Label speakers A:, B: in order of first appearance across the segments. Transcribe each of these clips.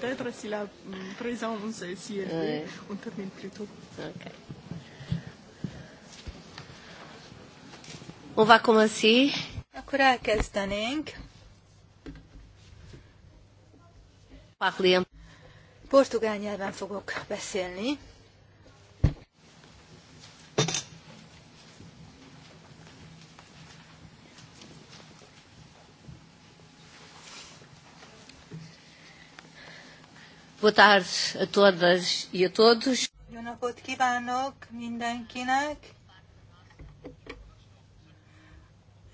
A: peut-être si la mm, présence si ouais. E on eh. termine plus tôt. Okay.
B: On va commencer. Akkor elkezdenénk. Portugál nyelven fogok beszélni.
C: Boa tarde a todas e a todos.
B: Jó napot kívánok mindenkinek!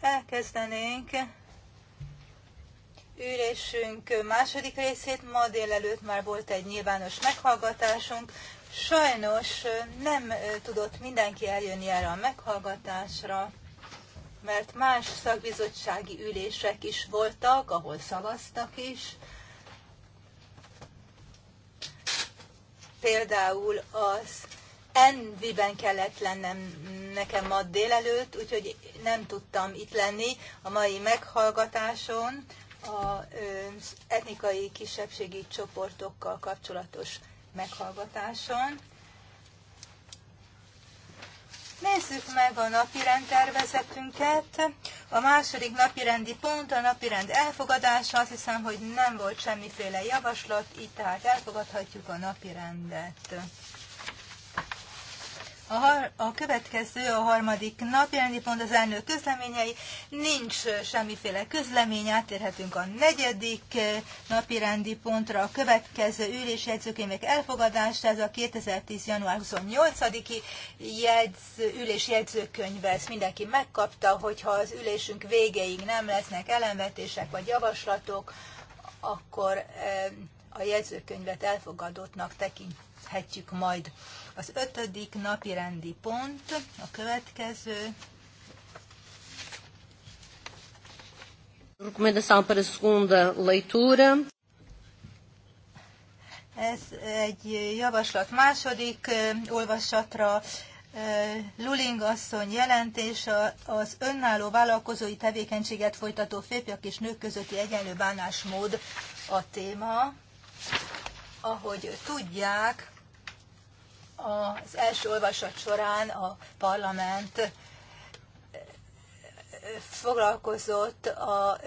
B: Elkezdenénk ülésünk második részét. Ma délelőtt már volt egy nyilvános meghallgatásunk. Sajnos nem tudott mindenki eljönni erre a meghallgatásra, mert más szakbizottsági ülések is voltak, ahol szavaztak is például az Envi-ben kellett lennem nekem ma délelőtt, úgyhogy nem tudtam itt lenni a mai meghallgatáson az etnikai kisebbségi csoportokkal kapcsolatos meghallgatáson. Nézzük meg a napirend tervezetünket. A második napirendi pont a napirend elfogadása. Azt hiszem, hogy nem volt semmiféle javaslat, így tehát elfogadhatjuk a napirendet. A, har- a következő, a harmadik nap, jelenti pont az elnök közleményei. Nincs semmiféle közlemény, átérhetünk a negyedik napi rendi pontra. A következő ülési jegyzőkönyvek elfogadása, ez a 2010. január 28-i jegyz, ülés jegyzőkönyve. Ezt mindenki megkapta, hogyha az ülésünk végeig nem lesznek ellenvetések vagy javaslatok, akkor a jegyzőkönyvet elfogadottnak tekinthetjük majd. Az ötödik napi rendi pont a következő.
C: Recomendação para segunda leitura.
B: Ez egy javaslat második olvasatra. Luling asszony jelentése az önálló vállalkozói tevékenységet folytató férfiak és nők közötti egyenlő bánásmód a téma. Ahogy tudják, az első olvasat során a parlament foglalkozott a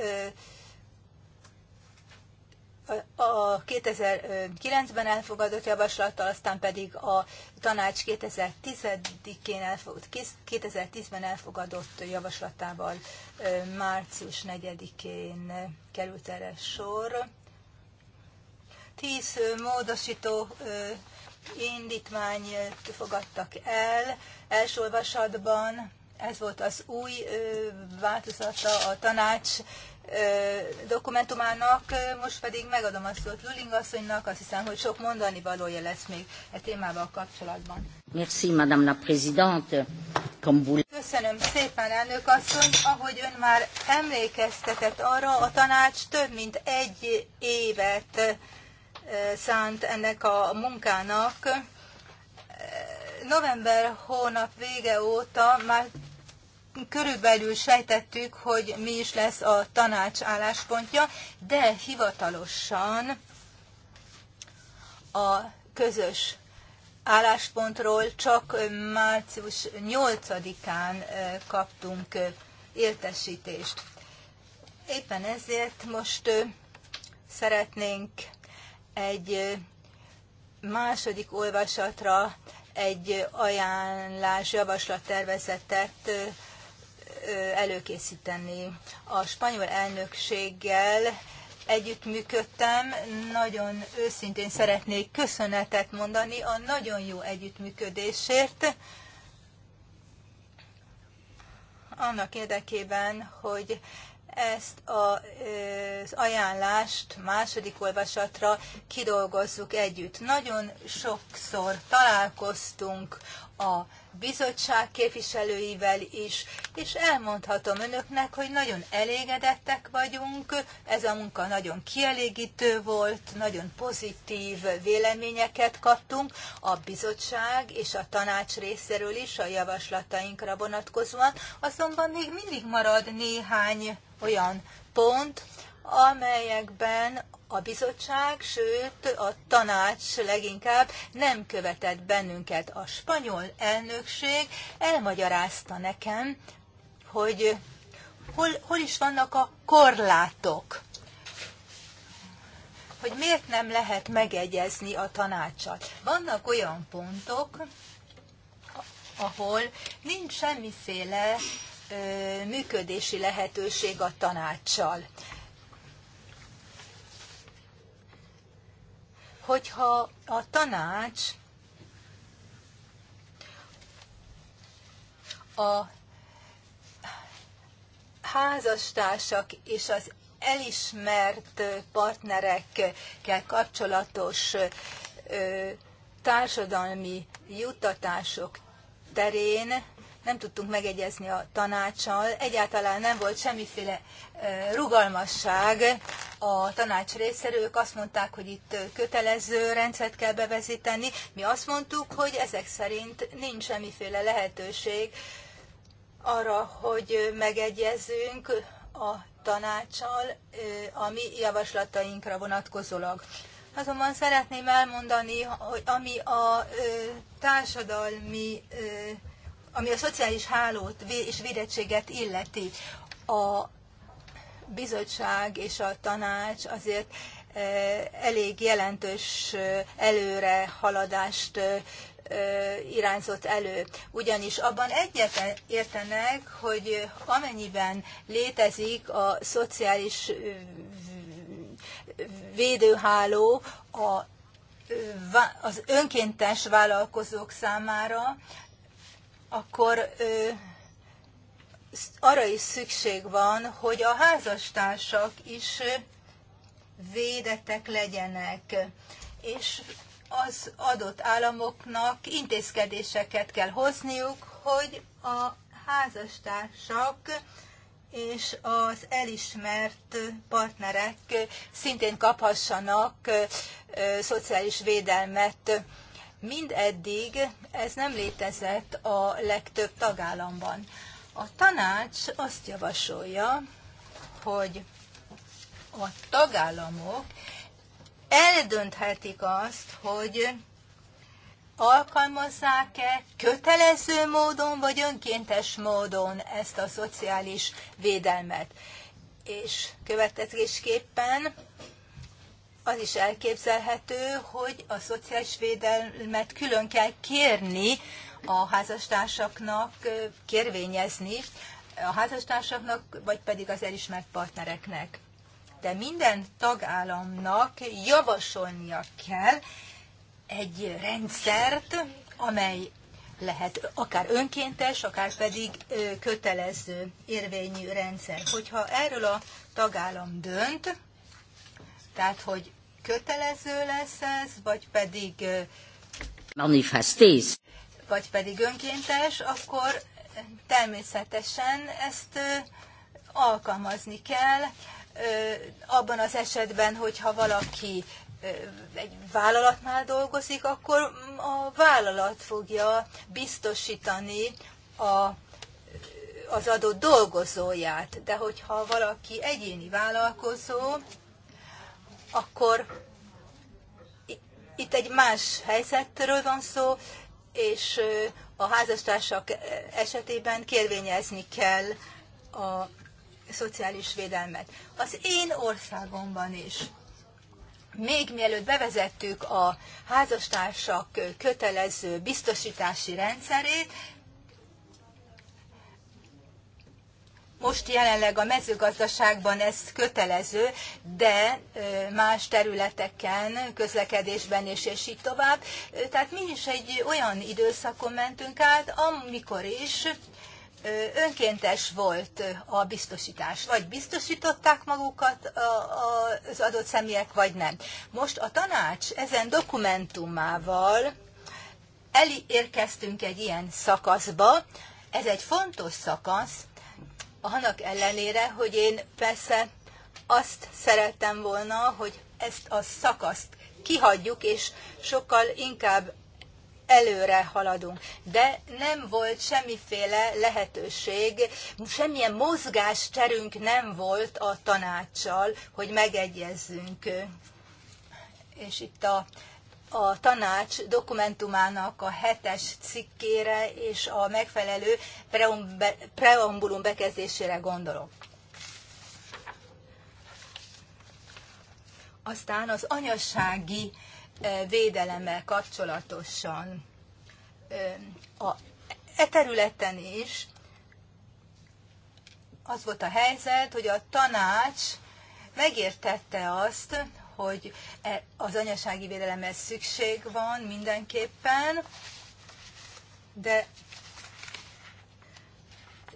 B: a 2009-ben elfogadott javaslattal, aztán pedig a tanács 2010-én elfogadott, 2010-ben elfogadott javaslatával március 4-én került erre sor. Tíz módosító indítványt fogadtak el első olvasatban. Ez volt az új változata a tanács dokumentumának, most pedig megadom a szót Luling asszonynak, azt hiszem, hogy sok mondani valója lesz még e témával kapcsolatban.
C: Merci, Madame la Présidente.
B: Köszönöm szépen, elnök asszony. Ahogy ön már emlékeztetett arra, a tanács több mint egy évet szánt ennek a munkának. November hónap vége óta már körülbelül sejtettük, hogy mi is lesz a tanács álláspontja, de hivatalosan a közös álláspontról csak március 8-án kaptunk értesítést. Éppen ezért most szeretnénk egy második olvasatra egy ajánlás tervezetet előkészíteni. A spanyol elnökséggel együttműködtem, nagyon őszintén szeretnék köszönetet mondani a nagyon jó együttműködésért, annak érdekében, hogy ezt a, az ajánlást második olvasatra kidolgozzuk együtt. Nagyon sokszor találkoztunk a bizottság képviselőivel is, és elmondhatom önöknek, hogy nagyon elégedettek vagyunk, ez a munka nagyon kielégítő volt, nagyon pozitív véleményeket kaptunk a bizottság és a tanács részéről is a javaslatainkra vonatkozóan, azonban még mindig marad néhány olyan pont, amelyekben a bizottság, sőt a tanács leginkább nem követett bennünket. A spanyol elnökség elmagyarázta nekem, hogy hol, hol is vannak a korlátok, hogy miért nem lehet megegyezni a tanácsat. Vannak olyan pontok, ahol nincs semmiféle ö, működési lehetőség a tanácssal. hogyha a tanács a házastársak és az elismert partnerekkel kapcsolatos társadalmi juttatások terén nem tudtunk megegyezni a tanácssal, egyáltalán nem volt semmiféle rugalmasság a tanács részéről. Ők azt mondták, hogy itt kötelező rendszert kell bevezetni. Mi azt mondtuk, hogy ezek szerint nincs semmiféle lehetőség arra, hogy megegyezzünk a tanácsal a mi javaslatainkra vonatkozólag. Azonban szeretném elmondani, hogy ami a társadalmi ami a szociális hálót és védettséget illeti, a bizottság és a tanács azért e, elég jelentős e, előre haladást e, irányzott elő. Ugyanis abban egyet értenek, hogy amennyiben létezik a szociális védőháló a, az önkéntes vállalkozók számára, akkor arra is szükség van, hogy a házastársak is védetek legyenek, és az adott államoknak intézkedéseket kell hozniuk, hogy a házastársak és az elismert partnerek szintén kaphassanak szociális védelmet Mindeddig ez nem létezett a legtöbb tagállamban. A tanács azt javasolja, hogy a tagállamok eldönthetik azt, hogy alkalmazzák-e kötelező módon vagy önkéntes módon ezt a szociális védelmet. És következésképpen az is elképzelhető, hogy a szociális védelmet külön kell kérni a házastársaknak, kérvényezni a házastársaknak, vagy pedig az elismert partnereknek. De minden tagállamnak javasolnia kell egy rendszert, amely lehet akár önkéntes, akár pedig kötelező érvényű rendszer. Hogyha erről a tagállam dönt, tehát hogy kötelező lesz ez, vagy pedig
C: manifestés,
B: vagy pedig önkéntes, akkor természetesen ezt alkalmazni kell, abban az esetben, hogyha valaki egy vállalatnál dolgozik, akkor a vállalat fogja biztosítani a, az adott dolgozóját. De hogyha valaki egyéni vállalkozó, akkor itt egy más helyzetről van szó, és a házastársak esetében kérvényezni kell a szociális védelmet. Az én országomban is még mielőtt bevezettük a házastársak kötelező biztosítási rendszerét, Most jelenleg a mezőgazdaságban ez kötelező, de más területeken, közlekedésben és, és így tovább. Tehát mi is egy olyan időszakon mentünk át, amikor is önkéntes volt a biztosítás. Vagy biztosították magukat az adott személyek, vagy nem. Most a tanács ezen dokumentumával elérkeztünk egy ilyen szakaszba. Ez egy fontos szakasz, annak ellenére, hogy én persze azt szerettem volna, hogy ezt a szakaszt kihagyjuk, és sokkal inkább előre haladunk. De nem volt semmiféle lehetőség, semmilyen mozgásterünk nem volt a tanácssal, hogy megegyezzünk. És itt a a tanács dokumentumának a hetes cikkére és a megfelelő preambulum bekezdésére gondolok. Aztán az anyassági e, védelemmel kapcsolatosan e, a, e területen is az volt a helyzet, hogy a tanács megértette azt, hogy e, az anyasági védelemhez szükség van mindenképpen, de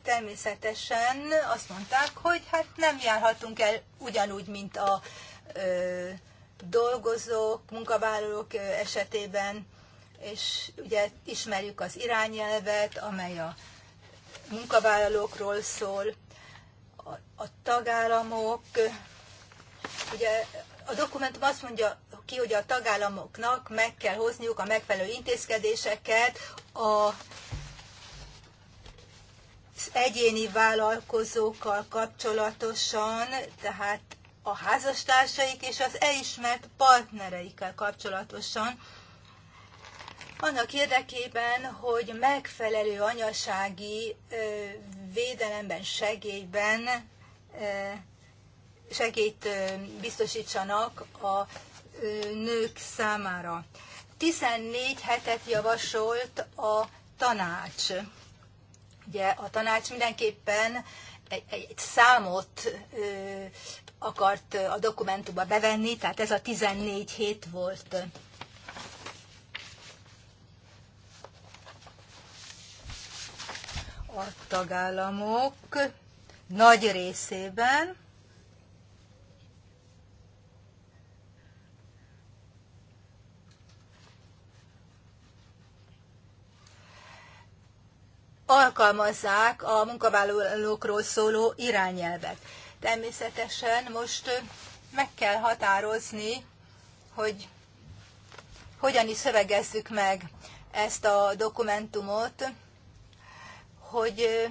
B: természetesen azt mondták, hogy hát nem járhatunk el ugyanúgy, mint a ö, dolgozók, munkavállalók esetében, és ugye ismerjük az irányelvet, amely a munkavállalókról szól, a, a tagállamok ugye a dokumentum azt mondja ki, hogy a tagállamoknak meg kell hozniuk a megfelelő intézkedéseket a egyéni vállalkozókkal kapcsolatosan, tehát a házastársaik és az elismert partnereikkel kapcsolatosan, annak érdekében, hogy megfelelő anyasági védelemben, segélyben segélyt biztosítsanak a nők számára. 14 hetet javasolt a tanács. Ugye a tanács mindenképpen egy, egy, egy számot ö, akart a dokumentumba bevenni, tehát ez a 14 hét volt. A tagállamok nagy részében alkalmazzák a munkavállalókról szóló irányelvet. Természetesen most meg kell határozni, hogy hogyan is szövegezzük meg ezt a dokumentumot, hogy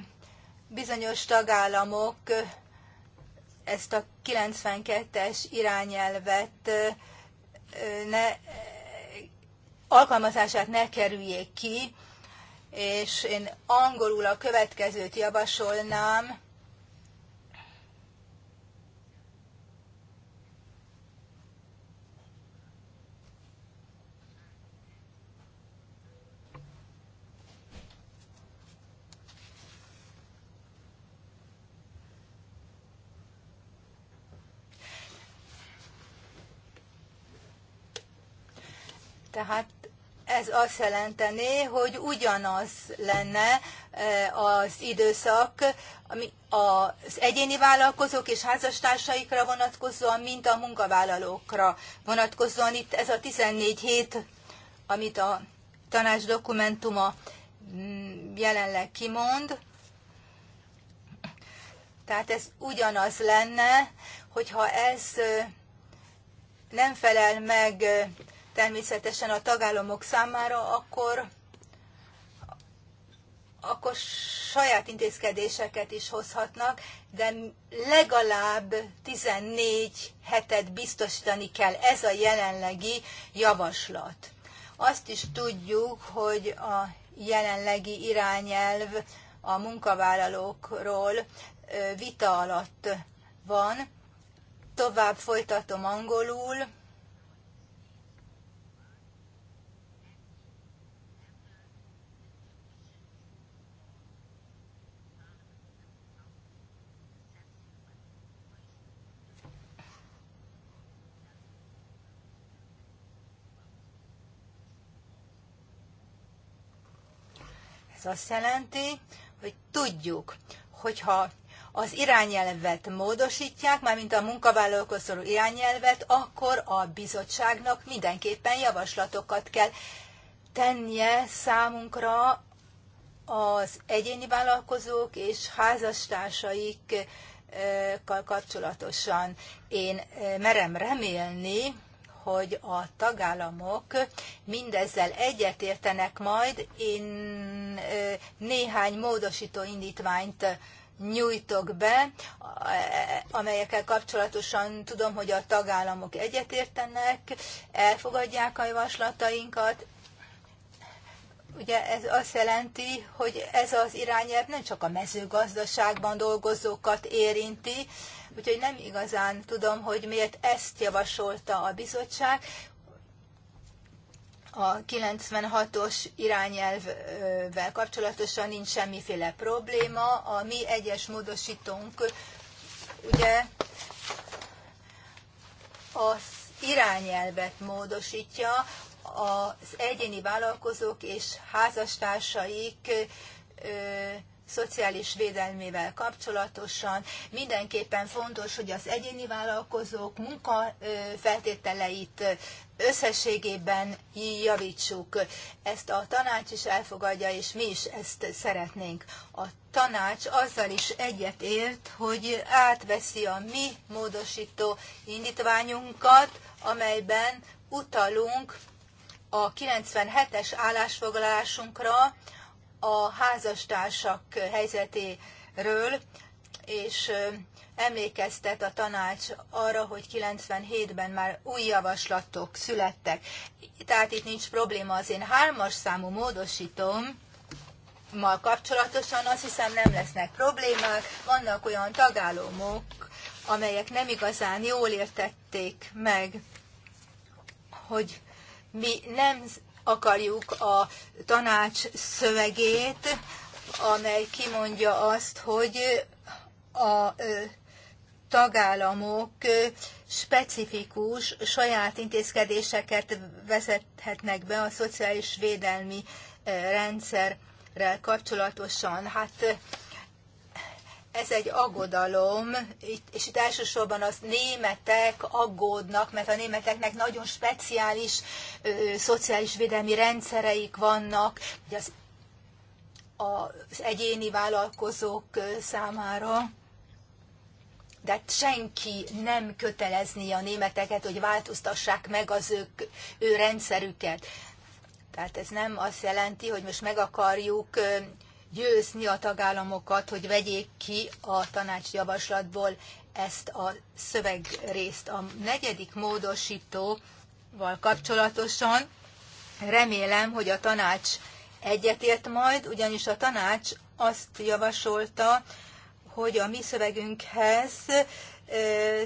B: bizonyos tagállamok ezt a 92-es irányelvet ne, alkalmazását ne kerüljék ki, és én angolul a következőt javasolnám. Tehát ez azt jelenteni, hogy ugyanaz lenne e, az időszak az egyéni vállalkozók és házastársaikra vonatkozóan, mint a munkavállalókra vonatkozóan. Itt ez a 14 hét, amit a tanács dokumentuma mm, jelenleg kimond. Tehát ez ugyanaz lenne, hogyha ez e, nem felel meg e, természetesen a tagállamok számára, akkor, akkor saját intézkedéseket is hozhatnak, de legalább 14 hetet biztosítani kell. Ez a jelenlegi javaslat. Azt is tudjuk, hogy a jelenlegi irányelv a munkavállalókról vita alatt van. Tovább folytatom angolul. Ez azt jelenti, hogy tudjuk, hogyha az irányelvet módosítják, mármint a munkavállalókhoz szóló irányelvet, akkor a bizottságnak mindenképpen javaslatokat kell tennie számunkra az egyéni vállalkozók és házastársaikkal kapcsolatosan. Én merem remélni, hogy a tagállamok mindezzel egyetértenek majd. Én néhány módosító indítványt nyújtok be, amelyekkel kapcsolatosan tudom, hogy a tagállamok egyetértenek, elfogadják a javaslatainkat. Ugye ez azt jelenti, hogy ez az irányelv nem csak a mezőgazdaságban dolgozókat érinti, úgyhogy nem igazán tudom, hogy miért ezt javasolta a bizottság, a 96-os irányelvvel kapcsolatosan nincs semmiféle probléma. A mi egyes módosítónk ugye az irányelvet módosítja az egyéni vállalkozók és házastársaik szociális védelmével kapcsolatosan. Mindenképpen fontos, hogy az egyéni vállalkozók munkafeltételeit összességében javítsuk. Ezt a tanács is elfogadja, és mi is ezt szeretnénk. A tanács azzal is egyetért, hogy átveszi a mi módosító indítványunkat, amelyben utalunk a 97-es állásfoglalásunkra, a házastársak helyzetéről, és emlékeztet a tanács arra, hogy 97-ben már új javaslatok születtek. Tehát itt nincs probléma az én hármas számú módosítom, mal kapcsolatosan azt hiszem nem lesznek problémák, vannak olyan tagállamok, amelyek nem igazán jól értették meg, hogy mi nem akarjuk a tanács szövegét, amely kimondja azt, hogy a tagállamok specifikus saját intézkedéseket vezethetnek be a szociális védelmi rendszerrel kapcsolatosan. Hát ez egy aggodalom, és itt elsősorban az németek aggódnak, mert a németeknek nagyon speciális ö, szociális védelmi rendszereik vannak, ugye az, az egyéni vállalkozók számára. De hát senki nem kötelezni a németeket, hogy változtassák meg az ők, ő rendszerüket. Tehát ez nem azt jelenti, hogy most meg akarjuk győzni a tagállamokat, hogy vegyék ki a tanács javaslatból ezt a szövegrészt. A negyedik módosítóval kapcsolatosan remélem, hogy a tanács egyetért majd, ugyanis a tanács azt javasolta, hogy a mi szövegünkhez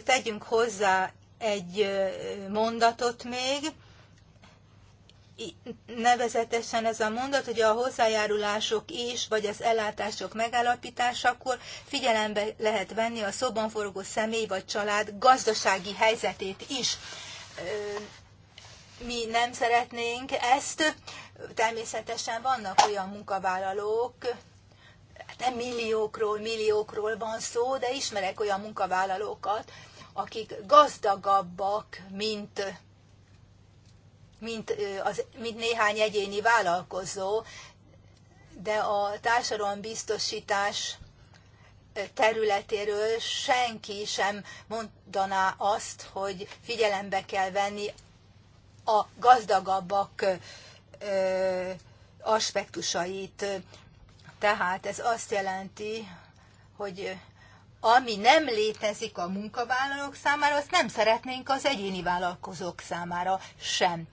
B: tegyünk hozzá egy mondatot még, nevezetesen ez a mondat, hogy a hozzájárulások is, vagy az ellátások megállapításakor figyelembe lehet venni a szóban forgó személy vagy család gazdasági helyzetét is. Mi nem szeretnénk ezt. Természetesen vannak olyan munkavállalók, hát nem milliókról, milliókról van szó, de ismerek olyan munkavállalókat, akik gazdagabbak, mint mint, az, mint néhány egyéni vállalkozó, de a társadalombiztosítás területéről senki sem mondaná azt, hogy figyelembe kell venni a gazdagabbak aspektusait. Tehát ez azt jelenti, hogy ami nem létezik a munkavállalók számára, azt nem szeretnénk az egyéni vállalkozók számára sem.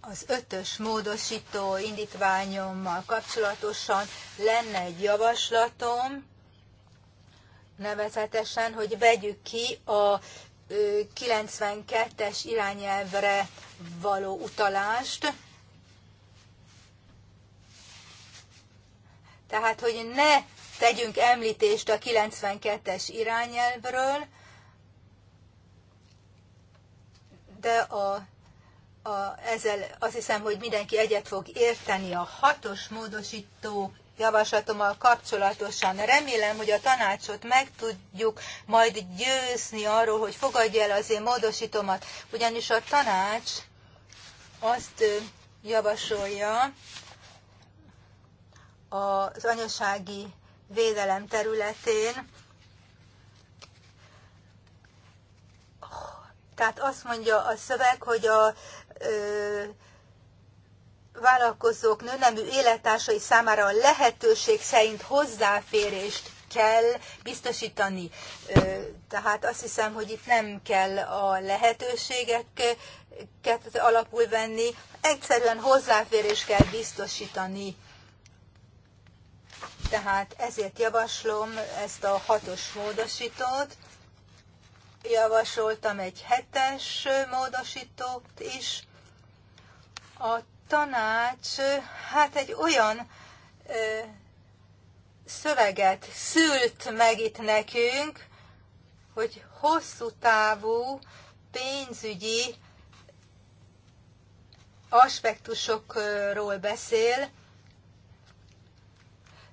B: Az ötös módosító indítványommal kapcsolatosan lenne egy javaslatom, nevezetesen, hogy vegyük ki a 92-es irányelvre való utalást, tehát, hogy ne tegyünk említést a 92-es irányelvről, de a, a, ezzel azt hiszem, hogy mindenki egyet fog érteni a hatos módosító javaslatommal kapcsolatosan. Remélem, hogy a tanácsot meg tudjuk majd győzni arról, hogy fogadja el az én módosítomat, ugyanis a tanács azt javasolja az anyasági védelem területén. Tehát azt mondja a szöveg, hogy a ö, vállalkozók nőnemű élettársai számára a lehetőség szerint hozzáférést kell biztosítani. Tehát azt hiszem, hogy itt nem kell a lehetőségeket alapul venni, egyszerűen hozzáférés kell biztosítani tehát ezért javaslom ezt a hatos módosítót, javasoltam egy hetes módosítót is. A tanács, hát egy olyan ö, szöveget szült meg itt nekünk, hogy hosszú távú pénzügyi aspektusokról beszél,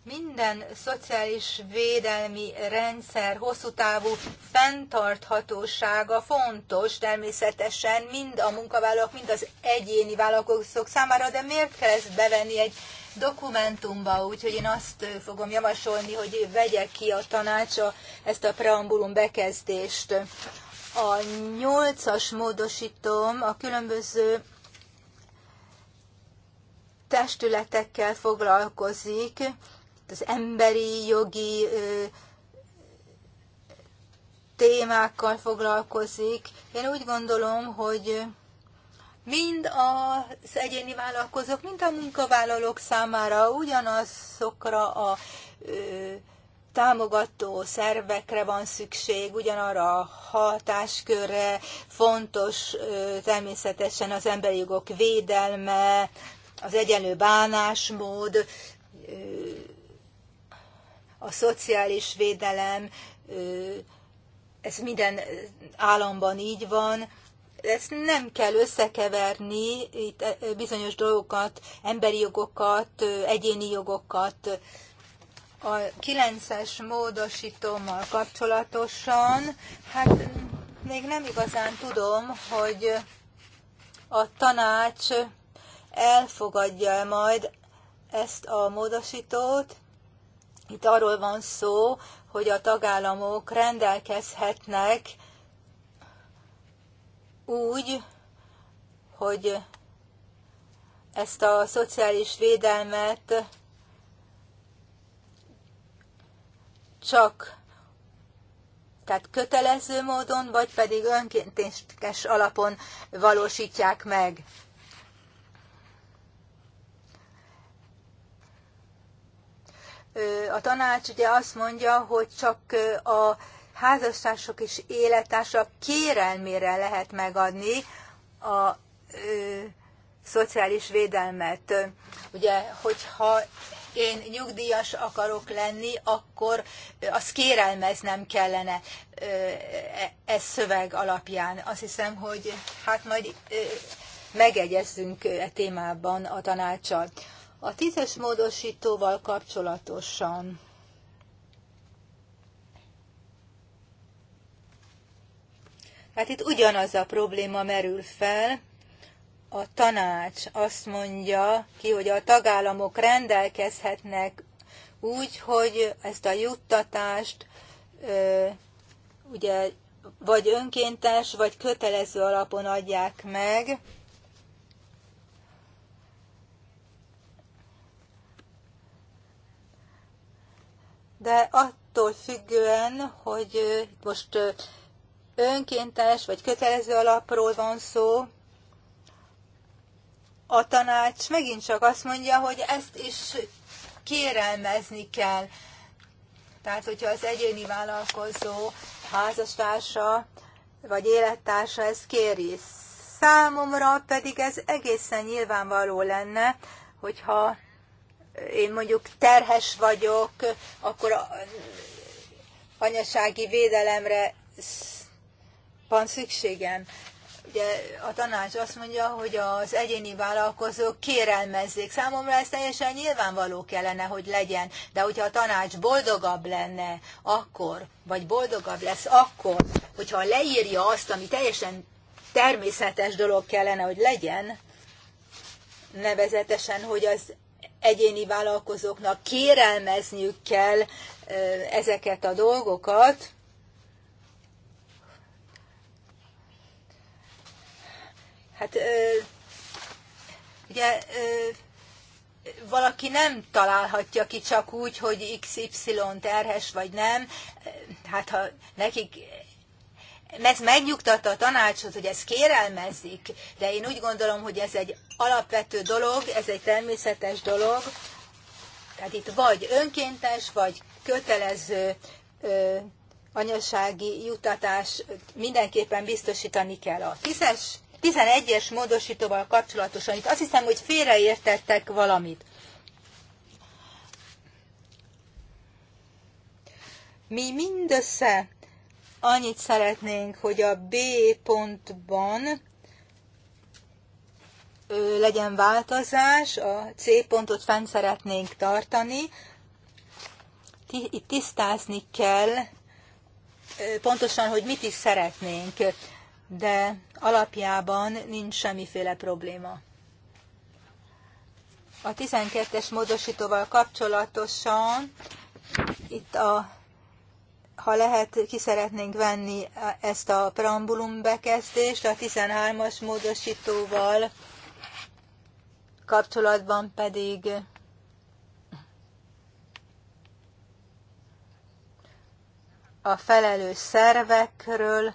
B: minden szociális védelmi rendszer hosszú távú fenntarthatósága fontos természetesen mind a munkavállalók, mind az egyéni vállalkozók számára, de miért kell ezt bevenni egy dokumentumba, úgyhogy én azt fogom javasolni, hogy vegye ki a tanácsa ezt a preambulum bekezdést. A nyolcas módosítom a különböző testületekkel foglalkozik, az emberi jogi témákkal foglalkozik. Én úgy gondolom, hogy mind az egyéni vállalkozók, mind a munkavállalók számára ugyanazokra a ö, támogató szervekre van szükség, ugyanarra a hatáskörre, fontos ö, természetesen az emberi jogok védelme, az egyenlő bánásmód, ö, a szociális védelem, ez minden államban így van, ezt nem kell összekeverni, itt bizonyos dolgokat, emberi jogokat, egyéni jogokat. A 9-es módosítómmal kapcsolatosan, hát még nem igazán tudom, hogy a tanács elfogadja e majd ezt a módosítót, itt arról van szó, hogy a tagállamok rendelkezhetnek úgy, hogy ezt a szociális védelmet csak tehát kötelező módon, vagy pedig önkéntes alapon valósítják meg. a tanács ugye azt mondja, hogy csak a házastársok és élettársak kérelmére lehet megadni a ö, szociális védelmet. Ugye, hogyha én nyugdíjas akarok lenni, akkor azt kérelmeznem kellene ez e szöveg alapján. Azt hiszem, hogy hát majd megegyezzünk e témában a tanácsal. A tízes módosítóval kapcsolatosan Hát itt ugyanaz a probléma merül fel. A tanács azt mondja ki, hogy a tagállamok rendelkezhetnek úgy, hogy ezt a juttatást ö, ugye vagy önkéntes, vagy kötelező alapon adják meg. de attól függően, hogy most önkéntes vagy kötelező alapról van szó, a tanács megint csak azt mondja, hogy ezt is kérelmezni kell. Tehát, hogyha az egyéni vállalkozó házastársa vagy élettársa ezt kéri. Számomra pedig ez egészen nyilvánvaló lenne, hogyha én mondjuk terhes vagyok, akkor a anyasági védelemre van szükségem. Ugye a tanács azt mondja, hogy az egyéni vállalkozók kérelmezzék. Számomra ez teljesen nyilvánvaló kellene, hogy legyen, de hogyha a tanács boldogabb lenne akkor, vagy boldogabb lesz akkor, hogyha leírja azt, ami teljesen természetes dolog kellene, hogy legyen, nevezetesen, hogy az egyéni vállalkozóknak kérelmezniük kell ezeket a dolgokat, Hát ugye valaki nem találhatja ki csak úgy, hogy XY terhes vagy nem. Hát ha nekik ez megnyugtatta a tanácsot, hogy ezt kérelmezik, de én úgy gondolom, hogy ez egy alapvető dolog, ez egy természetes dolog. Tehát itt vagy önkéntes, vagy kötelező ö, anyasági jutatás mindenképpen biztosítani kell. A tízes, 11-es módosítóval kapcsolatosan itt azt hiszem, hogy félreértettek valamit. Mi mindössze annyit szeretnénk, hogy a B pontban legyen változás, a C pontot fent szeretnénk tartani. Itt tisztázni kell pontosan, hogy mit is szeretnénk, de alapjában nincs semmiféle probléma. A 12-es módosítóval kapcsolatosan itt a ha lehet, ki szeretnénk venni ezt a preambulum bekezdést a 13-as módosítóval, kapcsolatban pedig a felelős szervekről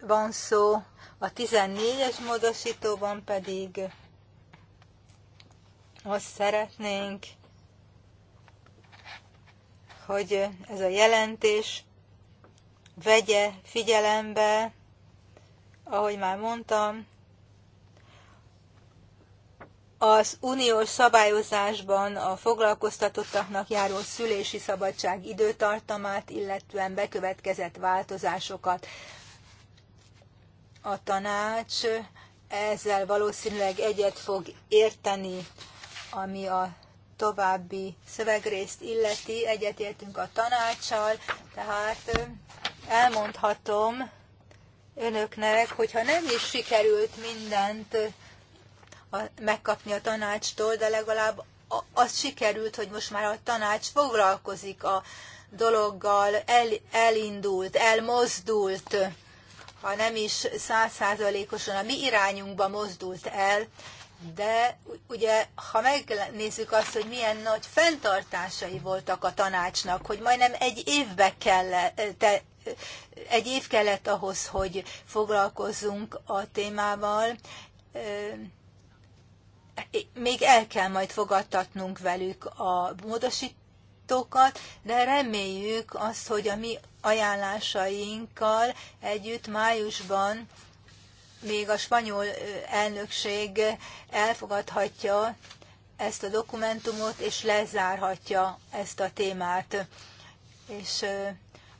B: van szó, a 14-es módosítóban pedig azt szeretnénk, hogy ez a jelentés vegye figyelembe, ahogy már mondtam, az uniós szabályozásban a foglalkoztatottaknak járó szülési szabadság időtartamát, illetően bekövetkezett változásokat. A tanács ezzel valószínűleg egyet fog érteni, ami a további szövegrészt illeti, egyetértünk a tanácsal, tehát elmondhatom önöknek, hogyha nem is sikerült mindent megkapni a tanácstól, de legalább az sikerült, hogy most már a tanács foglalkozik a dologgal, el, elindult, elmozdult, ha nem is százszázalékosan a mi irányunkba mozdult el, de ugye, ha megnézzük azt, hogy milyen nagy fenntartásai voltak a tanácsnak, hogy majdnem egy évbe kellett, egy év kellett ahhoz, hogy foglalkozzunk a témával, még el kell majd fogadtatnunk velük a módosítókat, de reméljük azt, hogy a mi ajánlásainkkal együtt májusban még a spanyol elnökség elfogadhatja ezt a dokumentumot, és lezárhatja ezt a témát. És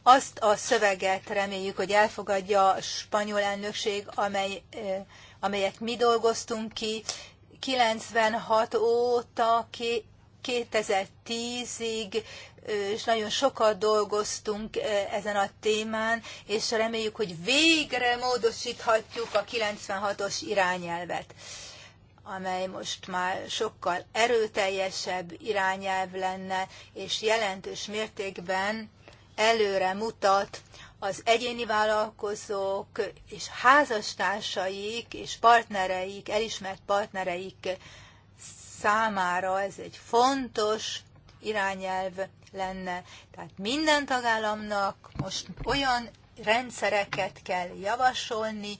B: azt a szöveget reméljük, hogy elfogadja a spanyol elnökség, amely, amelyet mi dolgoztunk ki. 96 óta ki 2010-ig, és nagyon sokat dolgoztunk ezen a témán, és reméljük, hogy végre módosíthatjuk a 96-os irányelvet amely most már sokkal erőteljesebb irányelv lenne, és jelentős mértékben előre mutat az egyéni vállalkozók és házastársaik és partnereik, elismert partnereik számára ez egy fontos irányelv lenne. Tehát minden tagállamnak most olyan rendszereket kell javasolni,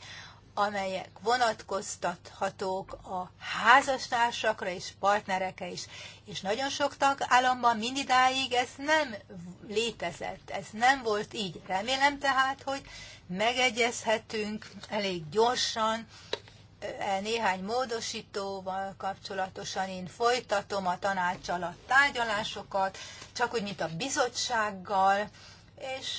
B: amelyek vonatkoztathatók a házastársakra és partnereke is. És nagyon sok tagállamban mindidáig ez nem létezett, ez nem volt így. Remélem tehát, hogy megegyezhetünk elég gyorsan E, néhány módosítóval kapcsolatosan én folytatom a tanács alatt tárgyalásokat, csak úgy, mint a bizottsággal, és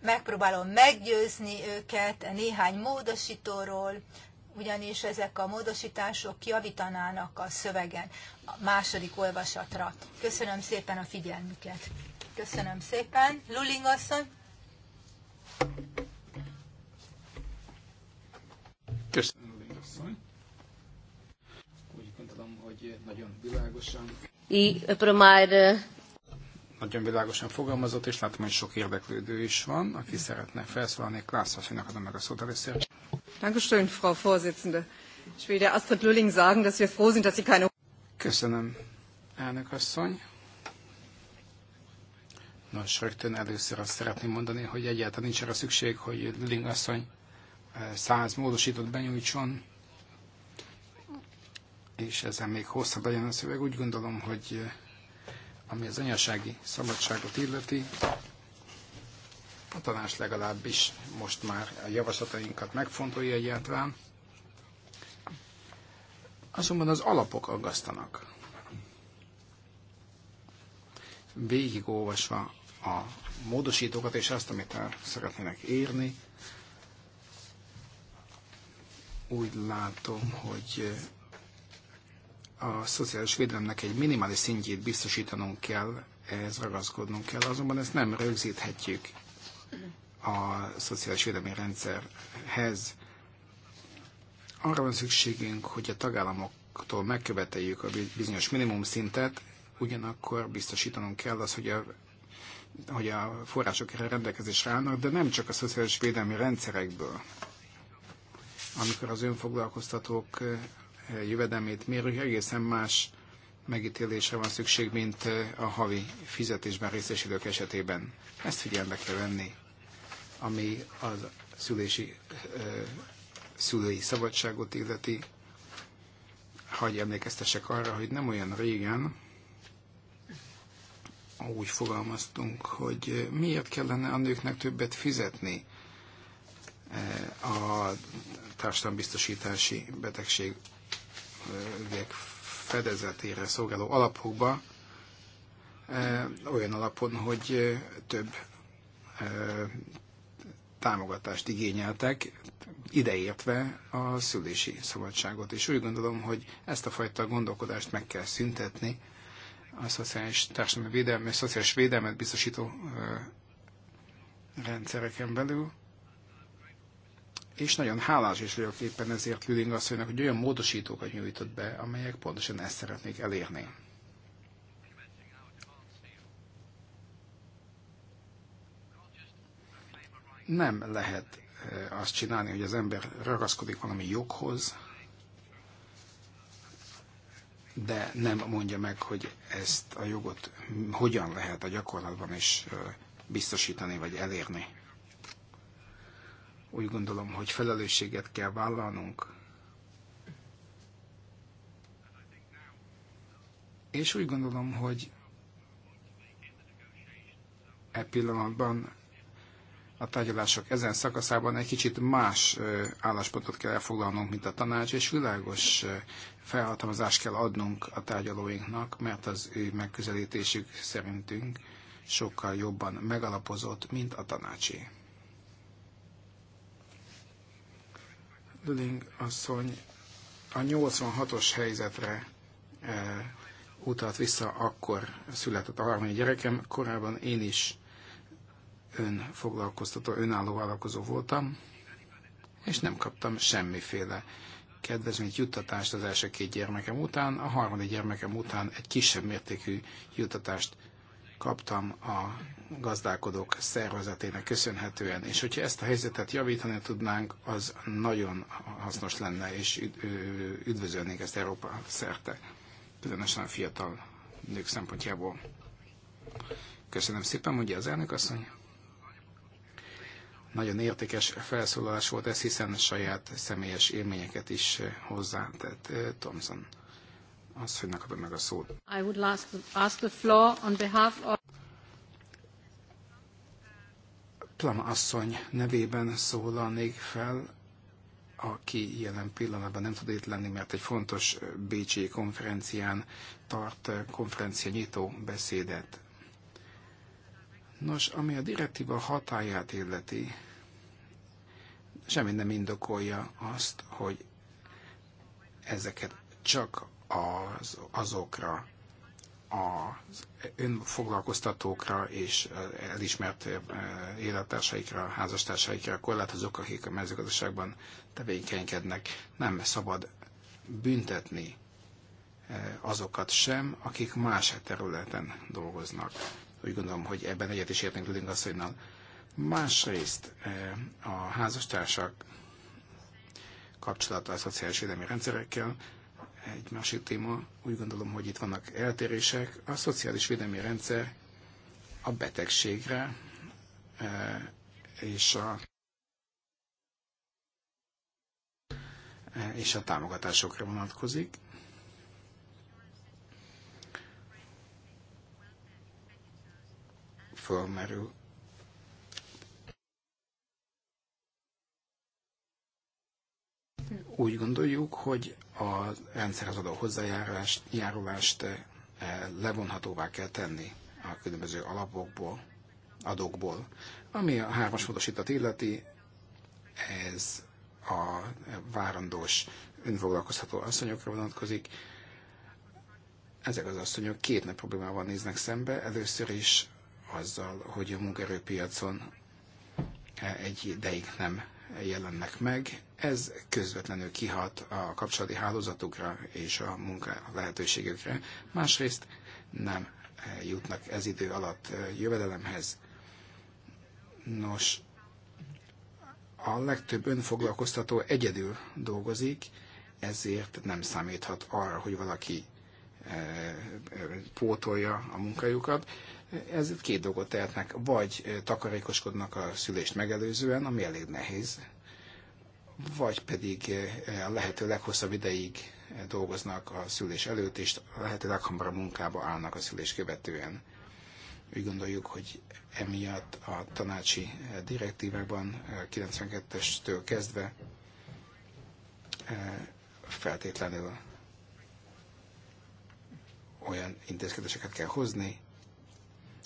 B: megpróbálom meggyőzni őket néhány módosítóról, ugyanis ezek a módosítások javítanának a szövegen a második olvasatra. Köszönöm szépen a figyelmüket. Köszönöm szépen. Luling asszony.
A: Köszönöm. hogy nagyon világosan.
C: I provide
A: nagyon világosan fogalmazott, és látom, hogy sok érdeklődő is van, aki szeretne felszólalni. Klász hogy adom meg a szót először.
C: Dankeschön, Frau Vorsitzende. Ich will der Astrid Lülling sagen, dass wir froh sind, dass sie keine...
A: Köszönöm, elnök asszony. Nos, rögtön először azt szeretném mondani, hogy egyáltalán nincs arra szükség, hogy Lülling asszony száz módosított benyújtson és ezen még hosszabb legyen a szöveg. Úgy gondolom, hogy eh, ami az anyasági szabadságot illeti, a tanács legalábbis most már a javaslatainkat megfontolja egyáltalán. Azonban az alapok aggasztanak. Végigolvasva a módosítókat és azt, amit el szeretnének érni, úgy látom, hogy eh, a szociális védelemnek egy minimális szintjét biztosítanunk kell, ehhez ragaszkodnunk kell, azonban ezt nem rögzíthetjük a szociális védelmi rendszerhez. Arra van szükségünk, hogy a tagállamoktól megköveteljük a bizonyos minimum szintet, ugyanakkor biztosítanunk kell az, hogy a, hogy a források erre rendelkezésre állnak, de nem csak a szociális védelmi rendszerekből. Amikor az önfoglalkoztatók jövedelmét mérjük, egészen más megítélésre van szükség, mint a havi fizetésben részesülők esetében. Ezt figyelme kell venni, ami a szülési, szülői szabadságot illeti. Hagy emlékeztesek arra, hogy nem olyan régen úgy fogalmaztunk, hogy miért kellene a nőknek többet fizetni a társadalombiztosítási betegség ügyek fedezetére szolgáló alapokba, e, olyan alapon, hogy e, több e, támogatást igényeltek, ideértve a szülési szabadságot. És úgy gondolom, hogy ezt a fajta gondolkodást meg kell szüntetni a szociális társadalmi védelmet, szociális védelmet biztosító rendszereken belül és nagyon hálás is vagyok éppen ezért Lüling asszonynak, hogy olyan módosítókat nyújtott be, amelyek pontosan ezt szeretnék elérni. Nem lehet eh, azt csinálni, hogy az ember ragaszkodik valami joghoz, de nem mondja meg, hogy ezt a jogot hogyan lehet a gyakorlatban is eh, biztosítani vagy elérni. Úgy gondolom, hogy felelősséget kell vállalnunk. És úgy gondolom, hogy e pillanatban a tárgyalások ezen szakaszában egy kicsit más álláspontot kell elfoglalnunk, mint a tanács, és világos felhatalmazást kell adnunk a tárgyalóinknak, mert az ő megközelítésük szerintünk sokkal jobban megalapozott, mint a tanácsé. Lüling asszony a 86-os helyzetre e, utalt vissza, akkor született a harmadik gyerekem. Korábban én is önfoglalkoztató, önálló vállalkozó voltam, és nem kaptam semmiféle kedvezményt, juttatást az első két gyermekem után. A harmadik gyermekem után egy kisebb mértékű juttatást kaptam a gazdálkodók szervezetének köszönhetően. És hogyha ezt a helyzetet javítani tudnánk, az nagyon hasznos lenne, és üdvözölnénk ezt Európa szerte, különösen a fiatal nők szempontjából. Köszönöm szépen, mondja az elnök asszony. Nagyon értékes felszólalás volt ez, hiszen saját személyes élményeket is hozzátett Thomson. Azt, hogy megadom meg a szót.
C: I would ask the floor on behalf of...
A: Plam asszony nevében szólalnék fel, aki jelen pillanatban nem tud itt lenni, mert egy fontos Bécsi konferencián tart konferencia nyitó beszédet. Nos, ami a direktíva hatáját illeti, semmi nem indokolja azt, hogy ezeket csak az, azokra az önfoglalkoztatókra és elismert élettársaikra, házastársaikra korlátozók, akik a mezőgazdaságban tevékenykednek. Nem szabad büntetni azokat sem, akik más területen dolgoznak. Úgy gondolom, hogy ebben egyet is értünk Lüding asszonynal. Másrészt a házastársak kapcsolata a szociális védelmi rendszerekkel egy másik téma, úgy gondolom, hogy itt vannak eltérések. A szociális védelmi rendszer a betegségre e, és a, e, és a támogatásokra vonatkozik. Fölmerül úgy gondoljuk, hogy a rendszerhez adó hozzájárulást járulást eh, levonhatóvá kell tenni a különböző alapokból, adókból. Ami a hármas módosítat illeti, ez a várandós önfoglalkozható asszonyokra vonatkozik. Ezek az asszonyok két nagy problémával néznek szembe. Először is azzal, hogy a munkaerőpiacon eh, egy ideig nem jelennek meg, ez közvetlenül kihat a kapcsolati hálózatukra és a munka lehetőségükre. Másrészt nem eh, jutnak ez idő alatt eh, jövedelemhez. Nos, a legtöbb önfoglalkoztató egyedül dolgozik, ezért nem számíthat arra, hogy valaki eh, pótolja a munkájukat. Ez két dolgot tehetnek, vagy takarékoskodnak a szülést megelőzően, ami elég nehéz, vagy pedig a lehető leghosszabb ideig dolgoznak a szülés előtt, és a lehető leghamarabb munkába állnak a szülés követően. Úgy gondoljuk, hogy emiatt a tanácsi direktívában 92-estől kezdve feltétlenül olyan intézkedéseket kell hozni,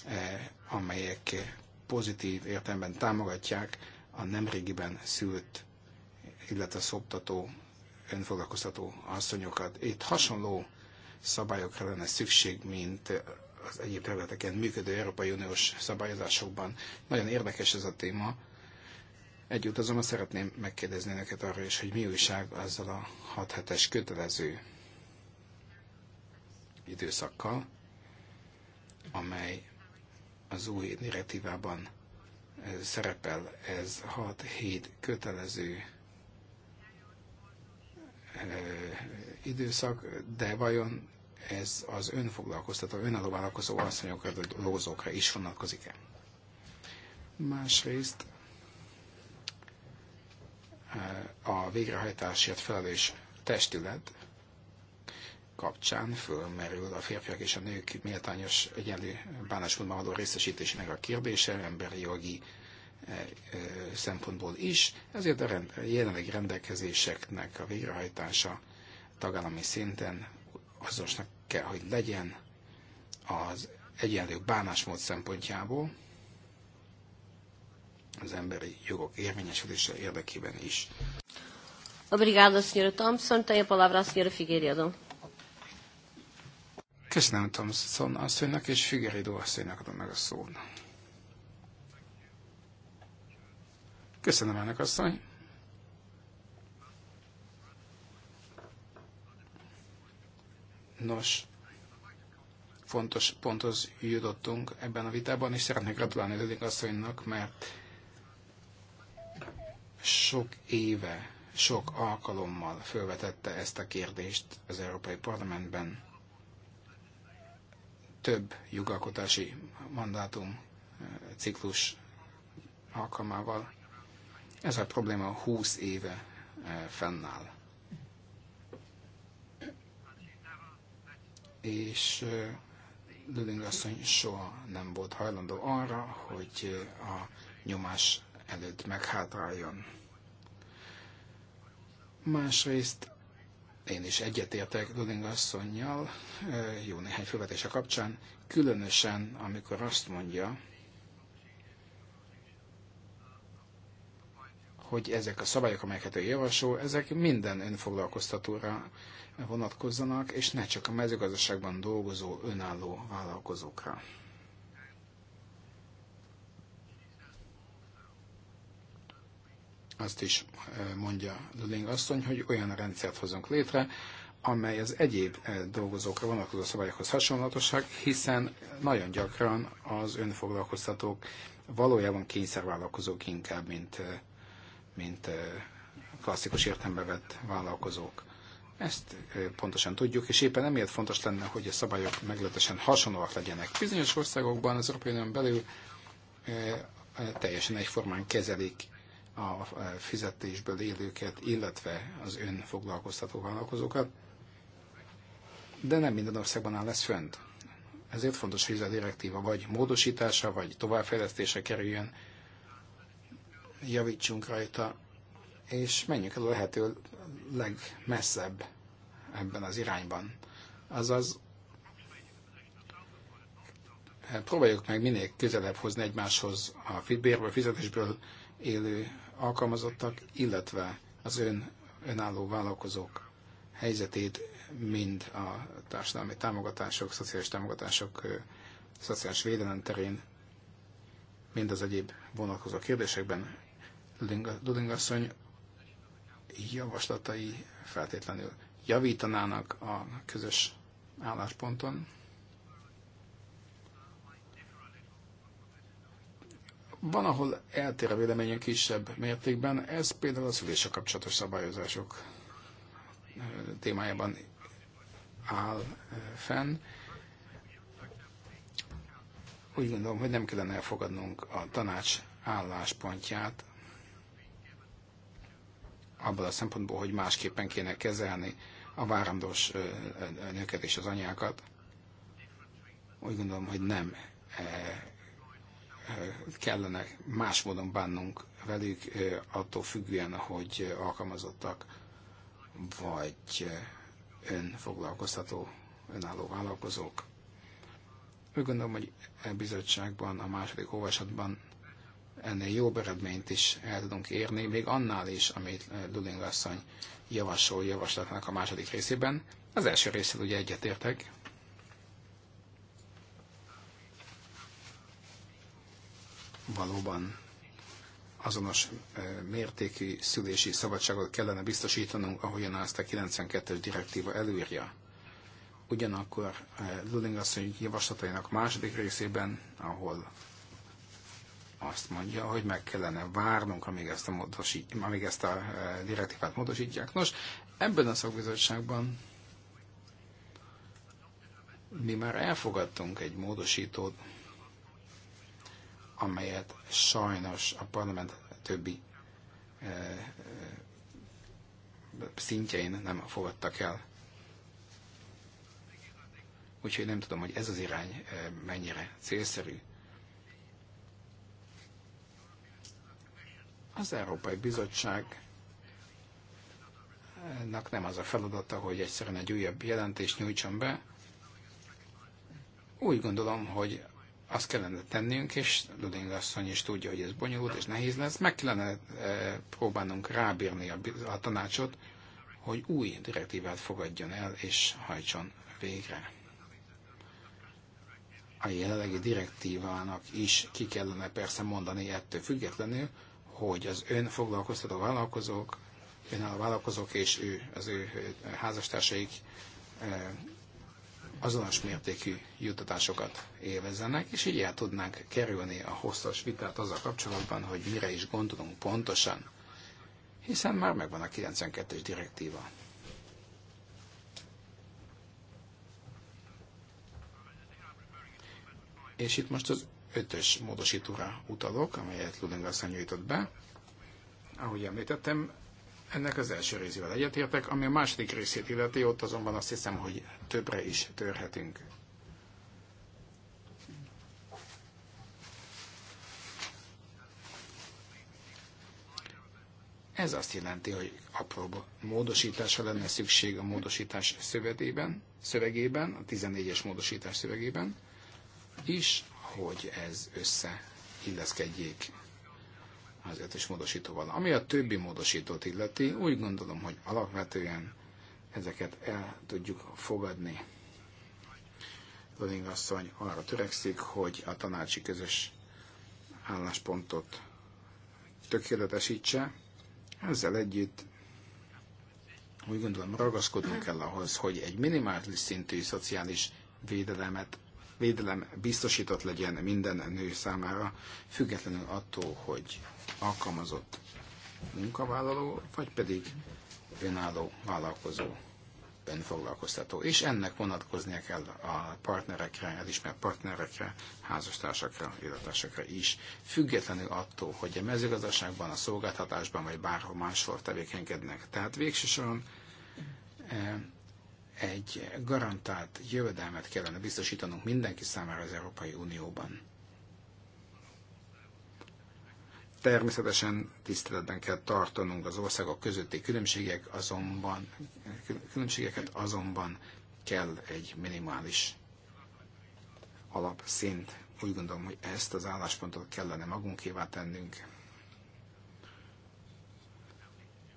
A: E, amelyek pozitív értelemben támogatják a nemrégiben szült, illetve szoptató, önfoglalkoztató asszonyokat. Itt hasonló szabályokra lenne szükség, mint az egyéb területeken működő Európai Uniós szabályozásokban. Nagyon érdekes ez a téma. Együtt azonban szeretném megkérdezni önöket arra is, hogy mi újság ezzel a 6 hetes kötelező időszakkal, amely az új direktívában szerepel ez 6-7 kötelező időszak, de vajon ez az önfoglalkoztató, önálló vállalkozó asszonyokra, lózókra is vonatkozik-e? Másrészt a végrehajtásért felelős testület kapcsán fölmerül a férfiak és a nők méltányos egyenlő bánásmódban való részesítésének a kérdése, emberi jogi eh, eh, szempontból is, ezért a rend, jelenlegi rendelkezéseknek a végrehajtása tagállami szinten azonosnak kell, hogy legyen az egyenlő bánásmód szempontjából, az emberi jogok érvényesülése érdekében is.
C: Obrigado, Sra. Thompson. Tenho a palavra a Figueiredo.
A: Köszönöm Thomson? asszonynak és Figueredo asszonynak adom meg a szót. Köszönöm elnök asszony. Nos, fontos ponthoz jutottunk ebben a vitában, és szeretnék gratulálni Rödik asszonynak, mert sok éve, sok alkalommal felvetette ezt a kérdést az Európai Parlamentben több jogalkotási mandátum eh, ciklus alkalmával. Ez a probléma 20 éve eh, fennáll. És eh, Lüling asszony soha nem volt hajlandó arra, hogy a nyomás előtt meghátráljon. Másrészt én is egyetértek Luling asszonynal jó néhány felvetése kapcsán, különösen amikor azt mondja, hogy ezek a szabályok, amelyeket ő javasol, ezek minden önfoglalkoztatóra vonatkozzanak, és ne csak a mezőgazdaságban dolgozó önálló vállalkozókra. azt is eh, mondja Luling asszony, hogy olyan rendszert hozunk létre, amely az egyéb eh, dolgozókra vonatkozó szabályokhoz hasonlatosak, hiszen nagyon gyakran az önfoglalkoztatók valójában kényszervállalkozók inkább, mint, eh, mint klasszikus értelembe vett vállalkozók. Ezt pontosan tudjuk, és éppen emiatt fontos lenne, hogy a szabályok meglehetősen hasonlóak legyenek. Bizonyos országokban az Európai Unión belül teljesen egyformán kezelik a fizetésből élőket, illetve az foglalkoztató vállalkozókat, de nem minden országban áll ez fönt. Ezért fontos, hogy ez a direktíva vagy módosítása, vagy továbbfejlesztése kerüljön, javítsunk rajta, és menjünk el a lehető legmesszebb ebben az irányban. Azaz próbáljuk meg minél közelebb hozni egymáshoz a bérből, fizetésből élő alkalmazottak, illetve az ön, önálló vállalkozók helyzetét mind a társadalmi támogatások, szociális támogatások, szociális védelem terén, mind az egyéb vonatkozó kérdésekben Luding asszony javaslatai feltétlenül javítanának a közös állásponton, Van, ahol eltér a véleményen kisebb mértékben, ez például a szülése kapcsolatos szabályozások témájában áll fenn. Úgy gondolom, hogy nem kellene elfogadnunk a tanács álláspontját abban a szempontból, hogy másképpen kéne kezelni a várandós nőket és az anyákat. Úgy gondolom, hogy nem kellene más módon bánnunk velük, attól függően, hogy alkalmazottak vagy önfoglalkoztató, önálló vállalkozók. Úgy gondolom, hogy e bizottságban, a második olvasatban ennél jobb eredményt is el tudunk érni, még annál is, amit Luling asszony javasol javaslatnak a második részében. Az első részét ugye egyetértek, valóban azonos eh, mértékű szülési szabadságot kellene biztosítanunk, ahogyan azt a 92-es direktíva előírja. Ugyanakkor eh, Luling asszony javaslatainak második részében, ahol azt mondja, hogy meg kellene várnunk, amíg ezt a, módosít, amíg ezt a eh, direktívát módosítják. Nos, ebben a szakbizottságban mi már elfogadtunk egy módosítót, amelyet sajnos a parlament többi eh, eh, szintjein nem fogadtak el. Úgyhogy nem tudom, hogy ez az irány eh, mennyire célszerű. Az Európai Bizottságnak nem az a feladata, hogy egyszerűen egy újabb jelentést nyújtson be. Úgy gondolom, hogy azt kellene tennünk, és Luding asszony is tudja, hogy ez bonyolult és nehéz lesz, meg kellene eh, próbálnunk rábírni a, a tanácsot, hogy új direktívát fogadjon el és hajtson végre. A jelenlegi direktívának is ki kellene persze mondani ettől függetlenül, hogy az ön foglalkoztató vállalkozók, a vállalkozók és ő, az ő eh, házastársaik eh, azonos mértékű juttatásokat élvezzenek, és így el tudnánk kerülni a hosszas vitát azzal kapcsolatban, hogy mire is gondolunk pontosan, hiszen már megvan a 92-es direktíva. És itt most az ötös módosítóra utalok, amelyet Luding nyújtott be. Ahogy említettem, ennek az első részével egyetértek, ami a második részét illeti, ott azonban azt hiszem, hogy többre is törhetünk. Ez azt jelenti, hogy apró módosításra lenne szükség a módosítás szövegében, szövegében a 14-es módosítás szövegében, és hogy ez összeilleszkedjék az módosító van. Ami a többi módosítót illeti, úgy gondolom, hogy alapvetően ezeket el tudjuk fogadni. Löning asszony arra törekszik, hogy a tanácsi közös álláspontot tökéletesítse. Ezzel együtt úgy gondolom ragaszkodnunk kell ahhoz, hogy egy minimális szintű szociális védelemet, védelem biztosított legyen minden nő számára, függetlenül attól, hogy alkalmazott munkavállaló, vagy pedig önálló vállalkozó önfoglalkoztató. És ennek vonatkoznia kell a partnerekre, elismert partnerekre, házastársakra, életársakra is, függetlenül attól, hogy a mezőgazdaságban, a szolgáltatásban, vagy bárhol máshol tevékenykednek. Tehát végső soron e, egy garantált jövedelmet kellene biztosítanunk mindenki számára az Európai Unióban Természetesen tiszteletben kell tartanunk az országok közötti különbségek, azonban, különbségeket azonban kell egy minimális alapszint. Úgy gondolom, hogy ezt az álláspontot kellene magunkévá tennünk.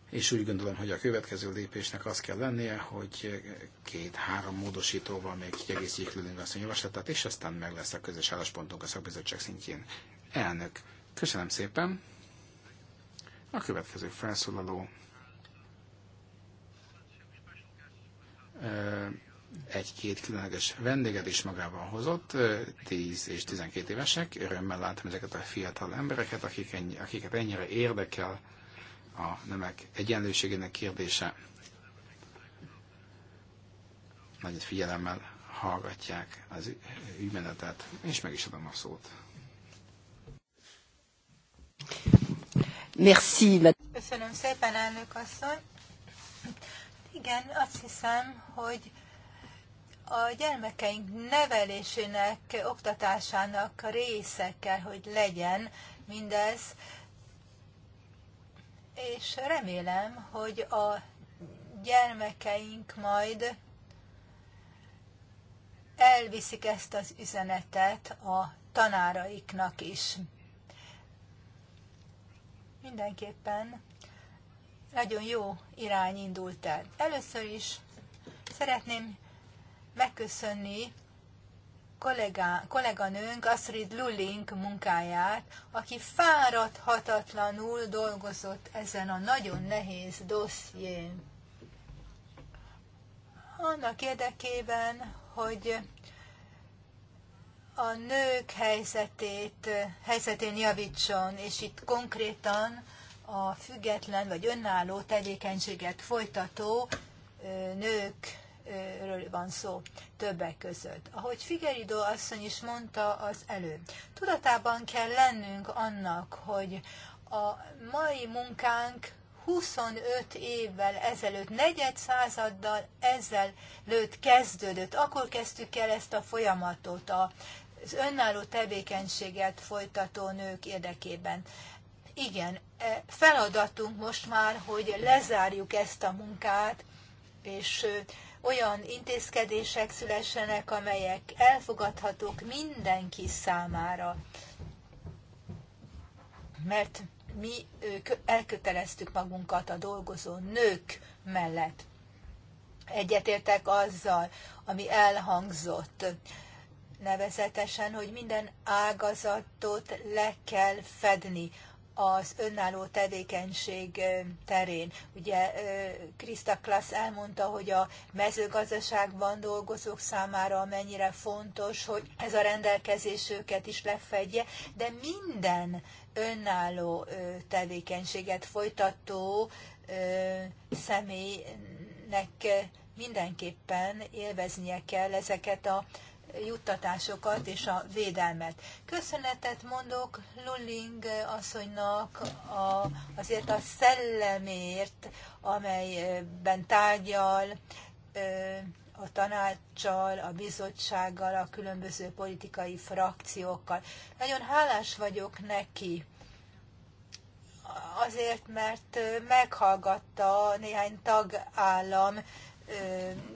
A: És úgy gondolom, hogy a következő lépésnek az kell lennie, hogy két-három módosítóval még kiegészítjük azt a javaslatát, és aztán meg lesz a közös álláspontunk a szakbizottság szintjén. Elnök, Köszönöm szépen. A következő felszólaló egy-két különleges vendéget is magával hozott, 10 és 12 évesek. Örömmel látom ezeket a fiatal embereket, akik ennyi, akiket ennyire érdekel a nemek egyenlőségének kérdése. Nagy figyelemmel hallgatják az ügymenetet, és meg is adom a szót.
B: Merci. Köszönöm szépen, elnök asszony. Igen, azt hiszem, hogy a gyermekeink nevelésének, oktatásának része kell, hogy legyen mindez, és remélem, hogy a gyermekeink majd elviszik ezt az üzenetet a tanáraiknak is mindenképpen nagyon jó irány indult el. Először is szeretném megköszönni kollégá, kolléganőnk Astrid Lulling munkáját, aki fáradhatatlanul dolgozott ezen a nagyon nehéz dosszién. Annak érdekében, hogy a nők helyzetét, helyzetén javítson, és itt konkrétan a független vagy önálló tevékenységet folytató nőkről van szó többek között. Ahogy Figeridó asszony is mondta az előbb, tudatában kell lennünk annak, hogy a mai munkánk 25 évvel ezelőtt, negyed századdal ezelőtt kezdődött. Akkor kezdtük el ezt a folyamatot, a az önálló tevékenységet folytató nők érdekében. Igen, e, feladatunk most már, hogy lezárjuk ezt a munkát, és olyan intézkedések szülessenek, amelyek elfogadhatók mindenki számára. Mert mi elköteleztük magunkat a dolgozó nők mellett. Egyetértek azzal, ami elhangzott nevezetesen, hogy minden ágazatot le kell fedni az önálló tevékenység terén. Ugye Krista Klass elmondta, hogy a mezőgazdaságban dolgozók számára mennyire fontos, hogy ez a rendelkezés őket is lefedje, de minden önálló tevékenységet folytató személynek mindenképpen élveznie kell ezeket a juttatásokat és a védelmet. Köszönetet mondok Lulling asszonynak a, azért a szellemért, amelyben tárgyal a tanácssal, a bizottsággal, a különböző politikai frakciókkal. Nagyon hálás vagyok neki azért, mert meghallgatta néhány tagállam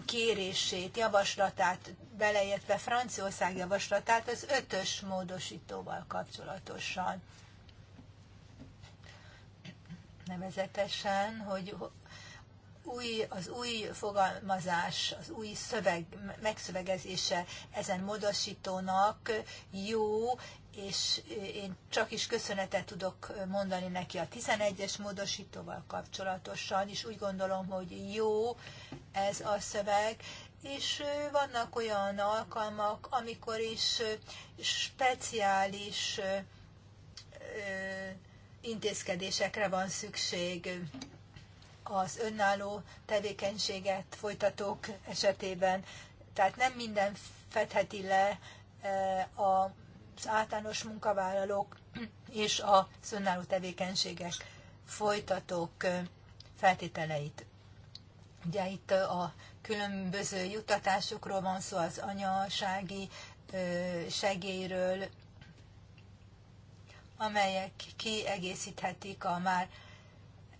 B: kérését, javaslatát, beleértve Franciaország javaslatát az ötös módosítóval kapcsolatosan. Nevezetesen, hogy új, az új fogalmazás, az új szöveg megszövegezése ezen módosítónak jó, és én csak is köszönetet tudok mondani neki a 11-es módosítóval kapcsolatosan, és úgy gondolom, hogy jó ez a szöveg, és vannak olyan alkalmak, amikor is speciális intézkedésekre van szükség az önálló tevékenységet folytatók esetében. Tehát nem minden fedheti le az általános munkavállalók és az önálló tevékenységek folytatók feltételeit. Ugye itt a különböző juttatásokról van szó, az anyasági segélyről, amelyek kiegészíthetik a már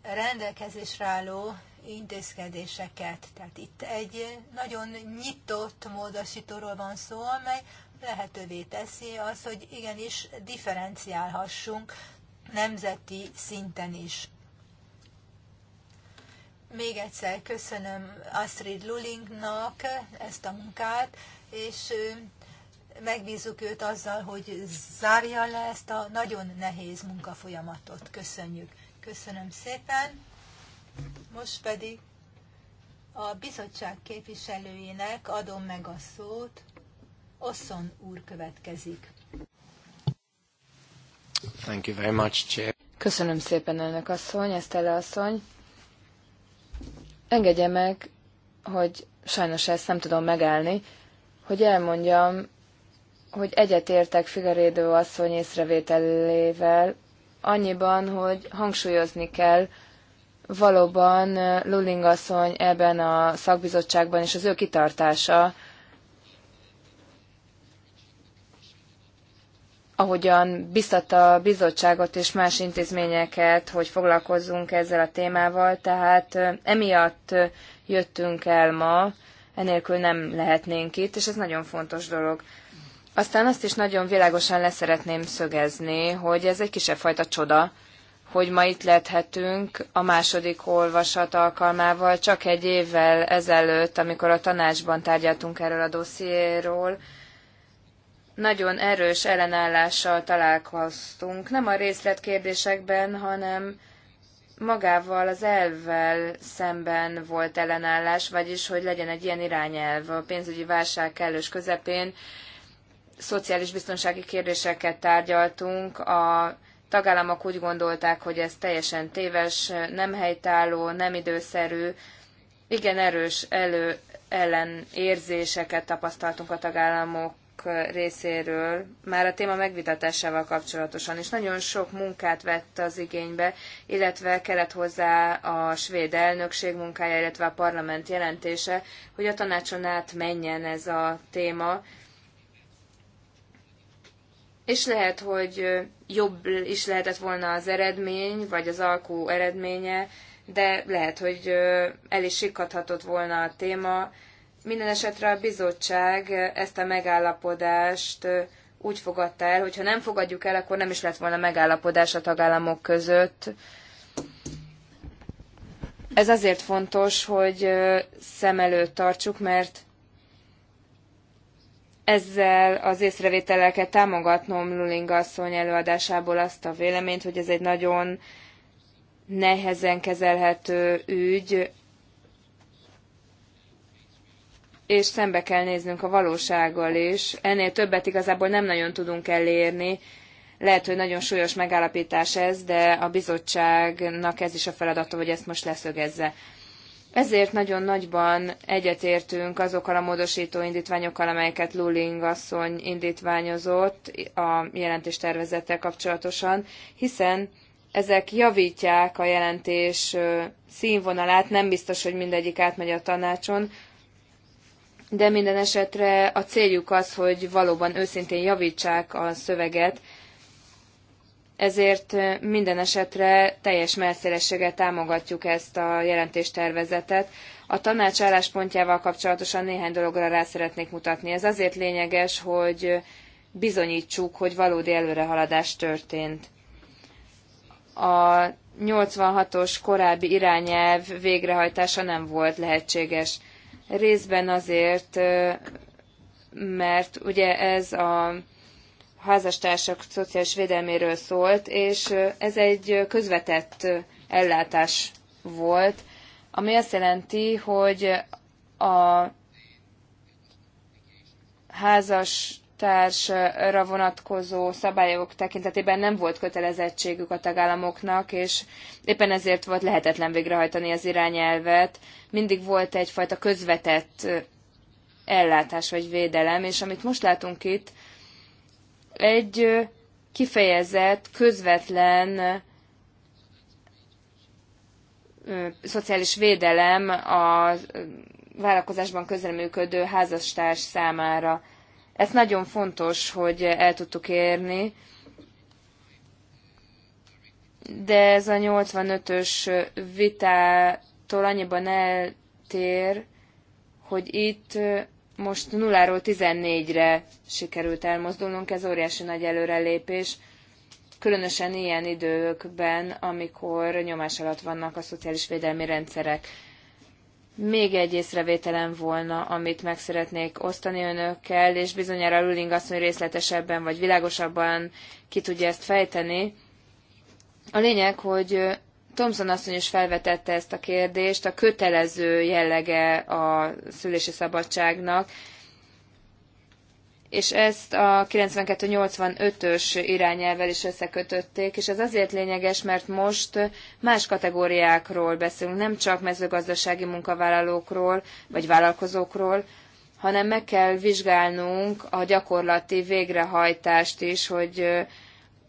B: rendelkezésre álló intézkedéseket. Tehát itt egy nagyon nyitott módosítóról van szó, amely lehetővé teszi az, hogy igenis differenciálhassunk nemzeti szinten is. Még egyszer köszönöm Astrid Lulingnak ezt a munkát, és megbízunk őt azzal, hogy zárja le ezt a nagyon nehéz munkafolyamatot. Köszönjük. Köszönöm szépen. Most pedig a bizottság képviselőjének adom meg a szót. Osszon úr következik.
A: Thank you very much, Chair.
D: Köszönöm szépen, önök asszony, Esztele asszony. Engedje meg, hogy sajnos ezt nem tudom megállni, hogy elmondjam, hogy egyetértek Figarédő asszony észrevételével, annyiban, hogy hangsúlyozni kell, valóban eh, Lulling asszony ebben a szakbizottságban és az ő kitartása ahogyan biztatta a bizottságot és más intézményeket, hogy foglalkozzunk ezzel a témával, tehát emiatt jöttünk el ma, enélkül nem lehetnénk itt, és ez nagyon fontos dolog. Aztán azt is nagyon világosan leszeretném szögezni, hogy ez egy kisebb fajta csoda, hogy ma itt lehetünk a második olvasat alkalmával, csak egy évvel ezelőtt, amikor a tanácsban tárgyaltunk erről a dossziéről nagyon erős ellenállással találkoztunk, nem a részletkérdésekben, hanem magával az elvvel szemben volt ellenállás, vagyis hogy legyen egy ilyen irányelv a pénzügyi válság kellős közepén. Szociális biztonsági kérdéseket tárgyaltunk, a tagállamok úgy gondolták, hogy ez teljesen téves, nem helytálló, nem időszerű, igen erős elő, érzéseket tapasztaltunk a tagállamok részéről, már a téma megvitatásával kapcsolatosan is nagyon sok munkát vett az igénybe, illetve kellett hozzá a svéd elnökség munkája, illetve a parlament jelentése, hogy a tanácson át menjen ez a téma. És lehet, hogy jobb is lehetett volna az eredmény, vagy az alkú eredménye, de lehet, hogy el is sikkadhatott volna a téma, minden esetre a bizottság ezt a megállapodást úgy fogadta el, hogyha nem fogadjuk el, akkor nem is lett volna megállapodás a tagállamok között. Ez azért fontos, hogy szem előtt tartsuk, mert ezzel az észrevétellel kell támogatnom Luling asszony előadásából azt a véleményt, hogy ez egy nagyon nehezen kezelhető ügy, és szembe kell néznünk a valósággal is. Ennél többet igazából nem nagyon tudunk elérni. Lehet, hogy nagyon súlyos megállapítás ez, de a bizottságnak ez is a feladata, hogy ezt most leszögezze. Ezért nagyon nagyban egyetértünk azokkal a módosító indítványokkal, amelyeket Luling asszony indítványozott a jelentés tervezettel kapcsolatosan, hiszen ezek javítják a jelentés színvonalát, nem biztos, hogy mindegyik átmegy a tanácson, de minden esetre a céljuk az, hogy valóban őszintén javítsák a szöveget, ezért minden esetre teljes messzélességgel támogatjuk ezt a jelentéstervezetet. A tanács álláspontjával kapcsolatosan néhány dologra rá szeretnék mutatni. Ez azért lényeges, hogy bizonyítsuk, hogy valódi előrehaladás történt. A 86-os korábbi irányelv végrehajtása nem volt lehetséges. Részben azért, mert ugye ez a házastársak szociális védelméről szólt, és ez egy közvetett ellátás volt, ami azt jelenti, hogy a házas társra vonatkozó szabályok tekintetében nem volt kötelezettségük a tagállamoknak, és éppen ezért volt lehetetlen végrehajtani az irányelvet. Mindig volt egyfajta közvetett ellátás vagy védelem, és amit most látunk itt, egy kifejezett, közvetlen szociális védelem a vállalkozásban közreműködő házastárs számára. Ez nagyon fontos, hogy el tudtuk érni, de ez a 85-ös vitától annyiban eltér, hogy itt most 0-ról 14-re sikerült elmozdulnunk, ez óriási nagy előrelépés, különösen ilyen időkben, amikor nyomás alatt vannak a szociális védelmi rendszerek. Még egy észrevételem volna, amit meg szeretnék osztani önökkel, és bizonyára Luling asszony részletesebben vagy világosabban ki tudja ezt fejteni. A lényeg, hogy Thomson asszony is felvetette ezt a kérdést, a kötelező jellege a szülési szabadságnak, és ezt a 92-85-ös irányelvel is összekötötték, és ez azért lényeges, mert most más kategóriákról beszélünk, nem csak mezőgazdasági munkavállalókról, vagy vállalkozókról, hanem meg kell vizsgálnunk a gyakorlati végrehajtást is, hogy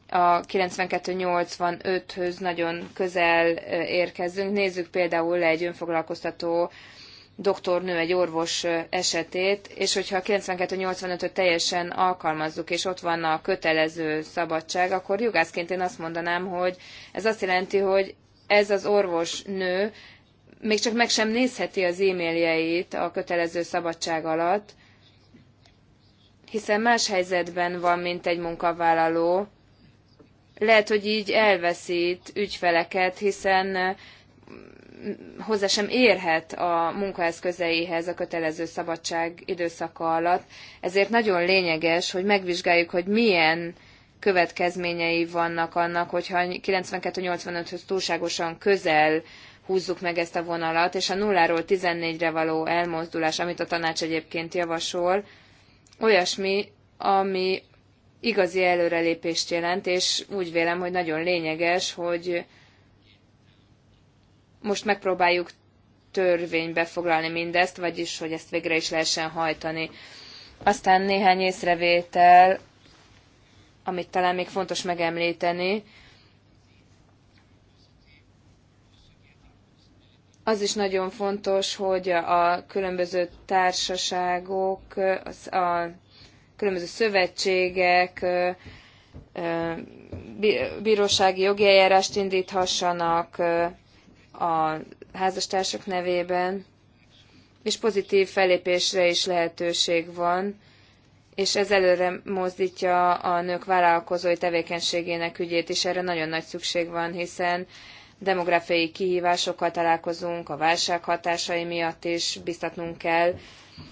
D: a 92-85-höz nagyon közel érkezünk. Nézzük például egy önfoglalkoztató doktornő, egy orvos esetét, és hogyha a 92-85-öt teljesen alkalmazzuk, és ott van a kötelező szabadság, akkor jogászként én azt mondanám, hogy ez azt jelenti, hogy ez az orvosnő még csak meg sem nézheti az e-mailjeit a kötelező szabadság alatt, hiszen más helyzetben van, mint egy munkavállaló. Lehet, hogy így elveszít ügyfeleket, hiszen hozzá sem érhet a munkaeszközeihez a kötelező szabadság időszaka alatt. Ezért nagyon lényeges, hogy megvizsgáljuk, hogy milyen következményei vannak annak, hogyha 92-85-höz túlságosan közel húzzuk meg ezt a vonalat, és a nulláról 14-re való elmozdulás, amit a tanács egyébként javasol, olyasmi, ami igazi előrelépést jelent, és úgy vélem, hogy nagyon lényeges, hogy most megpróbáljuk törvénybe foglalni mindezt, vagyis, hogy ezt végre is lehessen hajtani. Aztán néhány észrevétel, amit talán még fontos megemlíteni, az is nagyon fontos, hogy a különböző társaságok, a különböző szövetségek bírósági jogi eljárást indíthassanak, a házastársak nevében, és pozitív felépésre is lehetőség van, és ez előre mozdítja a nők vállalkozói tevékenységének ügyét és erre nagyon nagy szükség van, hiszen demográfiai kihívásokkal találkozunk, a válság hatásai miatt is biztatnunk kell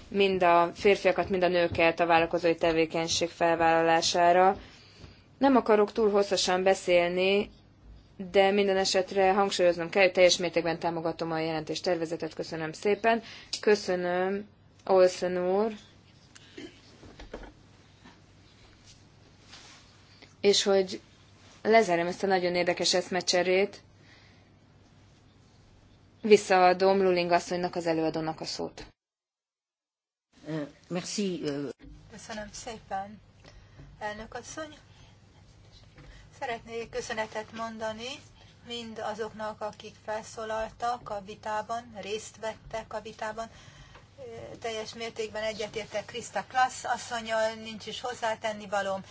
D: mind a férfiakat, mind a nőket a vállalkozói tevékenység felvállalására. Nem akarok túl hosszasan beszélni, de minden esetre hangsúlyoznom kell, hogy teljes mértékben támogatom a jelentés tervezetet. Köszönöm szépen. Köszönöm, Olszen úr. És hogy lezárom ezt a nagyon érdekes eszmecserét, visszaadom Luling asszonynak, az előadónak a szót. Merci. Euh.
B: Köszönöm szépen, elnök asszony. Szeretnék köszönetet mondani mind azoknak, akik felszólaltak a vitában, részt vettek a vitában. Teljes mértékben egyetértek Krista Klassz asszonyal, nincs is hozzátenni valóm.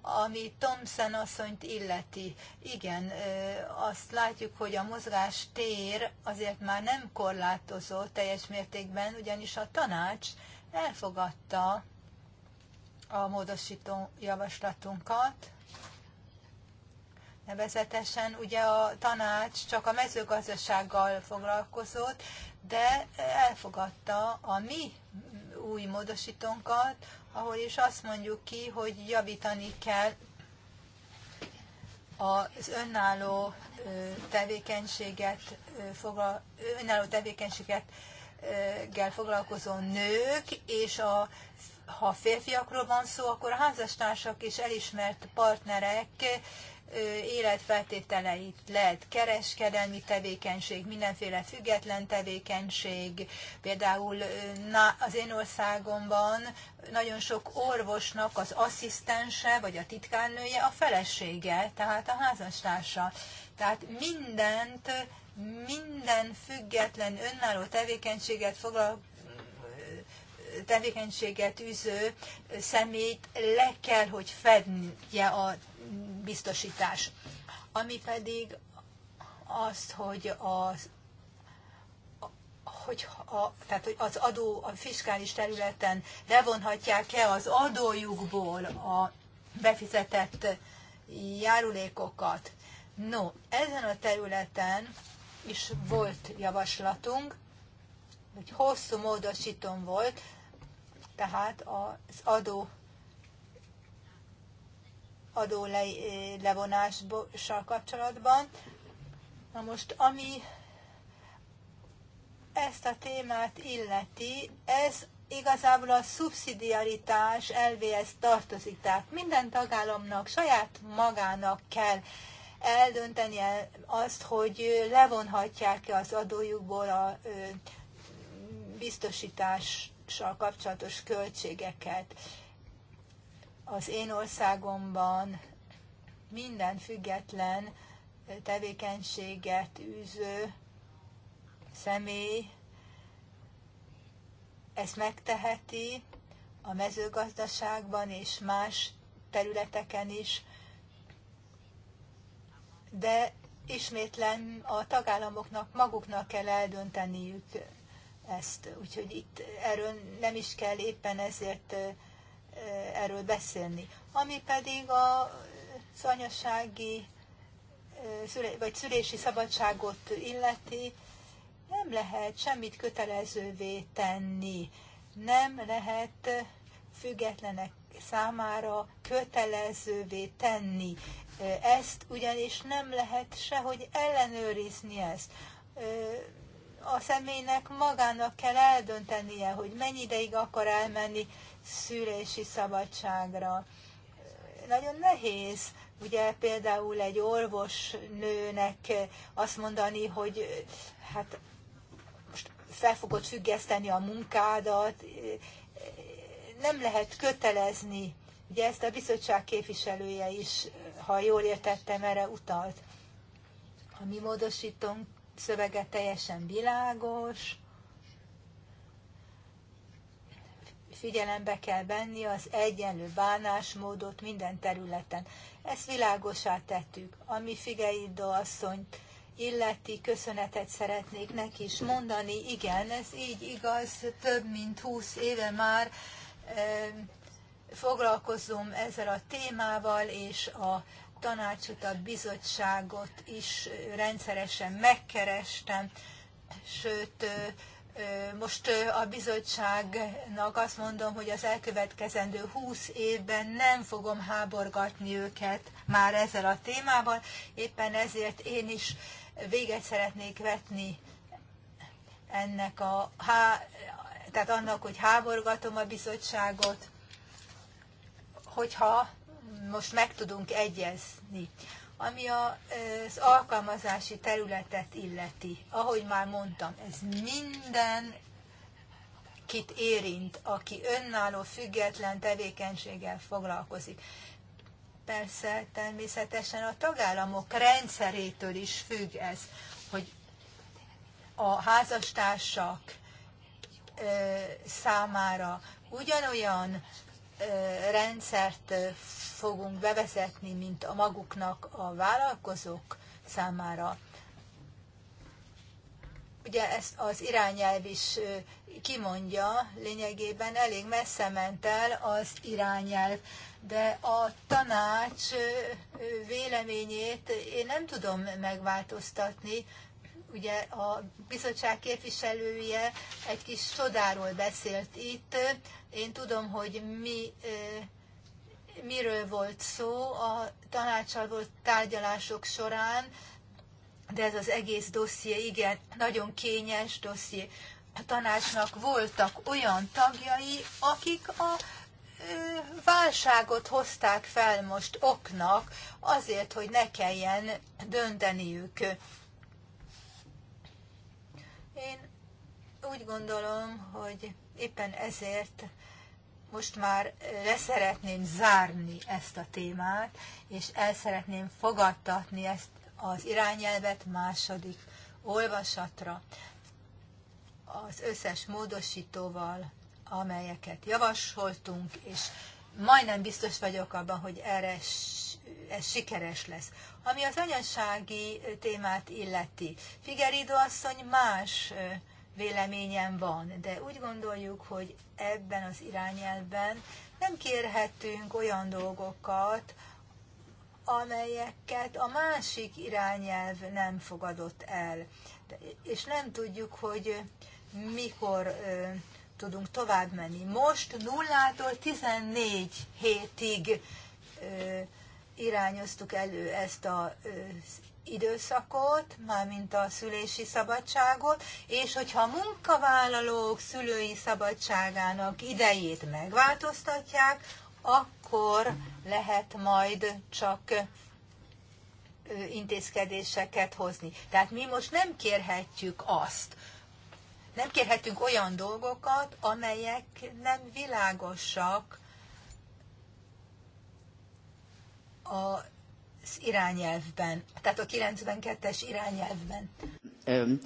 B: Ami Thompson asszonyt illeti, igen, azt látjuk, hogy a mozgás tér azért már nem korlátozó teljes mértékben, ugyanis a tanács elfogadta a módosító javaslatunkat, Nevezetesen ugye a tanács csak a mezőgazdasággal foglalkozott, de elfogadta a mi új módosítónkat, ahol is azt mondjuk ki, hogy javítani kell az önálló tevékenységet, önálló tevékenységet foglalkozó nők, és a, ha férfiakról van szó, akkor a házastársak és elismert partnerek életfeltételeit lehet kereskedelmi tevékenység, mindenféle független tevékenység. Például az én országomban nagyon sok orvosnak az asszisztense vagy a titkárnője a felesége, tehát a házastársa. Tehát mindent minden független önálló tevékenységet foglal, tevékenységet üző személyt le kell, hogy fedje a biztosítás. Ami pedig azt, hogy az hogy a, tehát, hogy az adó a fiskális területen levonhatják-e az adójukból a befizetett járulékokat. No, ezen a területen is volt javaslatunk, egy hosszú módosítom volt, tehát az adó adó le, eh, levonással kapcsolatban. Na most, ami ezt a témát illeti, ez igazából a szubszidiaritás elvéhez tartozik. Tehát minden tagállamnak, saját magának kell eldöntenie azt, hogy levonhatják-e az adójukból a biztosítást kapcsolatos költségeket. Az én országomban minden független tevékenységet űző személy ezt megteheti a mezőgazdaságban és más területeken is, de ismétlen a tagállamoknak maguknak kell eldönteniük ezt. Úgyhogy itt erről nem is kell éppen ezért erről beszélni. Ami pedig a szanyasági vagy szülési szabadságot illeti, nem lehet semmit kötelezővé tenni. Nem lehet függetlenek számára kötelezővé tenni. Ezt ugyanis nem lehet sehogy ellenőrizni ezt a személynek magának kell eldöntenie, hogy mennyi ideig akar elmenni szülési szabadságra. Nagyon nehéz, ugye például egy orvos nőnek azt mondani, hogy hát most fel fogod függeszteni a munkádat, nem lehet kötelezni, ugye ezt a bizottság képviselője is, ha jól értettem, erre utalt. A mi módosítónk szövege teljesen világos, figyelembe kell venni az egyenlő bánásmódot minden területen. Ezt világosá tettük. Ami Figeidó asszonyt illeti köszönetet szeretnék neki is mondani. Igen, ez így igaz, több mint húsz éve már e, foglalkozom ezzel a témával, és a tanácsot, a bizottságot is rendszeresen megkerestem, sőt, most a bizottságnak azt mondom, hogy az elkövetkezendő 20 évben nem fogom háborgatni őket már ezzel a témával, éppen ezért én is véget szeretnék vetni ennek a, há, tehát annak, hogy háborgatom a bizottságot, hogyha most meg tudunk egyezni. Ami az alkalmazási területet illeti, ahogy már mondtam, ez minden kit érint, aki önálló, független tevékenységgel foglalkozik. Persze, természetesen a tagállamok rendszerétől is függ ez, hogy a házastársak számára ugyanolyan rendszert fogunk bevezetni, mint a maguknak a vállalkozók számára. Ugye ezt az irányelv is kimondja, lényegében elég messze ment el az irányelv, de a tanács véleményét én nem tudom megváltoztatni, Ugye a bizottság képviselője egy kis csodáról beszélt itt. Én tudom, hogy mi miről volt szó a tanácsal volt tárgyalások során, de ez az egész dosszié, igen, nagyon kényes dosszié. A tanácsnak voltak olyan tagjai, akik a válságot hozták fel most oknak, azért, hogy ne kelljen dönteniük. Én úgy gondolom, hogy éppen ezért most már leszeretném zárni ezt a témát, és el szeretném fogadtatni ezt az irányelvet második olvasatra az összes módosítóval, amelyeket javasoltunk, és majdnem biztos vagyok abban, hogy erre ez sikeres lesz. Ami az anyasági témát illeti, Figerido asszony más véleményen van, de úgy gondoljuk, hogy ebben az irányelben nem kérhetünk olyan dolgokat, amelyeket a másik irányelv nem fogadott el. És nem tudjuk, hogy mikor ö, tudunk tovább menni. Most nullától 14 hétig ö, irányoztuk elő ezt az időszakot, mármint a szülési szabadságot, és hogyha a munkavállalók szülői szabadságának idejét megváltoztatják, akkor lehet majd csak intézkedéseket hozni. Tehát mi most nem kérhetjük azt, nem kérhetünk olyan dolgokat, amelyek nem világosak az irányelvben, tehát a 92-es irányelvben.
C: Um,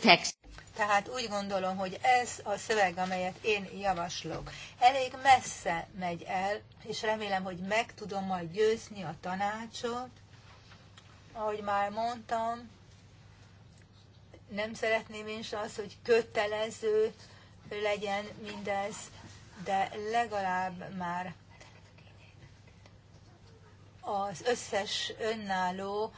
C: text.
B: Tehát úgy gondolom, hogy ez a szöveg, amelyet én javaslok, elég messze megy el, és remélem, hogy meg tudom majd győzni a tanácsot. Ahogy már mondtam, nem szeretném én se azt, hogy kötelező legyen mindez, de legalább már az összes önálló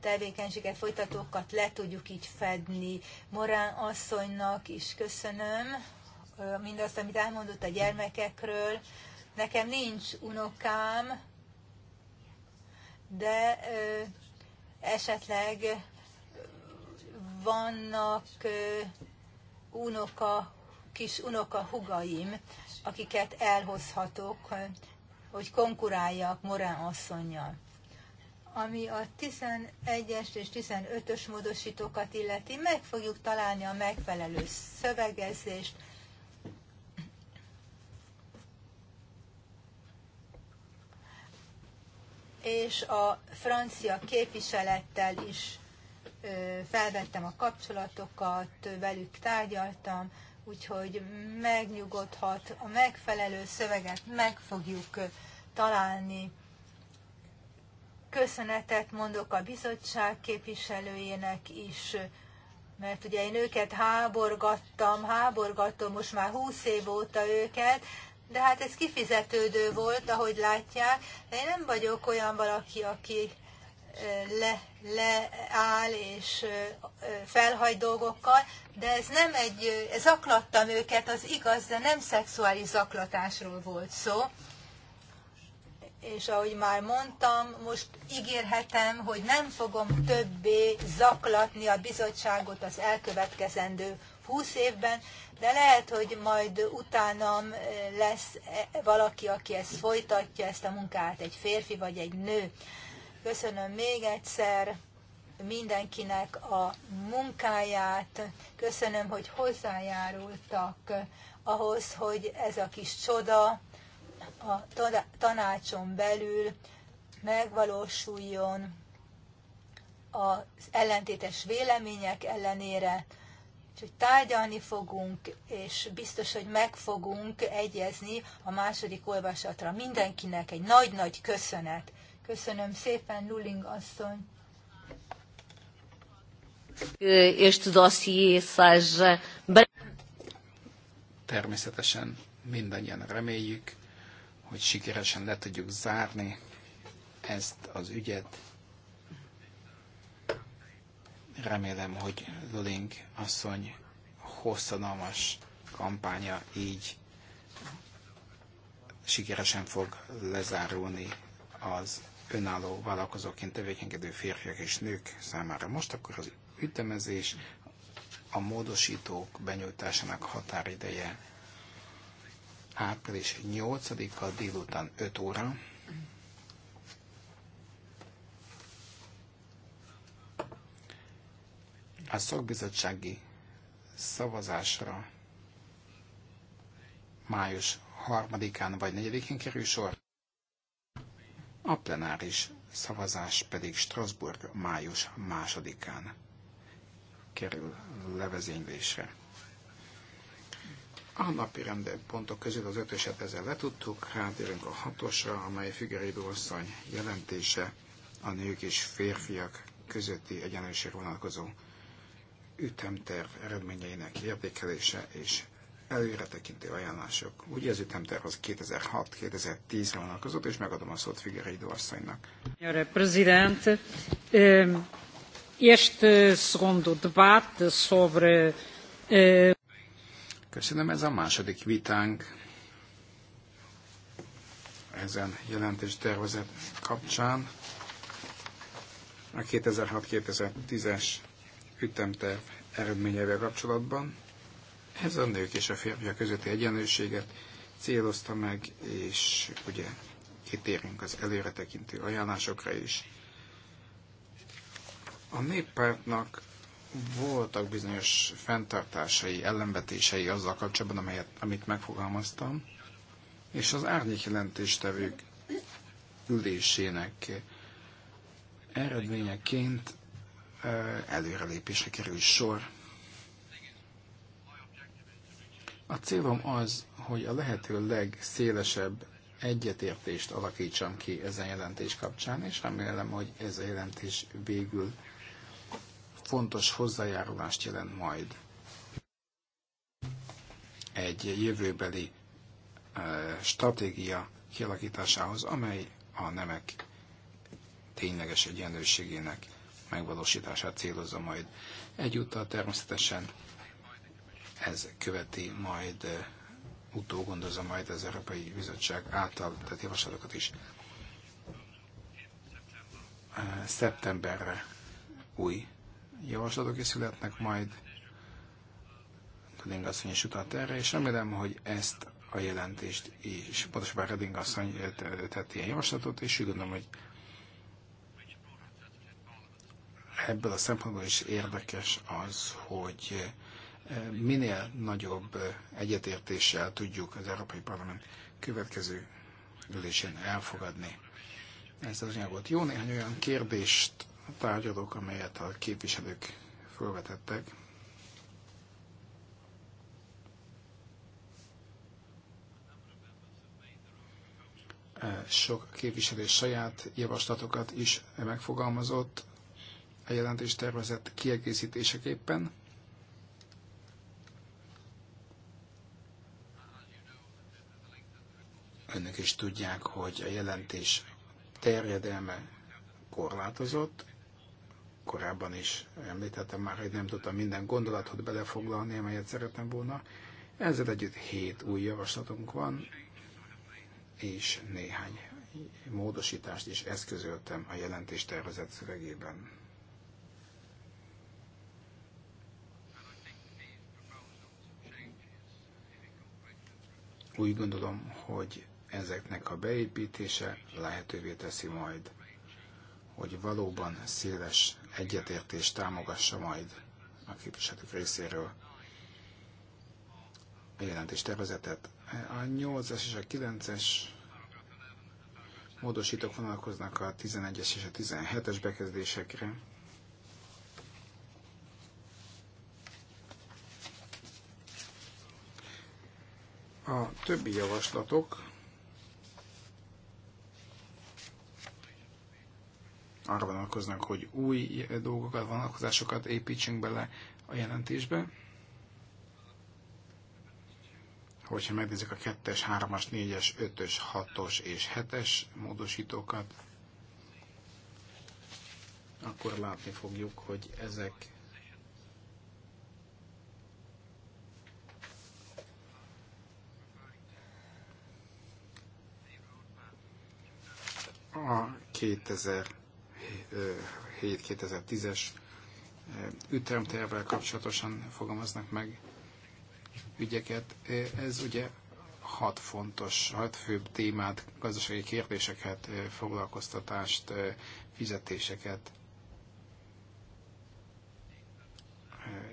B: tevékenységet folytatókat le tudjuk így fedni. Morán asszonynak is köszönöm mindazt, amit elmondott a gyermekekről. Nekem nincs unokám, de ö, esetleg vannak ö, unoka, kis unoka hugaim, akiket elhozhatok hogy konkuráljak Morán asszonyjal. Ami a 11-es és 15-ös módosítókat illeti, meg fogjuk találni a megfelelő szövegezést, és a francia képviselettel is felvettem a kapcsolatokat, velük tárgyaltam, úgyhogy megnyugodhat, a megfelelő szöveget meg fogjuk találni. Köszönetet mondok a bizottság képviselőjének is, mert ugye én őket háborgattam, háborgatom most már húsz év óta őket, de hát ez kifizetődő volt, ahogy látják. De én nem vagyok olyan valaki, aki le, leáll és felhagy dolgokkal, de ez nem egy, zaklattam őket, az igaz, de nem szexuális zaklatásról volt szó. És ahogy már mondtam, most ígérhetem, hogy nem fogom többé zaklatni a bizottságot az elkövetkezendő 20 évben, de lehet, hogy majd utánam lesz e, valaki, aki ezt folytatja, ezt a munkát, egy férfi vagy egy nő. Köszönöm még egyszer mindenkinek a munkáját, köszönöm, hogy hozzájárultak ahhoz, hogy ez a kis csoda a tanácson belül megvalósuljon az ellentétes vélemények ellenére, hogy tárgyalni fogunk, és biztos, hogy meg fogunk egyezni a második olvasatra. Mindenkinek egy nagy-nagy köszönet. Köszönöm szépen, Luling asszony.
C: Este dossiê seja...
A: Természetesen mindannyian reméljük, hogy sikeresen le tudjuk zárni ezt az ügyet. Remélem, hogy Luling asszony hosszadalmas kampánya így sikeresen fog lezárulni az önálló vállalkozóként tevékenykedő férfiak és nők számára. Most akkor az ütemezés, a módosítók benyújtásának határideje április 8-a délután 5 óra. A szakbizottsági szavazásra május 3-án vagy 4-én kerül sor, a plenáris szavazás pedig Strasbourg május 2-án kerül levezénylésre. A napi pontok közül az ötöset ezzel letudtuk, rátérünk a hatosra, amely Figerédő asszony jelentése a nők és férfiak közötti egyenlőség vonatkozó ütemterv eredményeinek értékelése és előretekintő ajánlások. Ugye az ütemterv az 2006-2010-re vonatkozott, és megadom a szót Figerédő asszonynak.
E: Presidente, ehm, Este segundo debate sobre... Eh, Köszönöm, ez a
A: második vitánk ezen jelentés tervezet kapcsán. A 2006-2010-es ütemterv eredményeivel kapcsolatban ez a nők és a férfiak közötti egyenlőséget célozta meg, és ugye kitérünk az előretekintő ajánlásokra is a néppártnak voltak bizonyos fenntartásai, ellenvetései azzal kapcsolatban, amelyet, amit megfogalmaztam, és az árnyék jelentéstevők ülésének eredményeként előrelépésre kerül sor. A célom az, hogy a lehető legszélesebb egyetértést alakítsam ki ezen jelentés kapcsán, és remélem, hogy ez a jelentés végül fontos hozzájárulást jelent majd egy jövőbeli eh, stratégia kialakításához, amely a nemek tényleges egyenlőségének megvalósítását célozza majd. Egyúttal természetesen ez követi majd, eh, utógondozza majd az Európai Bizottság által tett javaslatokat is. Eh, szeptemberre új javaslatok is születnek majd. Reding asszony is utalt erre, és remélem, hogy ezt a jelentést is, pontosabban Reding asszony eh, tett ilyen javaslatot, és úgy gondolom, hogy ebből a szempontból is érdekes az, hogy eh, minél nagyobb eh, egyetértéssel tudjuk az Európai Parlament következő ülésén elfogadni ezt az anyagot. Jó néhány olyan kérdést tárgyalók, amelyet a képviselők felvetettek, e, sok képviselő saját javaslatokat is megfogalmazott a jelentés tervezett kiegészítéseképpen. Önök is tudják, hogy a jelentés terjedelme korlátozott, korábban is említettem már, hogy nem tudtam minden gondolatot belefoglalni, amelyet szerettem volna. Ezzel együtt hét új javaslatunk van, és néhány módosítást is eszközöltem a jelentés tervezett szövegében. Úgy gondolom, hogy ezeknek a beépítése lehetővé teszi majd, hogy valóban széles egyetértés támogassa majd a képviselők részéről a jelentés tervezetet. A 8-as és a 9-es módosítók vonalkoznak a 11-es és a 17-es bekezdésekre. A többi javaslatok arra vonatkoznak, hogy új dolgokat, vonatkozásokat építsünk bele a jelentésbe. Hogyha megnézzük a 2-es, 3-as, 4-es, 5-ös, 6-os és 7-es módosítókat, akkor látni fogjuk, hogy ezek a 2000 2007-2010-es ütemtervvel kapcsolatosan fogalmaznak meg ügyeket. Ez ugye hat fontos, hat főbb témát, gazdasági kérdéseket, foglalkoztatást, fizetéseket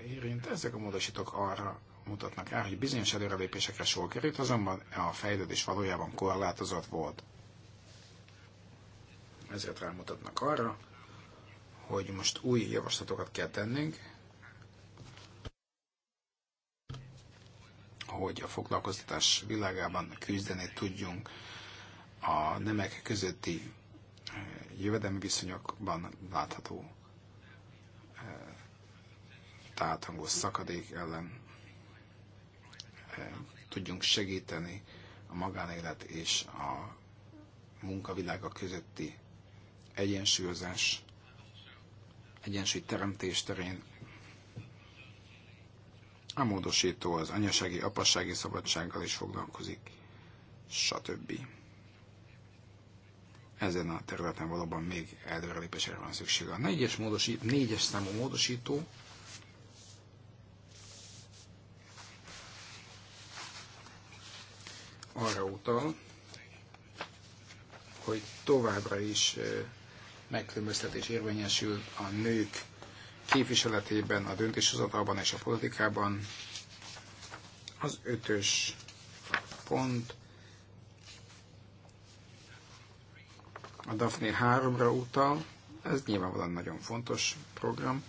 A: érint. Ezek a módosítók arra mutatnak rá, hogy bizonyos előrelépésekre sor került, azonban a fejlődés valójában korlátozott volt ezért rámutatnak arra, hogy most új javaslatokat kell tennünk, hogy a foglalkoztatás világában küzdeni tudjunk a nemek közötti eh, jövedelmi viszonyokban látható táthangó eh, szakadék ellen eh, tudjunk segíteni a magánélet és a munkavilága közötti egyensúlyozás, teremtés terén a módosító az anyasági, apassági szabadsággal is foglalkozik, stb. Ezen a területen valóban még előrelépésre van szüksége. A négyes, módosít, négyes számú módosító arra utal, hogy továbbra is eh, megkülönböztetés érvényesül a nők képviseletében, a döntéshozatalban és a politikában. Az ötös pont a Daphne 3-ra utal, ez nyilvánvalóan nagyon fontos program.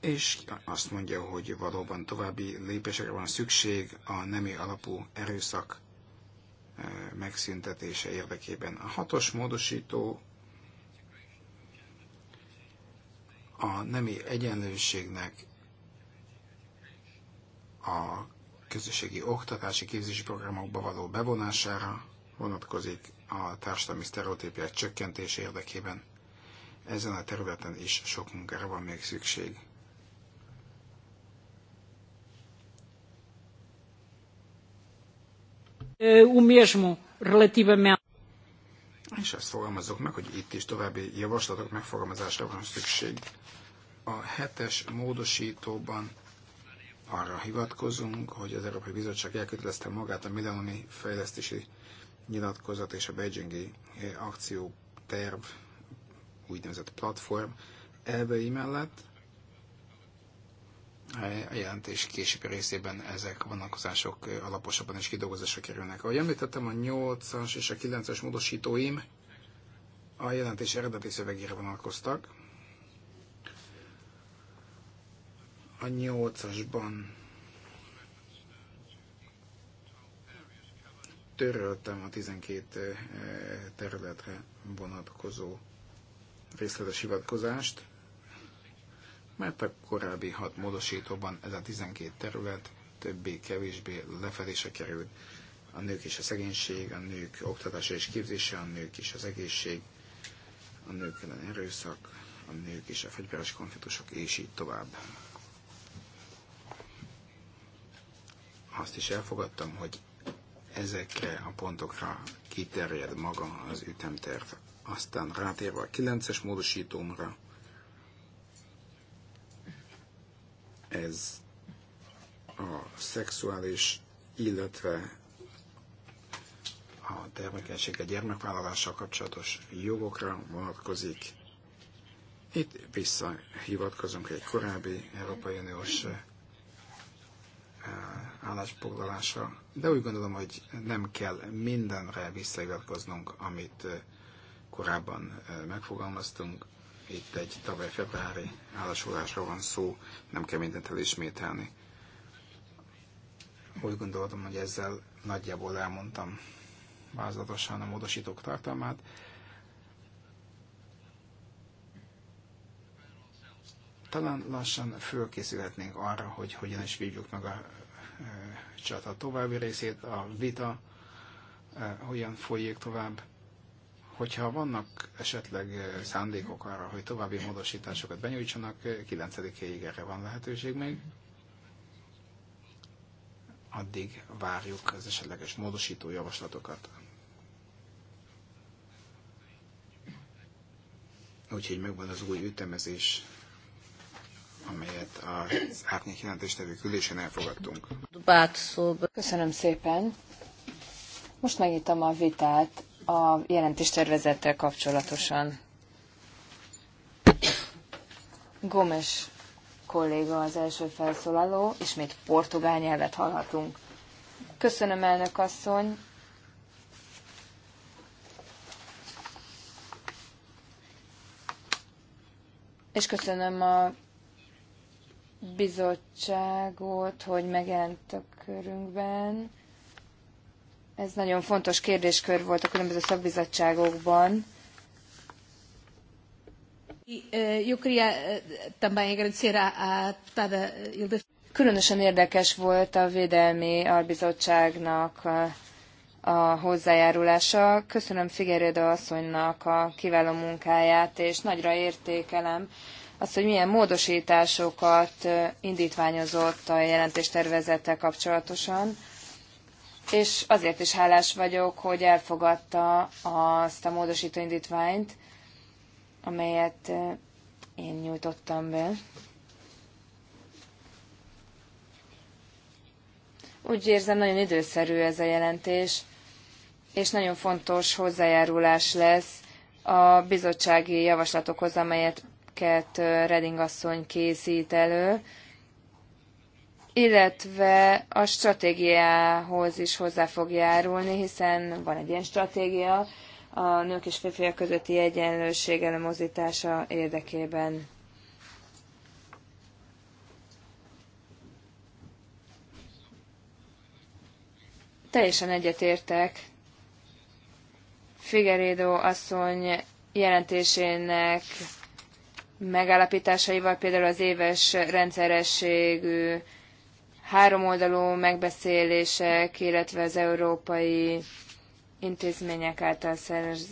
A: és azt mondja, hogy valóban további lépésekre van szükség a nemi alapú erőszak megszüntetése érdekében. A hatos módosító a nemi egyenlőségnek a közösségi oktatási képzési programokba való bevonására vonatkozik a társadalmi sztereotípiák csökkentése érdekében. Ezen a területen is
E: sok munkára van még szükség. Eh,
A: és ezt fogalmazok meg, hogy itt is további javaslatok megfogalmazásra van szükség. A hetes módosítóban arra hivatkozunk, hogy az Európai Bizottság elkötelezte magát a Milánoni Fejlesztési Nyilatkozat és a Beijingi eh, Akcióterv úgynevezett platform elvei mellett, a jelentés későbbi részében ezek a vonalkozások alaposabban és kidolgozásra kerülnek. Ahogy említettem, a 8-as és a 9 es módosítóim a jelentés eredeti szövegére vonalkoztak. A 8-asban töröltem a 12 eh, területre vonatkozó részletes hivatkozást, mert a korábbi hat módosítóban ez a 12 terület többé-kevésbé lefedése került. A nők és a szegénység, a nők oktatása és képzése, a nők és az egészség, a nők ellen erőszak, a nők és a fegyveres konfliktusok, és így tovább. Azt is elfogadtam, hogy ezekre a pontokra kiterjed maga az ütemterv. Aztán rátérve a 9-es módosítómra, Ez a szexuális, illetve a termékenység a gyermekvállalással kapcsolatos jogokra vonatkozik. Itt visszahivatkozunk egy korábbi Európai Uniós eh, állásfoglalásra, de úgy gondolom, hogy nem kell mindenre visszahivatkoznunk, amit eh, korábban eh, megfogalmaztunk. Itt egy tavaly februári állásolásra van szó, nem kell mindent elismételni. Úgy gondoltam, hogy ezzel nagyjából elmondtam vázlatosan a módosítók tartalmát. Talán lassan fölkészülhetnénk arra, hogy hogyan is vívjuk meg a csata további részét, a vita hogyan folyik tovább Hogyha vannak esetleg eh, szándékok arra, hogy további módosításokat benyújtsanak, 9-ig eh, erre van lehetőség még. Addig várjuk az esetleges módosító javaslatokat. Úgyhogy megvan az új ütemezés, amelyet az árnyék jelentéstevő külésen elfogadtunk.
D: Köszönöm szépen. Most megnyitom a vitát a jelentéstervezettel kapcsolatosan. Gomes kolléga az első felszólaló, ismét portugál nyelvet hallhatunk. Köszönöm, elnök asszony! És köszönöm a bizottságot, hogy megjelent a körünkben. Ez nagyon fontos kérdéskör volt a különböző szakbizottságokban. E, e, Különösen érdekes volt a Védelmi Albizottságnak a hozzájárulása. Köszönöm Figueredo asszonynak a kiváló munkáját, és nagyra értékelem azt, hogy milyen módosításokat e, indítványozott a jelentéstervezettel kapcsolatosan és azért is hálás vagyok, hogy elfogadta azt a módosító indítványt, amelyet eh, én nyújtottam be. Úgy érzem, nagyon időszerű ez a jelentés, és nagyon fontos hozzájárulás lesz a bizottsági javaslatokhoz, amelyet eh, Reding asszony készít elő illetve a stratégiához is hozzá fog járulni, hiszen van egy ilyen stratégia a nők és férfiak közötti egyenlőség elemozítása érdekében. Teljesen egyetértek Figueredo asszony jelentésének megállapításaival, például az éves rendszerességű háromoldalú megbeszélések, illetve az európai intézmények által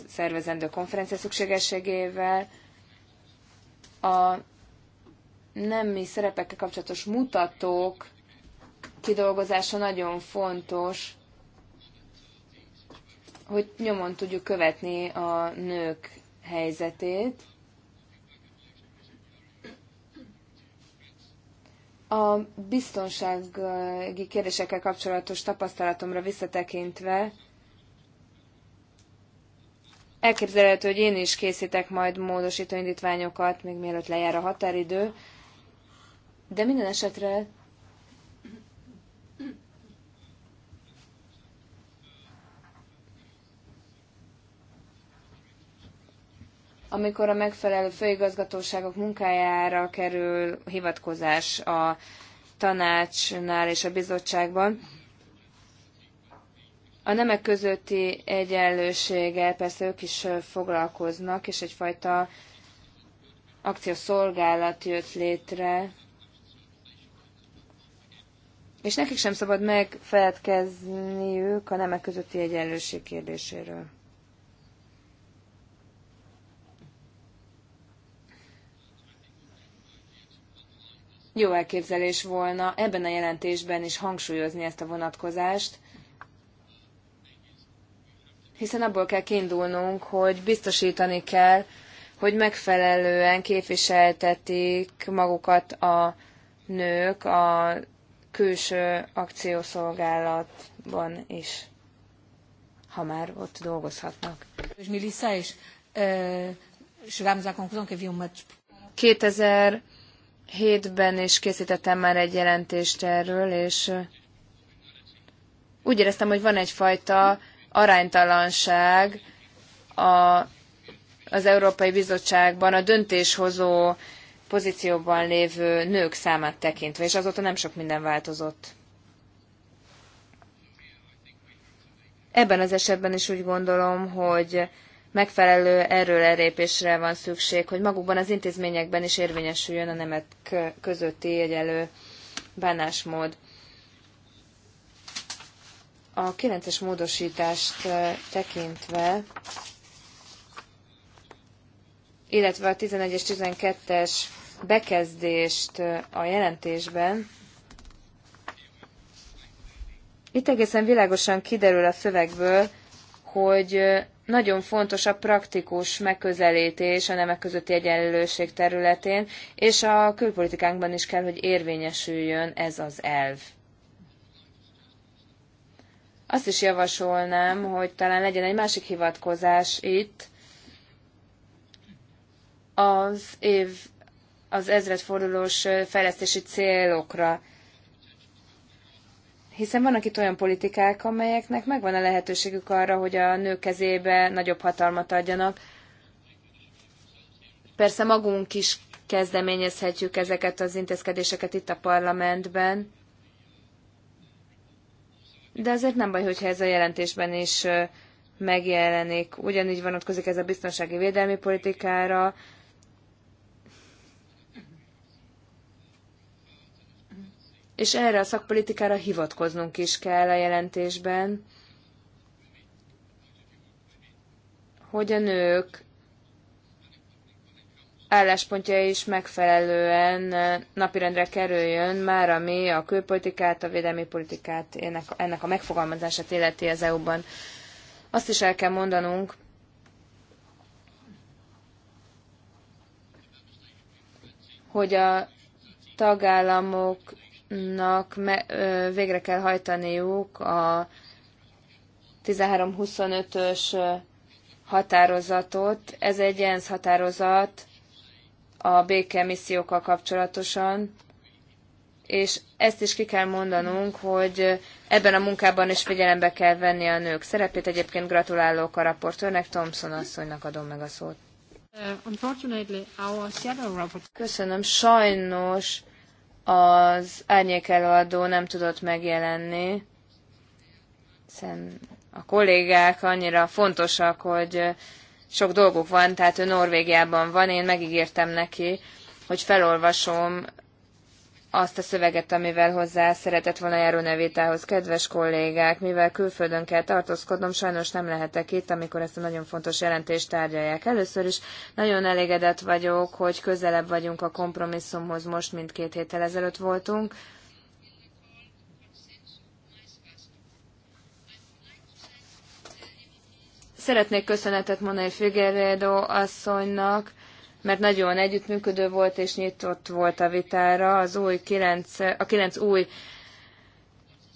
D: szervezendő konferencia szükségességével a nemi szerepekkel kapcsolatos mutatók kidolgozása nagyon fontos, hogy nyomon tudjuk követni a nők helyzetét, A biztonsági kérdésekkel kapcsolatos tapasztalatomra visszatekintve elképzelhető, hogy én is készítek majd módosító indítványokat, még mielőtt lejár a határidő, de minden esetre amikor a megfelelő főigazgatóságok munkájára kerül hivatkozás a tanácsnál és a bizottságban. A nemek közötti egyenlőséggel persze ők is foglalkoznak, és egyfajta akciószolgálat jött létre. És nekik sem szabad megfeledkezniük a nemek közötti egyenlőség kérdéséről. Jó elképzelés volna ebben a jelentésben is hangsúlyozni ezt a vonatkozást, hiszen abból kell kiindulnunk, hogy biztosítani kell, hogy megfelelően képviseltetik magukat a nők a külső akciószolgálatban is, ha már ott dolgozhatnak. 2000 2007-ben is készítettem már egy jelentést erről, és úgy éreztem, hogy van egyfajta aránytalanság a, az Európai Bizottságban a döntéshozó pozícióban lévő nők számát tekintve, és azóta nem sok minden változott. Ebben az esetben is úgy gondolom, hogy megfelelő erőlerépésre van szükség, hogy magukban az intézményekben is érvényesüljön a nemek közötti egyenlő bánásmód. A 9-es módosítást eh, tekintve, illetve a 11 és 12-es bekezdést eh, a jelentésben, itt egészen világosan kiderül a szövegből, hogy eh, nagyon fontos a praktikus megközelítés a nemek közötti egyenlőség területén, és a külpolitikánkban is kell, hogy érvényesüljön ez az elv. Azt is javasolnám, hogy talán legyen egy másik hivatkozás itt, az év, az ezredfordulós fejlesztési célokra hiszen vannak itt olyan politikák, amelyeknek megvan a lehetőségük arra, hogy a nők kezébe nagyobb hatalmat adjanak. Persze magunk is kezdeményezhetjük ezeket az intézkedéseket itt a parlamentben, de azért nem baj, hogyha ez a jelentésben is megjelenik. Ugyanígy vonatkozik ez a biztonsági védelmi politikára, és erre a szakpolitikára hivatkoznunk is kell a jelentésben, hogy a nők álláspontja is megfelelően napirendre kerüljön, már ami a külpolitikát, a védelmi politikát, ennek, ennek a megfogalmazását illeti az EU-ban. Azt is el kell mondanunk, hogy a tagállamok nak végre kell hajtaniuk a 1325-ös határozatot. Ez egy ENSZ határozat a békemissziókkal kapcsolatosan, és ezt is ki kell mondanunk, hogy ebben a munkában is figyelembe kell venni a nők szerepét. Egyébként gratulálok a raportőrnek, Thompson asszonynak adom meg a szót. Uh, Köszönöm, sajnos az árnyék előadó nem tudott megjelenni, hiszen a kollégák annyira fontosak, hogy sok dolguk van, tehát ő Norvégiában van, én megígértem neki, hogy felolvasom azt a szöveget, amivel hozzá szeretett volna járó a vitához. Kedves kollégák, mivel külföldön kell tartózkodnom, sajnos nem lehetek itt, amikor ezt a nagyon fontos jelentést tárgyalják. Először is nagyon elégedett vagyok, hogy közelebb vagyunk a kompromisszumhoz most, mint két héttel ezelőtt voltunk. Szeretnék köszönetet mondani Figueredo asszonynak, mert nagyon együttműködő volt és nyitott volt a vitára. Az új kilenc, a kilenc új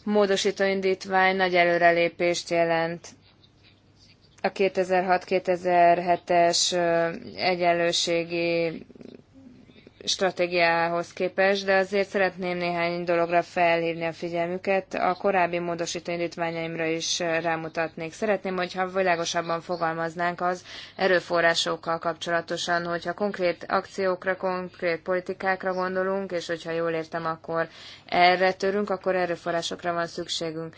D: módosító indítvány nagy előrelépést jelent a 2006-2007-es egyenlőségi stratégiához képest, de azért szeretném néhány dologra felhívni a figyelmüket. A korábbi módosító indítványaimra is rámutatnék. Szeretném, hogyha világosabban fogalmaznánk az erőforrásokkal kapcsolatosan, hogyha konkrét akciókra, konkrét politikákra gondolunk, és hogyha jól értem, akkor erre törünk, akkor erőforrásokra van szükségünk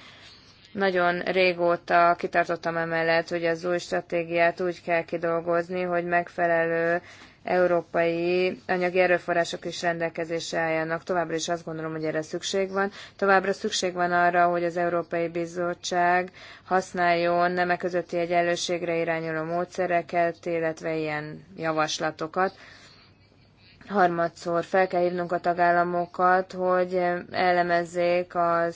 D: nagyon régóta kitartottam emellett, hogy az új stratégiát úgy kell kidolgozni, hogy megfelelő európai anyagi erőforrások is rendelkezésre álljanak. Továbbra is azt gondolom, hogy erre szükség van. Továbbra szükség van arra, hogy az Európai Bizottság használjon nemek közötti egyenlőségre irányuló módszereket, illetve ilyen javaslatokat. Harmadszor fel kell hívnunk a tagállamokat, hogy elemezzék az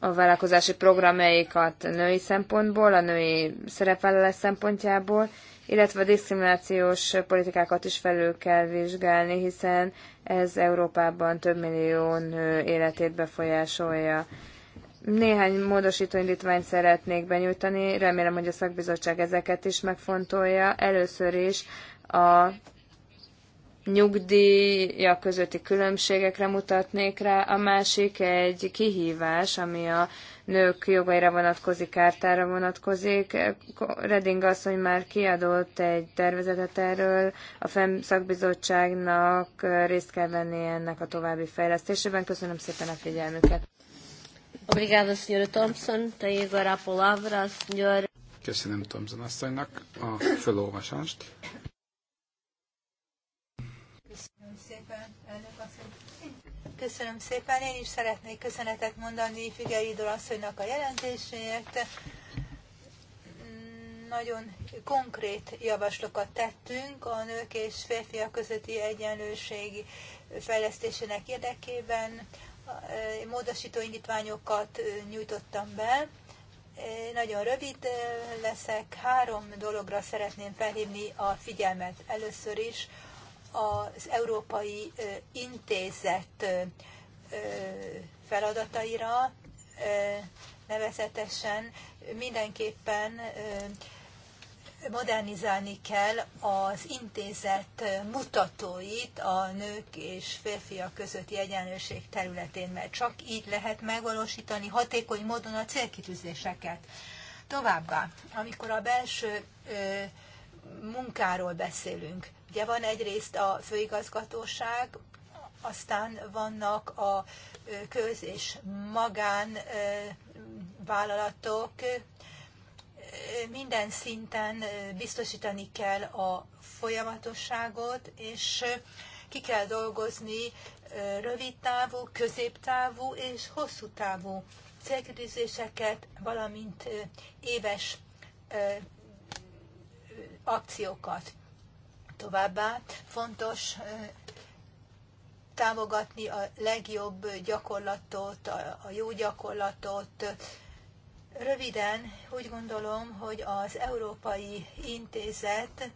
D: a vállalkozási programjaikat női szempontból, a női szerepvállalás szempontjából, illetve a diszkriminációs politikákat is felül kell vizsgálni, hiszen ez Európában több millió nő életét befolyásolja. Néhány módosítóindítványt szeretnék benyújtani, remélem, hogy a szakbizottság ezeket is megfontolja. Először is a nyugdíja közötti különbségekre mutatnék rá, a másik egy kihívás, ami a nők jogaira vonatkozik, kártára vonatkozik. Reding asszony már kiadott egy tervezetet erről, a FEM szakbizottságnak részt kell venni ennek a további fejlesztésében. Köszönöm szépen a figyelmüket.
C: Obrigado, Sr. Thompson. Tem agora a palavra Sr.
A: Köszönöm Thompson asszonynak a felolvasást.
B: Köszönöm szépen, én is szeretnék köszönetet mondani Idol asszonynak a jelentéséért. Mm, nagyon konkrét javaslokat tettünk a nők és férfiak közötti egyenlőség fejlesztésének érdekében. E, módosító indítványokat e, nyújtottam be. E, nagyon rövid leszek. Három dologra szeretném felhívni a figyelmet. Először is az Európai Intézet feladataira, nevezetesen mindenképpen modernizálni kell az intézet mutatóit a nők és férfiak közötti egyenlőség területén, mert csak így lehet megvalósítani hatékony módon a célkitűzéseket. Továbbá, amikor a belső munkáról beszélünk, Ugye van egyrészt a főigazgatóság, aztán vannak a köz- és magán vállalatok. Minden szinten biztosítani kell a folyamatosságot, és ki kell dolgozni rövid távú, középtávú és hosszú távú célkitűzéseket, valamint éves akciókat. Továbbá fontos támogatni a legjobb gyakorlatot, a jó gyakorlatot. Röviden úgy gondolom, hogy az Európai Intézet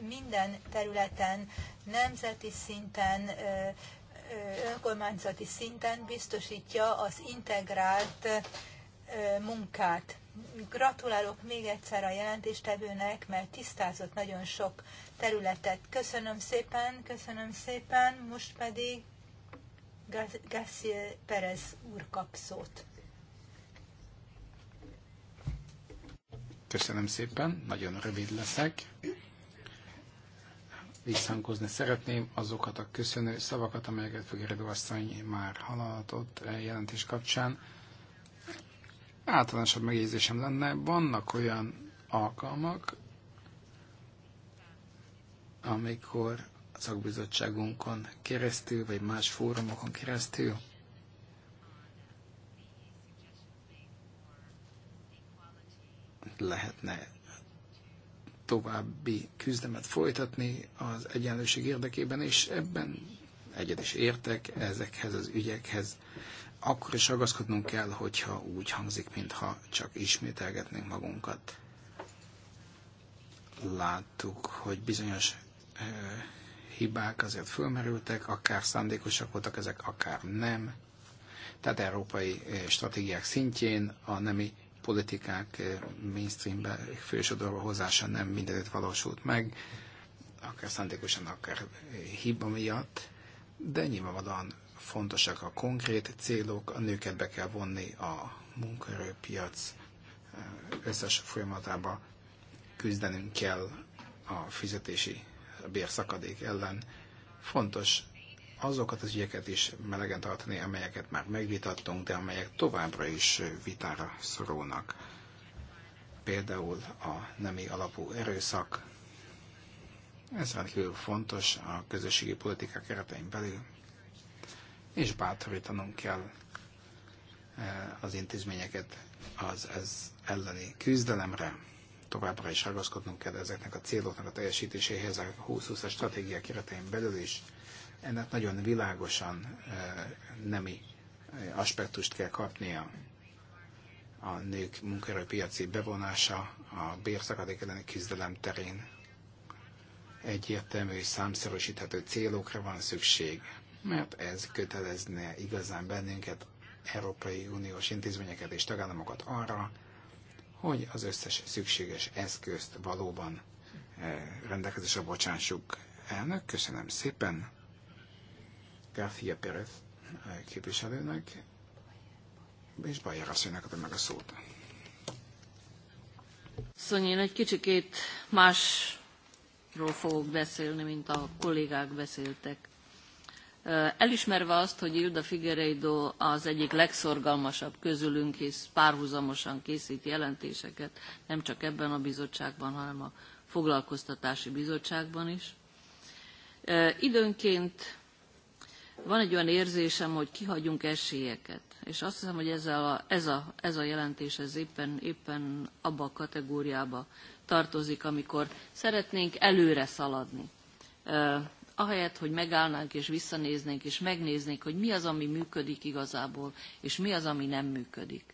B: minden területen, nemzeti szinten, önkormányzati szinten biztosítja az integrált munkát. Gratulálok még egyszer a jelentéstevőnek, mert tisztázott nagyon sok területet. Köszönöm szépen, köszönöm szépen, most pedig Gassier Perez úr kap szót.
A: Köszönöm szépen, nagyon rövid leszek. Visszhangozni szeretném azokat a köszönő szavakat, amelyeket Fögeredő asszony már hallhatott e jelentés kapcsán. Általánosabb megjegyzésem lenne, vannak olyan alkalmak, amikor a szakbizottságunkon keresztül, vagy más fórumokon keresztül lehetne további küzdemet folytatni az egyenlőség érdekében, és ebben egyet is értek ezekhez az ügyekhez. Akkor is ragaszkodnunk kell, hogyha úgy hangzik, mintha csak ismételgetnénk magunkat. Láttuk, hogy bizonyos hibák azért fölmerültek, akár szándékosak voltak ezek, akár nem. Tehát európai stratégiák szintjén a nemi politikák mainstreambe fősodorba hozása nem mindenütt valósult meg, akár szándékosan, akár hiba miatt, de nyilvánvalóan fontosak a konkrét célok, a nőket be kell vonni a munkaerőpiac összes folyamatába, küzdenünk kell a fizetési a bérszakadék ellen. Fontos azokat az ügyeket is melegen tartani, amelyeket már megvitattunk, de amelyek továbbra is vitára szorulnak. Például a nemi alapú erőszak. Ez rendkívül fontos a közösségi politikák keretein belül, és bátorítanunk kell eh, az intézményeket az ez elleni küzdelemre továbbra is ragaszkodnunk kell ezeknek a céloknak a teljesítéséhez a 2020-as stratégia keretein belül is. Ennek nagyon világosan eh, nemi eh, aspektust kell kapnia a nők munkaerőpiaci bevonása a bérszakadék elleni küzdelem terén. Egyértelmű és számszerűsíthető célokra van szükség, mert ez kötelezne igazán bennünket, Európai Uniós intézményeket és tagállamokat arra, hogy az összes szükséges eszközt valóban eh, rendelkezésre bocsánsuk Elnök, köszönöm szépen. García Pérez eh, képviselőnek és Bajer asszonynak adom meg a szót.
E: Szonyi, én egy kicsikét másról fogok beszélni, mint a kollégák beszéltek. Elismerve azt, hogy Ilda Figueiredo az egyik legszorgalmasabb közülünk, hisz párhuzamosan készít jelentéseket, nem csak ebben a bizottságban, hanem a foglalkoztatási bizottságban is. Időnként van egy olyan érzésem, hogy kihagyunk esélyeket, és azt hiszem, hogy a, ez, a, ez a jelentés ez éppen, éppen abba a kategóriába tartozik, amikor szeretnénk előre szaladni ahelyett, hogy megállnánk és visszanéznénk, és megnéznénk, hogy mi az, ami működik igazából, és mi az, ami nem működik.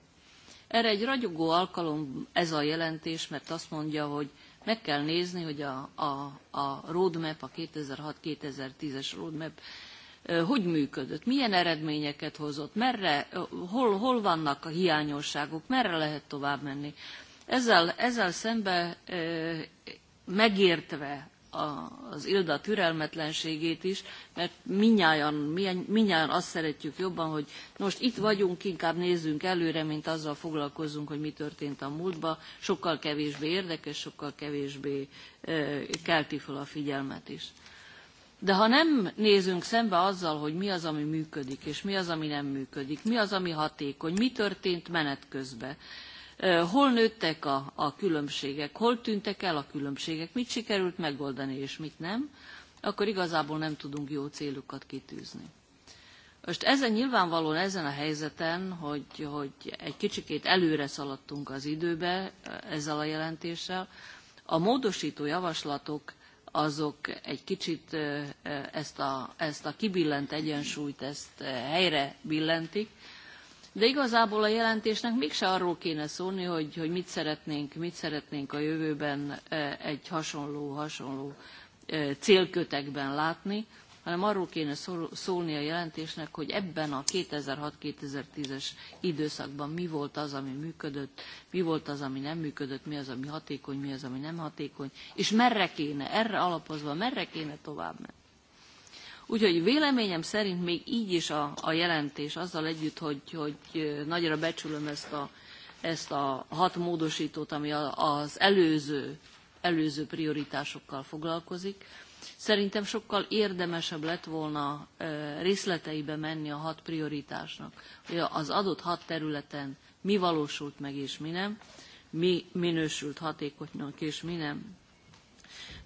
E: Erre egy ragyogó alkalom ez a jelentés, mert azt mondja, hogy meg kell nézni, hogy a, a, a roadmap, a 2006-2010-es roadmap hogy működött, milyen eredményeket hozott, merre, hol, hol vannak a hiányosságok, merre lehet tovább menni. Ezzel, ezzel szembe megértve az Ilda türelmetlenségét is, mert minnyáján, minnyáján azt szeretjük jobban, hogy most itt vagyunk, inkább nézzünk előre, mint azzal foglalkozunk, hogy mi történt a múltban. Sokkal kevésbé érdekes, sokkal kevésbé kelti fel a figyelmet is. De ha nem nézünk szembe azzal, hogy mi az, ami működik, és mi az, ami nem működik, mi az, ami hatékony, mi történt menet közben, Hol nőttek a, a különbségek, hol tűntek el a különbségek, mit sikerült megoldani és mit nem, akkor igazából nem tudunk jó célukat kitűzni. Most ezen nyilvánvalóan ezen a helyzeten, hogy, hogy egy kicsikét előre szaladtunk az időbe ezzel a jelentéssel, a módosító javaslatok azok egy kicsit ezt a, ezt a kibillent egyensúlyt ezt helyre billentik, de igazából a jelentésnek mégse arról kéne szólni, hogy, hogy mit, szeretnénk, mit szeretnénk a jövőben e, egy hasonló-hasonló e, célkötekben látni, hanem arról kéne szólni a jelentésnek, hogy ebben a 2006-2010-es időszakban mi volt az, ami működött, mi volt az, ami nem működött, mi az, ami hatékony, mi az, ami nem hatékony, és merre kéne, erre alapozva merre kéne tovább menni. Úgyhogy véleményem szerint még így is a, a jelentés, azzal együtt, hogy, hogy nagyra becsülöm ezt a, ezt a hat módosítót, ami az előző, előző prioritásokkal foglalkozik, szerintem sokkal érdemesebb lett volna részleteibe menni a hat prioritásnak, hogy az adott hat területen mi valósult meg és mi nem, mi minősült hatékonynak és mi nem.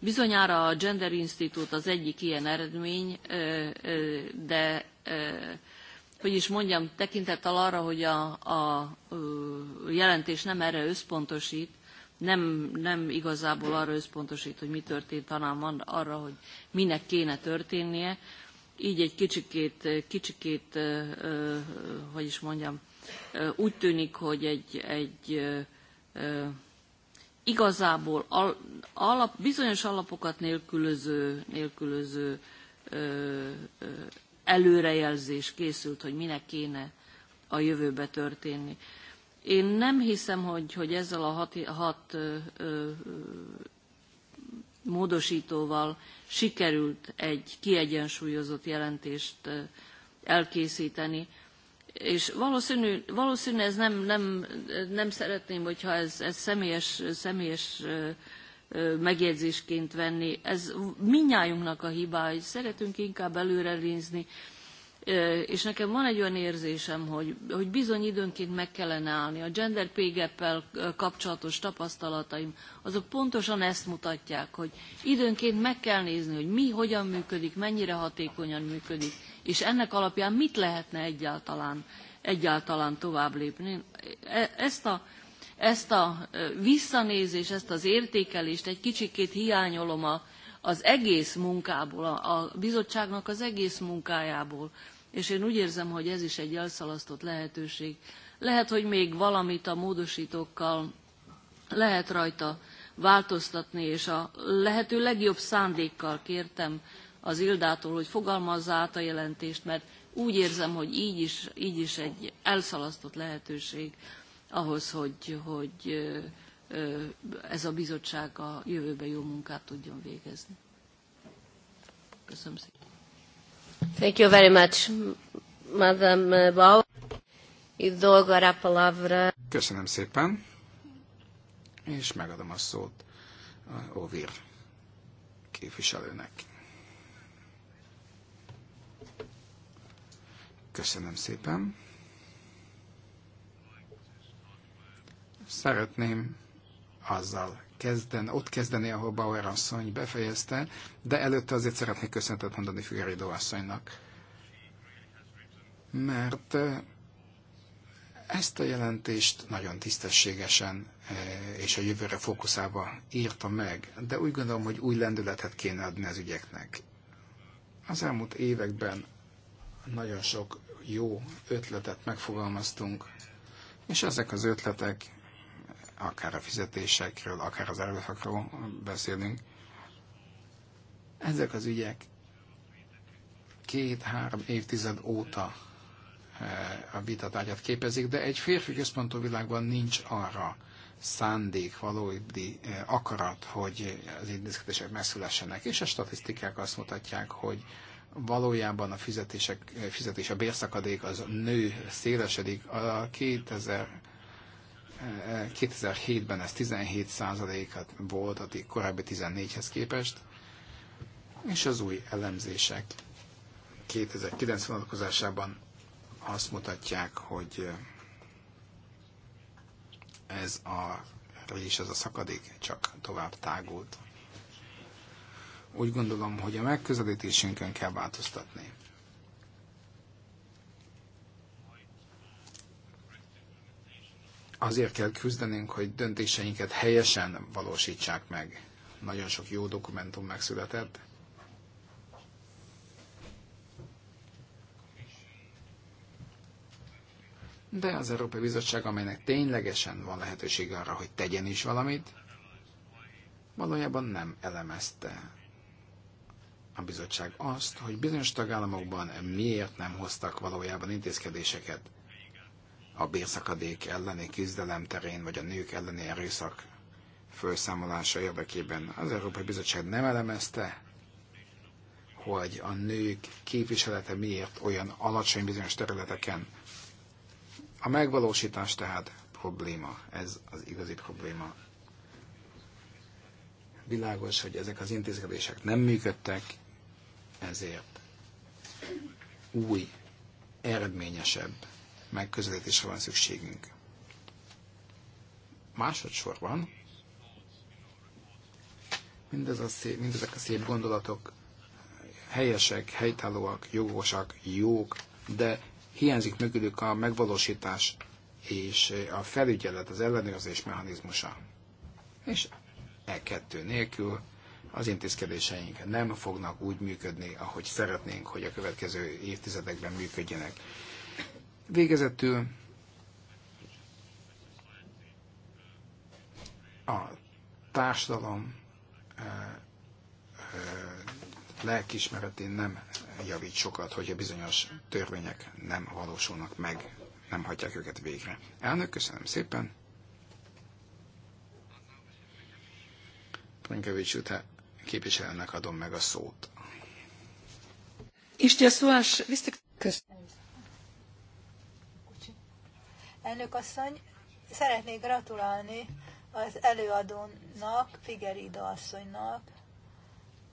E: Bizonyára a Gender Institute az egyik ilyen eredmény, de hogy is mondjam, tekintettel arra, hogy a, a jelentés nem erre összpontosít, nem, nem igazából arra összpontosít, hogy mi történt, hanem arra, hogy minek kéne történnie. Így egy kicsikét, kicsikét hogy is mondjam, úgy tűnik, hogy egy, egy igazából al, alap, bizonyos alapokat nélkülöző, nélkülöző ö, ö, előrejelzés készült, hogy minek kéne a jövőbe történni. Én nem hiszem, hogy, hogy ezzel a hat, hat ö, ö, módosítóval sikerült egy kiegyensúlyozott jelentést elkészíteni. És valószínű, valószínű ez nem, nem, nem szeretném, hogyha ez, ez személyes, személyes megjegyzésként venni. Ez minnyájunknak a hibá, hogy szeretünk inkább előrelézni, és nekem van egy olyan érzésem, hogy, hogy bizony időnként meg kellene állni. A gender pay gap kapcsolatos tapasztalataim, azok pontosan ezt mutatják, hogy időnként meg kell nézni, hogy mi hogyan működik, mennyire hatékonyan működik, és ennek alapján mit lehetne egyáltalán, egyáltalán tovább lépni. E, ezt a, ezt a visszanézést, ezt az értékelést egy kicsikét hiányolom a, az egész munkából, a, a bizottságnak az egész munkájából. És én úgy érzem, hogy ez is egy elszalasztott lehetőség. Lehet, hogy még valamit a módosítókkal lehet rajta változtatni, és a lehető legjobb szándékkal kértem az Ildától, hogy fogalmazza át a jelentést, mert úgy érzem, hogy így is, így is egy elszalasztott lehetőség ahhoz, hogy, hogy ez a bizottság a jövőben jó munkát tudjon végezni. Köszönöm szépen.
C: Thank you very much, Madam Bauer. Itt dolga a palavra.
A: Köszönöm szépen, és megadom a szót Ovir képviselőnek. Köszönöm szépen. Szeretném azzal kezden, ott kezdeni, ahol Bauer asszony befejezte, de előtte azért szeretnék köszönetet mondani Figueredo asszonynak. Mert eh, ezt a jelentést nagyon tisztességesen eh, és a jövőre fókuszába írta meg, de úgy gondolom, hogy új lendületet kéne adni az ügyeknek. Az elmúlt években nagyon sok jó ötletet megfogalmaztunk, és ezek az ötletek, akár a fizetésekről, akár az erőszakról beszélünk, ezek az ügyek két-három évtized óta eh, a vitatágyat képezik, de egy férfi központú világban nincs arra szándék, valódi eh, akarat, hogy az intézkedések megszülessenek, és a statisztikák azt mutatják, hogy valójában a fizetések, fizetés, a bérszakadék az nő, szélesedik. A 2000 2007-ben e, ez 17 százalékat volt a korábbi 14-hez képest, és az új elemzések 2009 vonatkozásában azt mutatják, hogy ez a, vagyis ez a szakadék csak tovább tágult. Úgy gondolom, hogy a megközelítésünkön kell változtatni. Azért kell küzdenünk, hogy döntéseinket helyesen valósítsák meg. Nagyon sok jó dokumentum megszületett, de az Európai Bizottság, amelynek ténylegesen van lehetőség arra, hogy tegyen is valamit, valójában nem elemezte a bizottság azt, hogy bizonyos tagállamokban miért nem hoztak valójában intézkedéseket a bérszakadék elleni küzdelem terén, vagy a nők elleni erőszak felszámolása érdekében. Az Európai Bizottság nem elemezte, hogy a nők képviselete miért olyan alacsony bizonyos területeken. A megvalósítás tehát probléma, ez az igazi probléma. Világos, hogy ezek az intézkedések nem működtek, ezért új, eredményesebb megközelítésre van szükségünk. Másodszorban mindez a szép, mindezek a szép gondolatok helyesek, helytállóak, jogosak, jók, de hiányzik mögülük a megvalósítás és a felügyelet, az ellenőrzés mechanizmusa. És e kettő nélkül az intézkedéseink nem fognak úgy működni, ahogy szeretnénk, hogy a következő évtizedekben működjenek. Végezetül a társadalom eh, eh, lelkismeretén nem javít sokat, hogyha bizonyos törvények nem valósulnak meg, nem hagyják őket végre. Elnök, köszönöm szépen! Plenkevics képviselőnek adom meg a szót.
B: Elnök asszony, szeretnék gratulálni az előadónak, Figerida asszonynak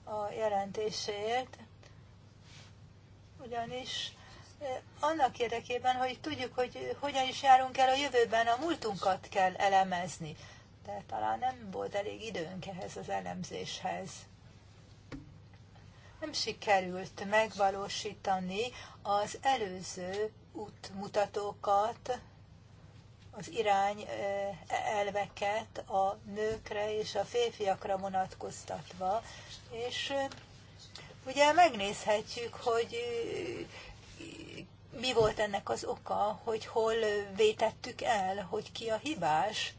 B: a jelentéséért, ugyanis eh, annak érdekében, hogy tudjuk, hogy hogyan is járunk el a jövőben, a múltunkat kell elemezni de talán nem volt elég időnk ehhez az elemzéshez. Nem sikerült megvalósítani az előző útmutatókat, az irány elveket a nőkre és a férfiakra vonatkoztatva, és ugye megnézhetjük, hogy mi volt ennek az oka, hogy hol vétettük el, hogy ki a hibás,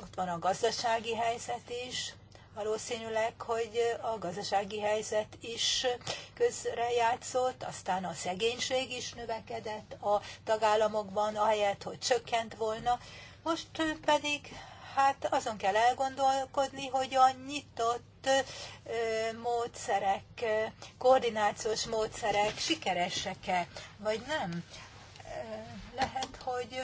B: ott van a gazdasági helyzet is, valószínűleg, hogy a gazdasági helyzet is közrejátszott, aztán a szegénység is növekedett a tagállamokban, ahelyett, hogy csökkent volna. Most pedig hát azon kell elgondolkodni, hogy a nyitott módszerek, koordinációs módszerek sikeresek-e, vagy nem. Lehet, hogy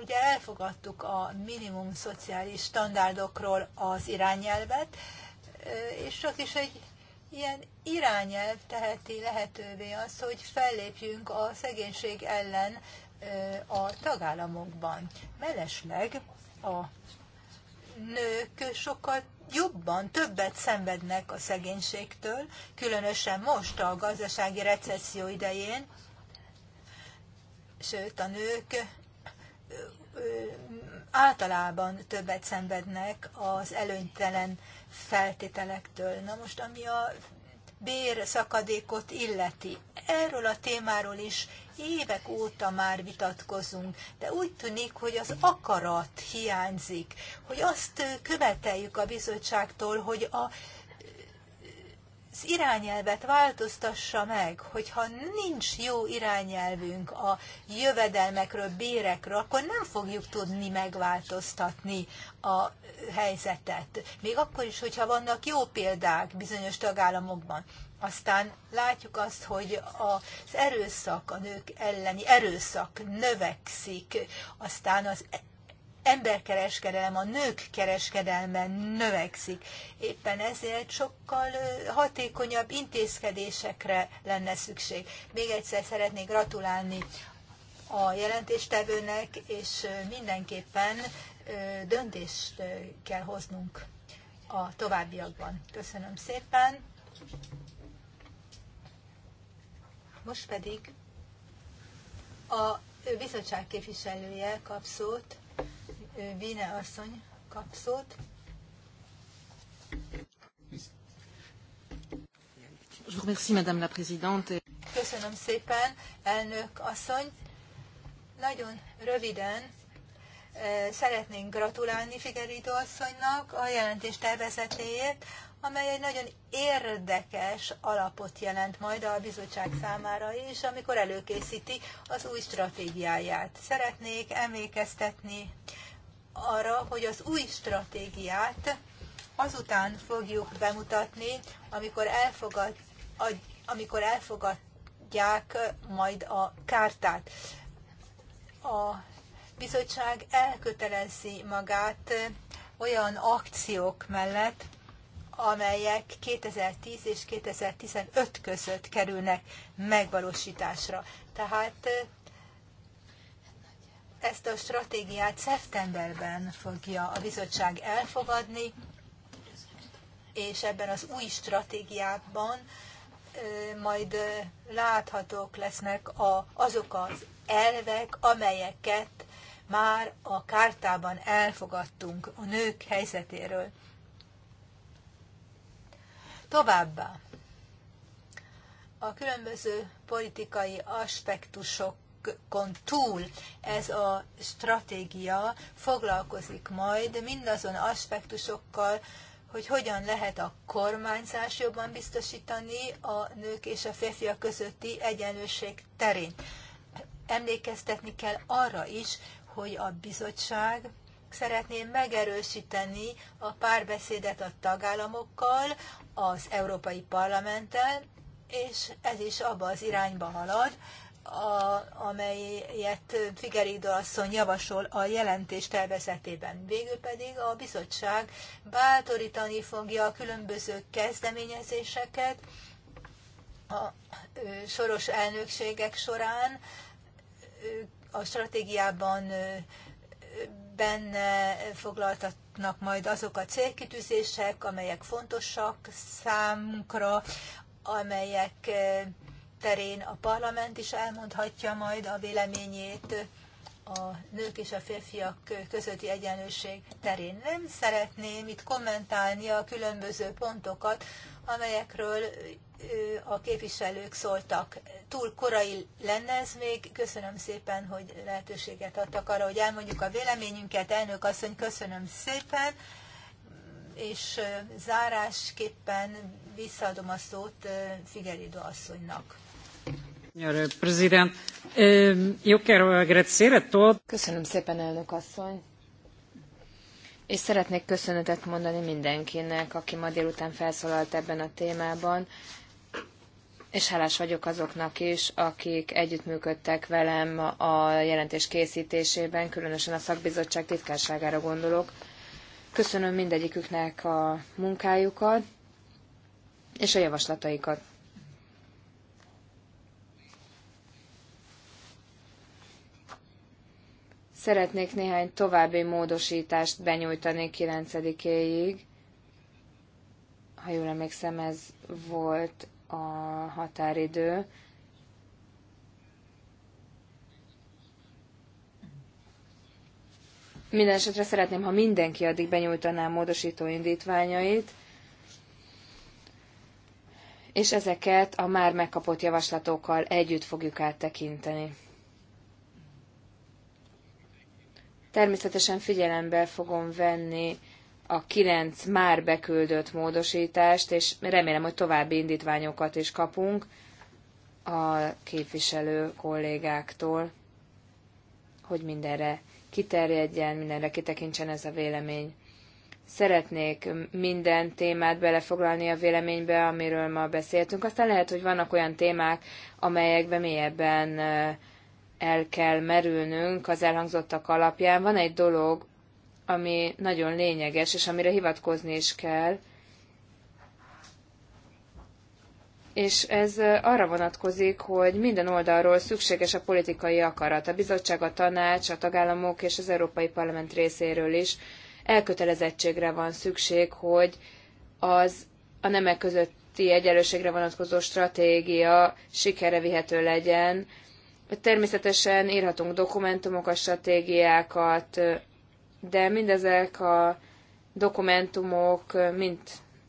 B: ugye elfogadtuk a minimum szociális standardokról az irányelvet, és csak is egy ilyen irányelv teheti lehetővé az, hogy fellépjünk a szegénység ellen a tagállamokban. Mellesleg a nők sokkal jobban, többet szenvednek a szegénységtől, különösen most a gazdasági recesszió idején, sőt a nők általában többet szenvednek az előnytelen feltételektől. Na most, ami a bér szakadékot illeti. Erről a témáról is évek óta már vitatkozunk, de úgy tűnik, hogy az akarat hiányzik, hogy azt követeljük a bizottságtól, hogy a az irányelvet változtassa meg, hogyha nincs jó irányelvünk a jövedelmekről, bérekről, akkor nem fogjuk tudni megváltoztatni a helyzetet. Még akkor is, hogyha vannak jó példák bizonyos tagállamokban. Aztán látjuk azt, hogy az erőszak, a nők elleni erőszak növekszik, aztán az emberkereskedelem, a nők kereskedelme növekszik. Éppen ezért sokkal hatékonyabb intézkedésekre lenne szükség. Még egyszer szeretnék gratulálni a jelentéstevőnek, és mindenképpen döntést kell hoznunk a továbbiakban. Köszönöm szépen. Most pedig a bizottság képviselője kap szót. Vine asszony kap szót. Köszönöm szépen, elnök asszony. Nagyon röviden eh, szeretnénk gratulálni Figerító asszonynak a jelentés tervezetéért, amely egy nagyon érdekes alapot jelent majd a bizottság számára is, amikor előkészíti az új stratégiáját. Szeretnék emlékeztetni arra, hogy az új stratégiát azután fogjuk bemutatni, amikor, elfogad, amikor elfogadják majd a kártát. A bizottság elkötelezi magát olyan akciók mellett, amelyek 2010 és 2015 között kerülnek megvalósításra. Tehát ezt a stratégiát szeptemberben fogja a bizottság elfogadni, és ebben az új stratégiában majd láthatók lesznek a, azok az elvek, amelyeket már a kártában elfogadtunk a nők helyzetéről. Továbbá a különböző politikai aspektusok bankon túl ez a stratégia foglalkozik majd mindazon aspektusokkal, hogy hogyan lehet a kormányzás jobban biztosítani a nők és a férfiak közötti egyenlőség terén. Emlékeztetni kell arra is, hogy a bizottság szeretné megerősíteni a párbeszédet a tagállamokkal, az Európai Parlamenttel, és ez is abba az irányba halad, a, amelyet Figerido asszony javasol a jelentés tervezetében. Végül pedig a bizottság bátorítani fogja a különböző kezdeményezéseket a soros elnökségek során. A stratégiában benne foglaltatnak majd azok a célkitűzések, amelyek fontosak számunkra, amelyek terén a parlament is elmondhatja majd a véleményét a nők és a férfiak közötti egyenlőség terén. Nem szeretném itt kommentálni a különböző pontokat, amelyekről a képviselők szóltak. Túl korai lenne ez még. Köszönöm szépen, hogy lehetőséget adtak arra, hogy elmondjuk a véleményünket. Elnök asszony, köszönöm szépen, és zárásképpen visszaadom a szót Figeridó asszonynak.
D: Ehm, Köszönöm szépen, elnök asszony. És szeretnék köszönetet mondani mindenkinek, aki ma délután felszólalt ebben a témában, és hálás vagyok azoknak is, akik együttműködtek velem a jelentés készítésében, különösen a szakbizottság titkárságára gondolok. Köszönöm mindegyiküknek a munkájukat és a javaslataikat. Szeretnék néhány további módosítást benyújtani 9-éig. Ha jól emlékszem, ez volt a határidő. Mindenesetre szeretném, ha mindenki addig benyújtaná a módosító indítványait, és ezeket a már megkapott javaslatokkal együtt fogjuk áttekinteni. Természetesen figyelembe fogom venni a kilenc már beküldött módosítást, és remélem, hogy további indítványokat is kapunk a képviselő kollégáktól, hogy mindenre kiterjedjen, mindenre kitekintsen ez a vélemény. Szeretnék minden témát belefoglalni a véleménybe, amiről ma beszéltünk. Aztán lehet, hogy vannak olyan témák, amelyekben mélyebben el kell merülnünk az elhangzottak alapján. Van egy dolog, ami nagyon lényeges, és amire hivatkozni is kell, és ez arra vonatkozik, hogy minden oldalról szükséges a politikai akarat. A bizottság, a tanács, a tagállamok és az Európai Parlament részéről is elkötelezettségre van szükség, hogy az a nemek közötti egyenlőségre vonatkozó stratégia sikere vihető legyen, Természetesen írhatunk dokumentumokat, stratégiákat, de mindezek a dokumentumok mind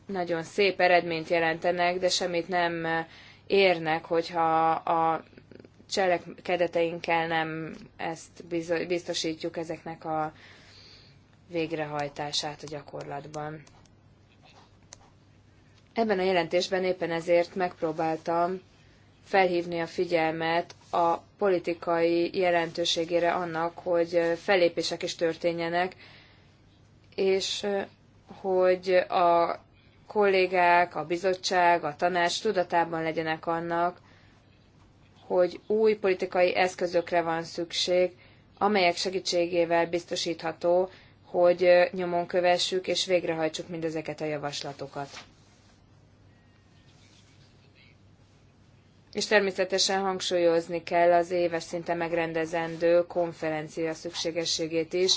D: nagyon szép eredményt jelentenek, de semmit nem érnek, hogyha a cselekedeteinkkel nem ezt biztosítjuk ezeknek a végrehajtását a gyakorlatban. Ebben a jelentésben éppen ezért megpróbáltam felhívni a figyelmet a politikai jelentőségére annak, hogy fellépések is történjenek, és hogy a kollégák, a bizottság, a tanács tudatában legyenek annak, hogy új politikai eszközökre van szükség, amelyek segítségével biztosítható, hogy nyomon kövessük és végrehajtsuk mindezeket a javaslatokat. És természetesen hangsúlyozni kell az éves szinten megrendezendő konferencia szükségességét is,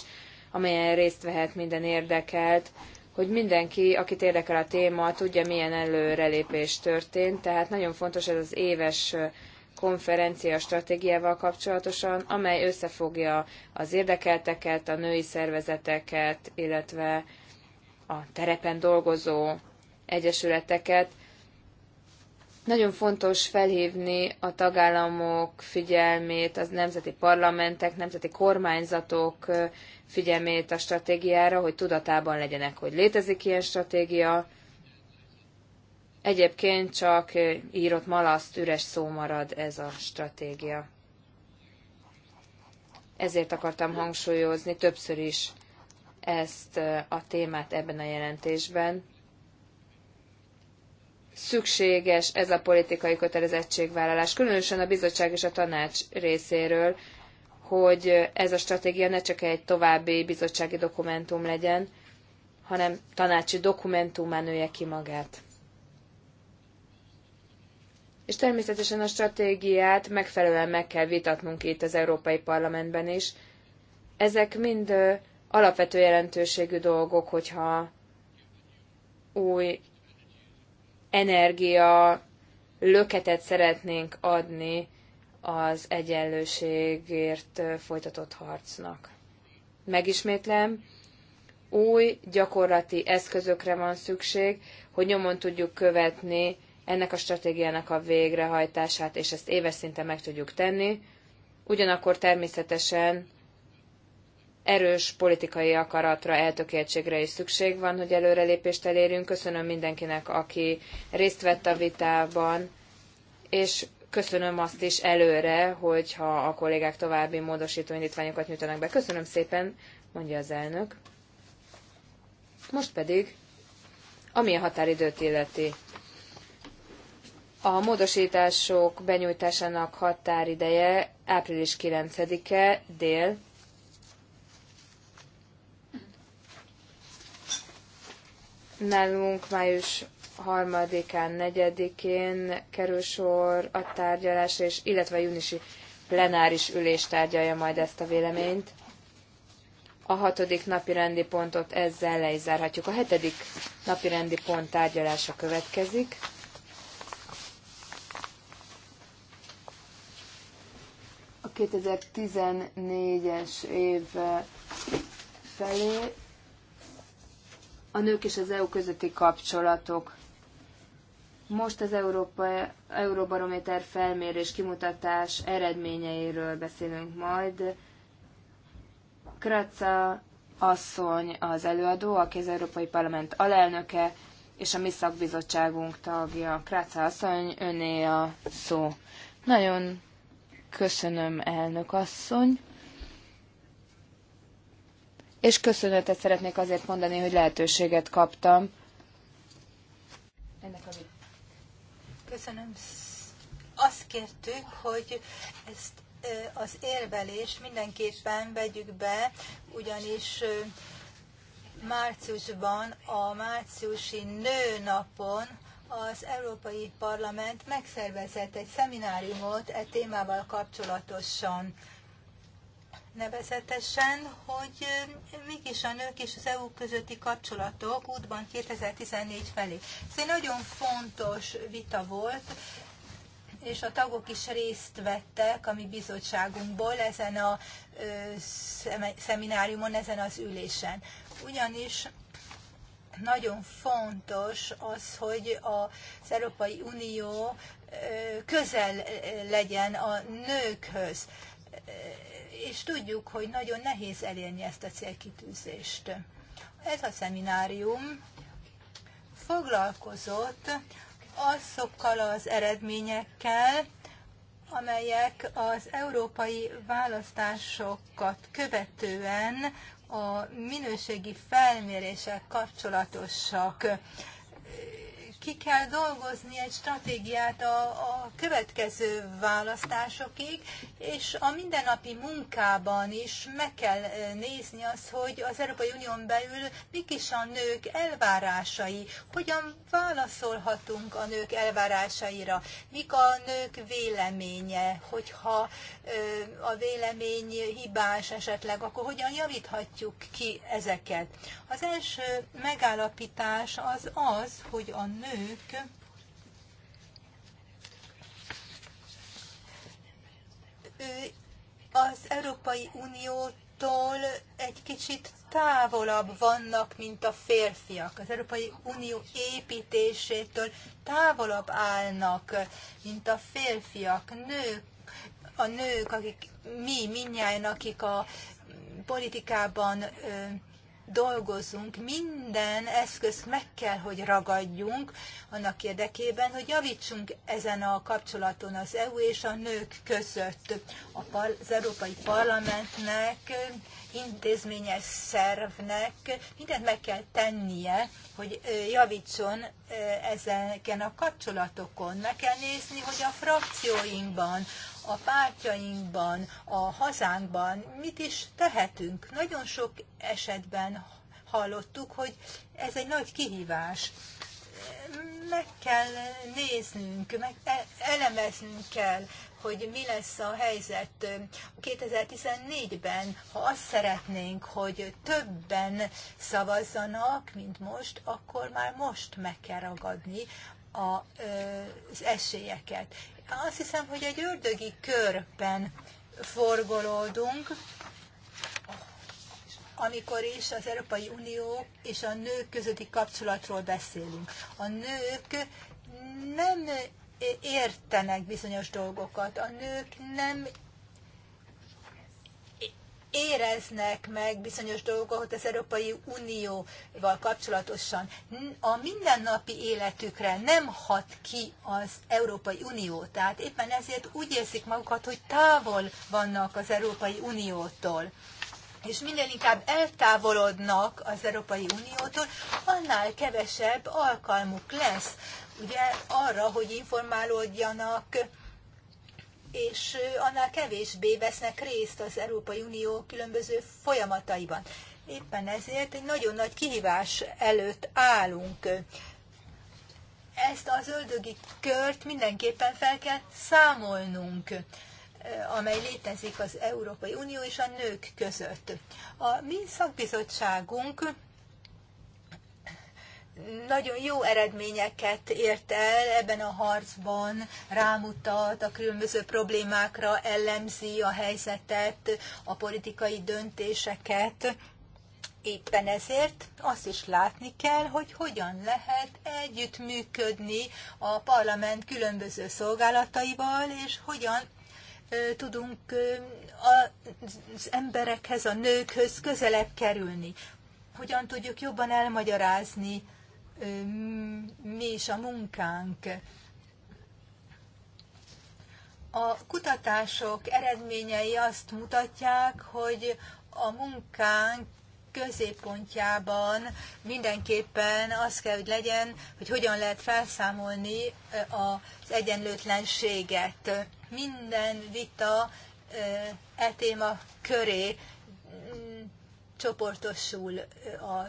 D: amelyen részt vehet minden érdekelt, hogy mindenki, akit érdekel a téma, tudja, milyen előrelépés történt. Tehát nagyon fontos ez az éves konferencia stratégiával kapcsolatosan, amely összefogja az érdekelteket, a női szervezeteket, illetve a terepen dolgozó egyesületeket, nagyon fontos felhívni a tagállamok figyelmét, az nemzeti parlamentek, nemzeti kormányzatok figyelmét a stratégiára, hogy tudatában legyenek, hogy létezik ilyen stratégia. Egyébként csak írott malaszt, üres szó marad ez a stratégia. Ezért akartam hangsúlyozni többször is ezt a témát ebben a jelentésben szükséges ez a politikai kötelezettségvállalás, különösen a bizottság és a tanács részéről, hogy ez a stratégia ne csak egy további bizottsági dokumentum legyen, hanem tanácsi dokumentumá nője ki magát. És természetesen a stratégiát megfelelően meg kell vitatnunk itt az Európai Parlamentben is. Ezek mind alapvető jelentőségű dolgok, hogyha új energia löketet szeretnénk adni az egyenlőségért folytatott harcnak. Megismétlem, új gyakorlati eszközökre van szükség, hogy nyomon tudjuk követni ennek a stratégiának a végrehajtását, és ezt éves szinten meg tudjuk tenni. Ugyanakkor természetesen erős politikai akaratra, eltökéltségre is szükség van, hogy előrelépést elérjünk. Köszönöm mindenkinek, aki részt vett a vitában, és köszönöm azt is előre, hogyha a kollégák további módosító indítványokat nyújtanak be. Köszönöm szépen, mondja az elnök. Most pedig, ami a határidőt illeti. A módosítások benyújtásának határideje április 9-e dél Nálunk május harmadikán, negyedikén kerül sor a tárgyalás és illetve a júniusi plenáris ülés tárgyalja majd ezt a véleményt. A hatodik napi rendi pontot ezzel le is zárhatjuk. A hetedik napi rendi pont tárgyalása következik. A 2014-es év felé a nők és az EU közötti kapcsolatok. Most az Európa, Euróbarométer felmérés kimutatás eredményeiről beszélünk majd. Kratza asszony az előadó, aki az Európai Parlament alelnöke, és a mi szakbizottságunk tagja. Kráca asszony, öné a szó. Nagyon köszönöm, elnök asszony és köszönetet szeretnék azért mondani, hogy lehetőséget kaptam.
B: Ennek a Köszönöm. Azt kértük, hogy ezt az érvelést mindenképpen vegyük be, ugyanis márciusban, a márciusi nőnapon az Európai Parlament megszervezett egy szemináriumot e témával kapcsolatosan nevezetesen, hogy mégis a nők és az EU közötti kapcsolatok útban 2014 felé. Ez egy nagyon fontos vita volt, és a tagok is részt vettek a mi bizottságunkból ezen a szemináriumon, ezen az ülésen. Ugyanis nagyon fontos az, hogy az Európai Unió közel legyen a nőkhöz és tudjuk, hogy nagyon nehéz elérni ezt a célkitűzést. Ez a szeminárium foglalkozott azokkal az eredményekkel, amelyek az európai választásokat követően a minőségi felmérések kapcsolatosak ki kell dolgozni egy stratégiát a, a következő választásokig, és a mindennapi munkában is meg kell eh, nézni azt, hogy az Európai Unión belül mik is a nők elvárásai, hogyan válaszolhatunk a nők elvárásaira, mik a nők véleménye, hogyha eh, a vélemény hibás esetleg, akkor hogyan javíthatjuk ki ezeket. Az első megállapítás az az, hogy a nő az Európai Uniótól egy kicsit távolabb vannak, mint a férfiak. Az Európai Unió építésétől távolabb állnak, mint a férfiak. Nők, a nők, akik mi, minnyáján, akik a politikában dolgozunk, minden eszközt meg kell, hogy ragadjunk annak érdekében, hogy javítsunk ezen a kapcsolaton az EU és a nők között. Az Európai Parlamentnek, intézményes szervnek mindent meg kell tennie, hogy javítson ezeken a kapcsolatokon. Meg kell nézni, hogy a frakcióinkban, a pártjainkban, a hazánkban mit is tehetünk. Nagyon sok esetben hallottuk, hogy ez egy nagy kihívás. Meg kell néznünk, meg e- elemeznünk kell, hogy mi lesz a helyzet 2014-ben, ha azt szeretnénk, hogy többen szavazzanak, mint most, akkor már most meg kell ragadni a, az esélyeket. Azt hiszem, hogy egy ördögi körben forgolódunk, amikor is az Európai Unió és a nők közötti kapcsolatról beszélünk. A nők nem értenek bizonyos dolgokat, a nők nem éreznek meg bizonyos dolgokat az Európai Unióval kapcsolatosan. A mindennapi életükre nem hat ki az Európai Unió, tehát éppen ezért úgy érzik magukat, hogy távol vannak az Európai Uniótól és minden inkább eltávolodnak az Európai Uniótól, annál kevesebb alkalmuk lesz ugye arra, hogy informálódjanak és annál kevésbé vesznek részt az Európai Unió különböző folyamataiban. Éppen ezért egy nagyon nagy kihívás előtt állunk. Ezt az öldögi kört mindenképpen fel kell számolnunk, amely létezik az Európai Unió és a nők között. A mi szakbizottságunk nagyon jó eredményeket ért el ebben a harcban, rámutat a különböző problémákra, ellemzi a helyzetet, a politikai döntéseket. Éppen ezért azt is látni kell, hogy hogyan lehet együttműködni a parlament különböző szolgálataival, és hogyan tudunk az emberekhez, a nőkhöz közelebb kerülni. Hogyan tudjuk jobban elmagyarázni mi is a munkánk. A kutatások eredményei azt mutatják, hogy a munkánk középpontjában mindenképpen az kell, hogy legyen, hogy hogyan lehet felszámolni az egyenlőtlenséget. Minden vita e téma köré mm, csoportosul a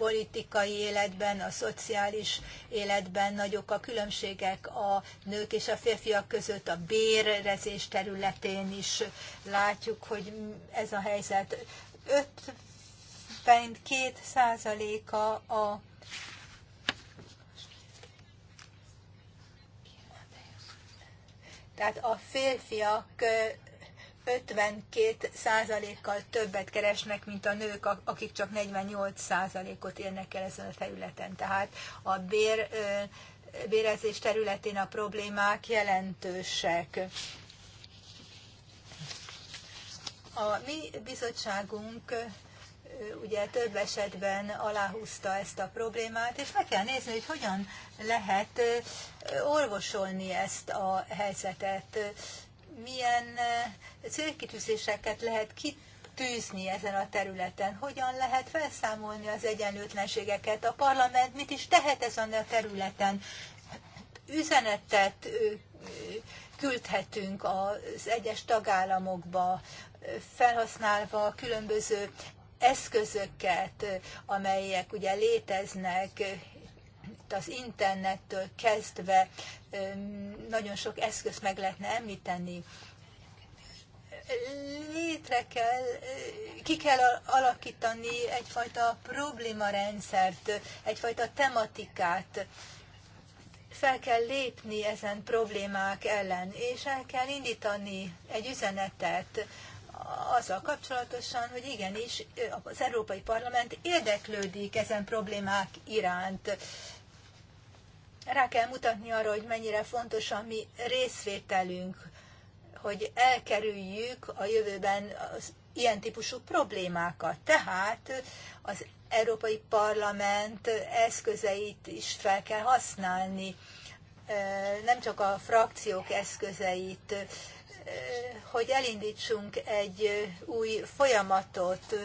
B: politikai életben, a szociális életben nagyok a különbségek a nők és a férfiak között, a bérezés területén is látjuk, hogy ez a helyzet. 52 százaléka a Tehát a férfiak 52 százalékkal többet keresnek, mint a nők, akik csak 48 százalékot érnek el ezen a területen. Tehát a bér, bérezés területén a problémák jelentősek. A mi bizottságunk ugye több esetben aláhúzta ezt a problémát, és meg kell nézni, hogy hogyan lehet orvosolni ezt a helyzetet milyen eh, célkitűzéseket lehet kitűzni ezen a területen, hogyan lehet felszámolni az egyenlőtlenségeket, a parlament mit is tehet ezen a területen, üzenetet eh, küldhetünk az egyes tagállamokba, eh, felhasználva a különböző eszközöket, amelyek ugye léteznek, az internettől kezdve nagyon sok eszközt meg lehetne említeni. Létre kell, ki kell alakítani egyfajta problémarendszert, egyfajta tematikát, fel kell lépni ezen problémák ellen, és el kell indítani egy üzenetet azzal kapcsolatosan, hogy igenis az Európai Parlament érdeklődik ezen problémák iránt, rá kell mutatni arra, hogy mennyire fontos a mi részvételünk, hogy elkerüljük a jövőben az ilyen típusú problémákat. Tehát az Európai Parlament eszközeit is fel kell használni, nem csak a frakciók eszközeit, hogy elindítsunk egy új folyamatot,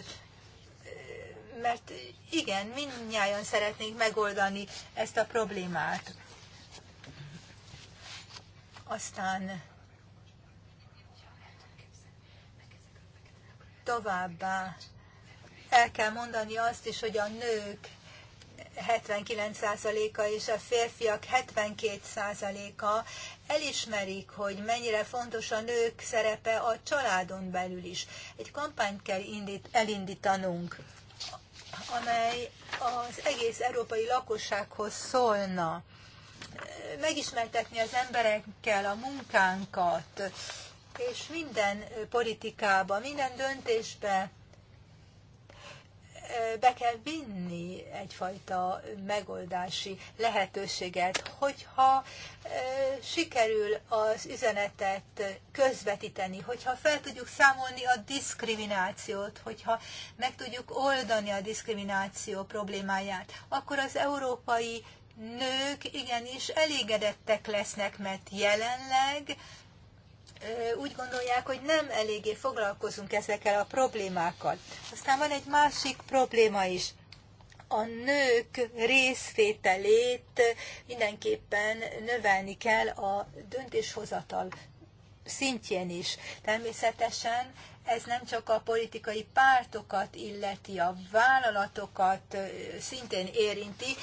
B: mert igen, mindnyájan szeretnénk megoldani ezt a problémát. Aztán továbbá el kell mondani azt is, hogy a nők 79%-a és a férfiak 72%-a elismerik, hogy mennyire fontos a nők szerepe a családon belül is. Egy kampányt kell indít, elindítanunk amely az egész európai lakossághoz szólna. Megismertetni az emberekkel a munkánkat, és minden politikában, minden döntésbe be kell vinni egyfajta megoldási lehetőséget, hogyha sikerül az üzenetet közvetíteni, hogyha fel tudjuk számolni a diszkriminációt, hogyha meg tudjuk oldani a diszkrimináció problémáját, akkor az európai nők igenis elégedettek lesznek, mert jelenleg úgy gondolják, hogy nem eléggé foglalkozunk ezekkel a problémákkal. Aztán van egy másik probléma is. A nők részvételét mindenképpen növelni kell a döntéshozatal szintjén is. Természetesen ez nem csak a politikai pártokat illeti, a vállalatokat szintén érinti,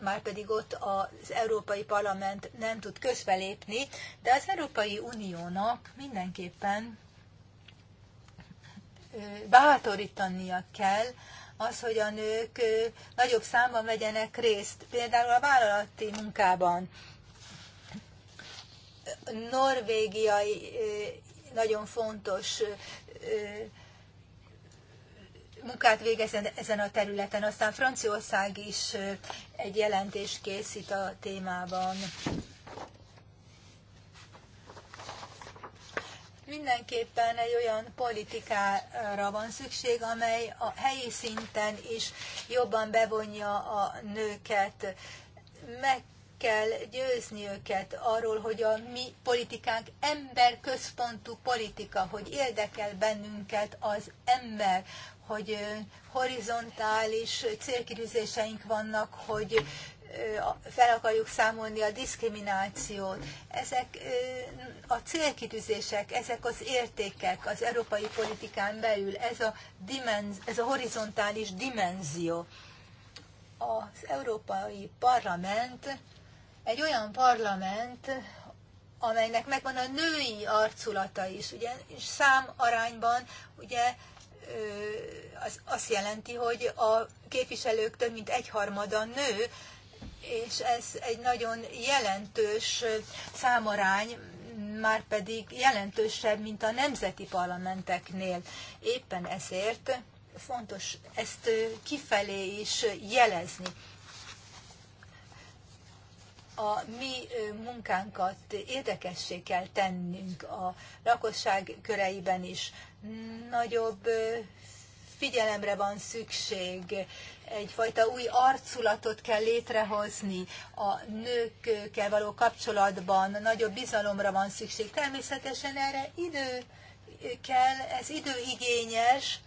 B: már pedig ott az Európai Parlament nem tud közbelépni, de az Európai Uniónak mindenképpen bátorítania kell az, hogy a nők nagyobb számban vegyenek részt, például a vállalati munkában norvégiai nagyon fontos munkát végez ezen a területen. Aztán Franciaország is egy jelentést készít a témában. Mindenképpen egy olyan politikára van szükség, amely a helyi szinten is jobban bevonja a nőket. Meg kell győzni őket arról, hogy a mi politikánk emberközpontú politika, hogy érdekel bennünket az ember, hogy horizontális célkirűzéseink vannak, hogy fel akarjuk számolni a diszkriminációt. Ezek a célkitűzések, ezek az értékek az európai politikán belül, ez a, dimenz, ez a horizontális dimenzió. Az Európai Parlament egy olyan parlament, amelynek megvan a női arculata is, ugye, és szám arányban, ugye, az azt jelenti, hogy a képviselők több mint egyharmada nő, és ez egy nagyon jelentős számarány, már pedig jelentősebb, mint a nemzeti parlamenteknél. Éppen ezért fontos ezt kifelé is jelezni a mi munkánkat érdekessé kell tennünk a lakosság köreiben is. Nagyobb figyelemre van szükség, egyfajta új arculatot kell létrehozni, a nőkkel való kapcsolatban nagyobb bizalomra van szükség. Természetesen erre idő kell, ez időigényes,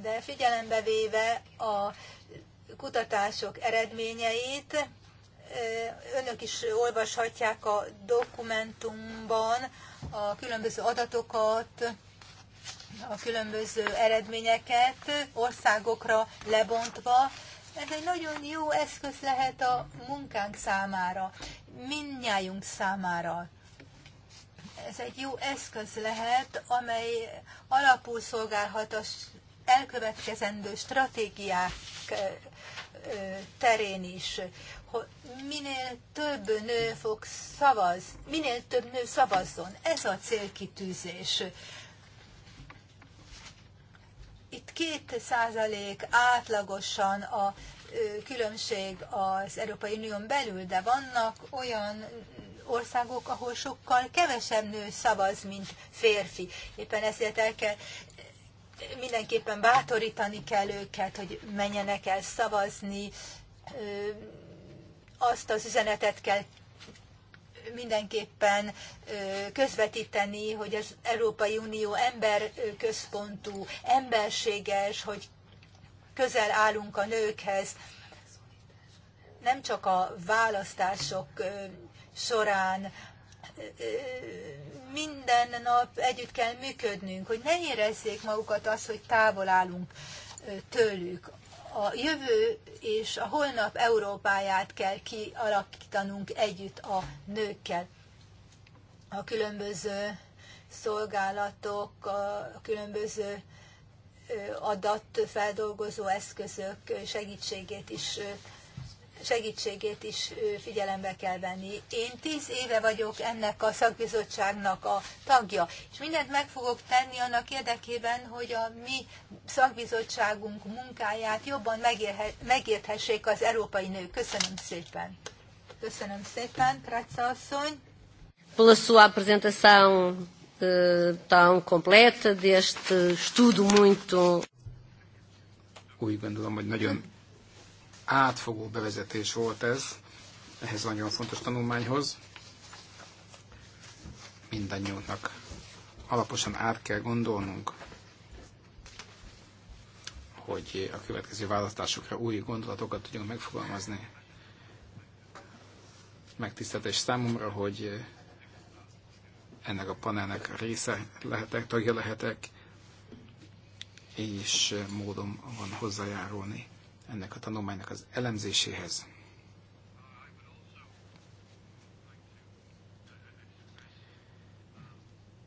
B: de figyelembe véve a kutatások eredményeit, önök is olvashatják a dokumentumban a különböző adatokat, a különböző eredményeket országokra lebontva. Ez egy nagyon jó eszköz lehet a munkánk számára, mindnyájunk számára. Ez egy jó eszköz lehet, amely alapul szolgálhat a elkövetkezendő stratégiák terén is hogy minél több nő fog szavaz, minél több nő szavazzon. Ez a célkitűzés. Itt két százalék átlagosan a különbség az Európai Unión belül, de vannak olyan országok, ahol sokkal kevesebb nő szavaz, mint férfi. Éppen ezért el kell mindenképpen bátorítani kell őket, hogy menjenek el szavazni, azt az üzenetet kell mindenképpen közvetíteni, hogy az Európai Unió emberközpontú, emberséges, hogy közel állunk a nőkhez, nem csak a választások során, minden nap együtt kell működnünk, hogy ne érezzék magukat az, hogy távol állunk tőlük a jövő és a holnap Európáját kell kialakítanunk együtt a nőkkel. A különböző szolgálatok, a különböző adatfeldolgozó eszközök segítségét is segítségét is figyelembe kell venni. Én tíz éve vagyok ennek a szakbizottságnak a tagja, és mindent meg fogok tenni annak érdekében, hogy a mi szakbizottságunk munkáját jobban megérthessék az európai nők. Köszönöm szépen. Köszönöm szépen, Kratza asszony.
C: Pela sua apresentação eh, tão completa deste estudo muito
A: úgy gondolom, hogy nagyon átfogó bevezetés volt ez, ehhez nagyon fontos tanulmányhoz. Mindannyiunknak alaposan át kell gondolnunk, hogy a következő választásokra új gondolatokat tudjunk megfogalmazni. Megtiszteltés számomra, hogy ennek a panelnek része lehetek, tagja lehetek, és módom van hozzájárulni ennek a tanulmánynak az elemzéséhez.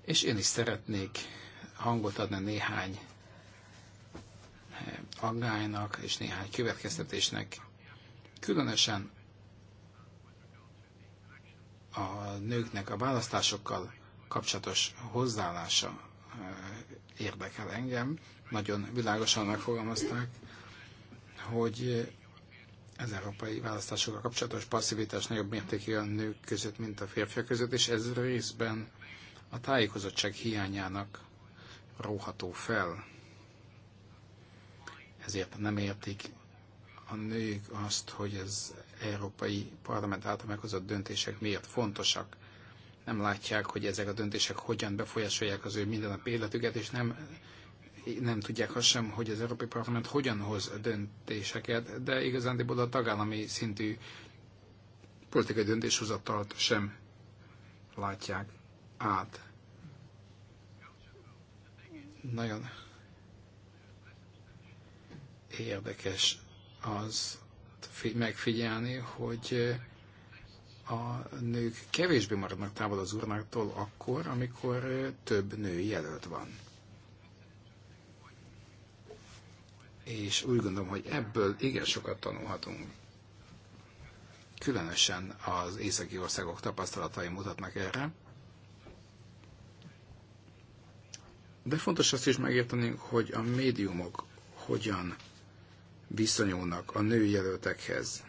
A: És én is szeretnék hangot adni néhány eh, aggálynak és néhány következtetésnek, különösen a nőknek a választásokkal kapcsolatos hozzáállása eh, érdekel engem. Nagyon világosan megfogalmazták hogy az európai választásokkal kapcsolatos passzivitás nagyobb mértékű a nők között, mint a férfiak között, és ez részben a tájékozottság hiányának róható fel. Ezért nem értik a nők azt, hogy az Európai Parlament által meghozott döntések miért fontosak. Nem látják, hogy ezek a döntések hogyan befolyásolják az ő mindennapi életüket, és nem nem tudják azt sem, hogy az Európai Parlament hogyan hoz döntéseket, de igazándiból a tagállami szintű politikai döntéshozatalt sem látják át. Nagyon érdekes az megfigyelni, hogy a nők kevésbé maradnak távol az urnáktól akkor, amikor több nő jelölt van. és úgy gondolom, hogy ebből igen sokat tanulhatunk. Különösen az északi országok tapasztalatai mutatnak erre. De fontos azt is megérteni, hogy a médiumok hogyan viszonyulnak a női jelöltekhez.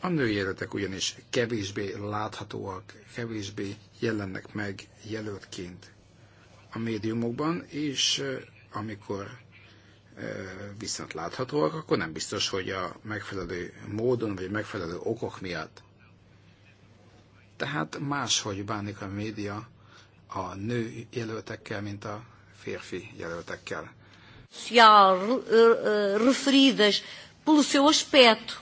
A: A női jelöltek ugyanis kevésbé láthatóak, kevésbé jelennek meg jelöltként a médiumokban, és amikor viszont láthatóak, akkor nem biztos, hogy a megfelelő módon vagy a megfelelő okok miatt. Tehát máshogy bánik a média a nő jelöltekkel, mint a férfi jelöltekkel.
C: referidas pelo seu aspecto,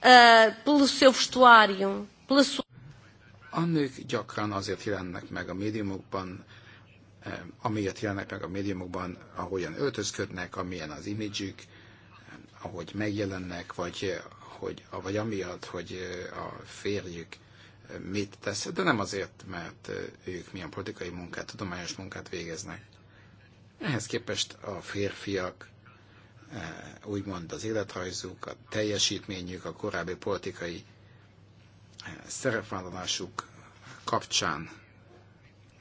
C: eh, pelo seu vestuário, pela sua...
A: A nők gyakran azért jelennek meg a médiumokban, Eh, amiért jelennek meg a médiumokban, ahogyan öltözködnek, amilyen az imidzsük, eh, ahogy megjelennek, vagy, eh, hogy, vagy amiatt, hogy a férjük mit tesz, de nem azért, mert ők milyen politikai munkát, tudományos munkát végeznek. Ehhez képest a férfiak, úgymond az életrajzuk, a teljesítményük, a korábbi politikai szerepvállalásuk kapcsán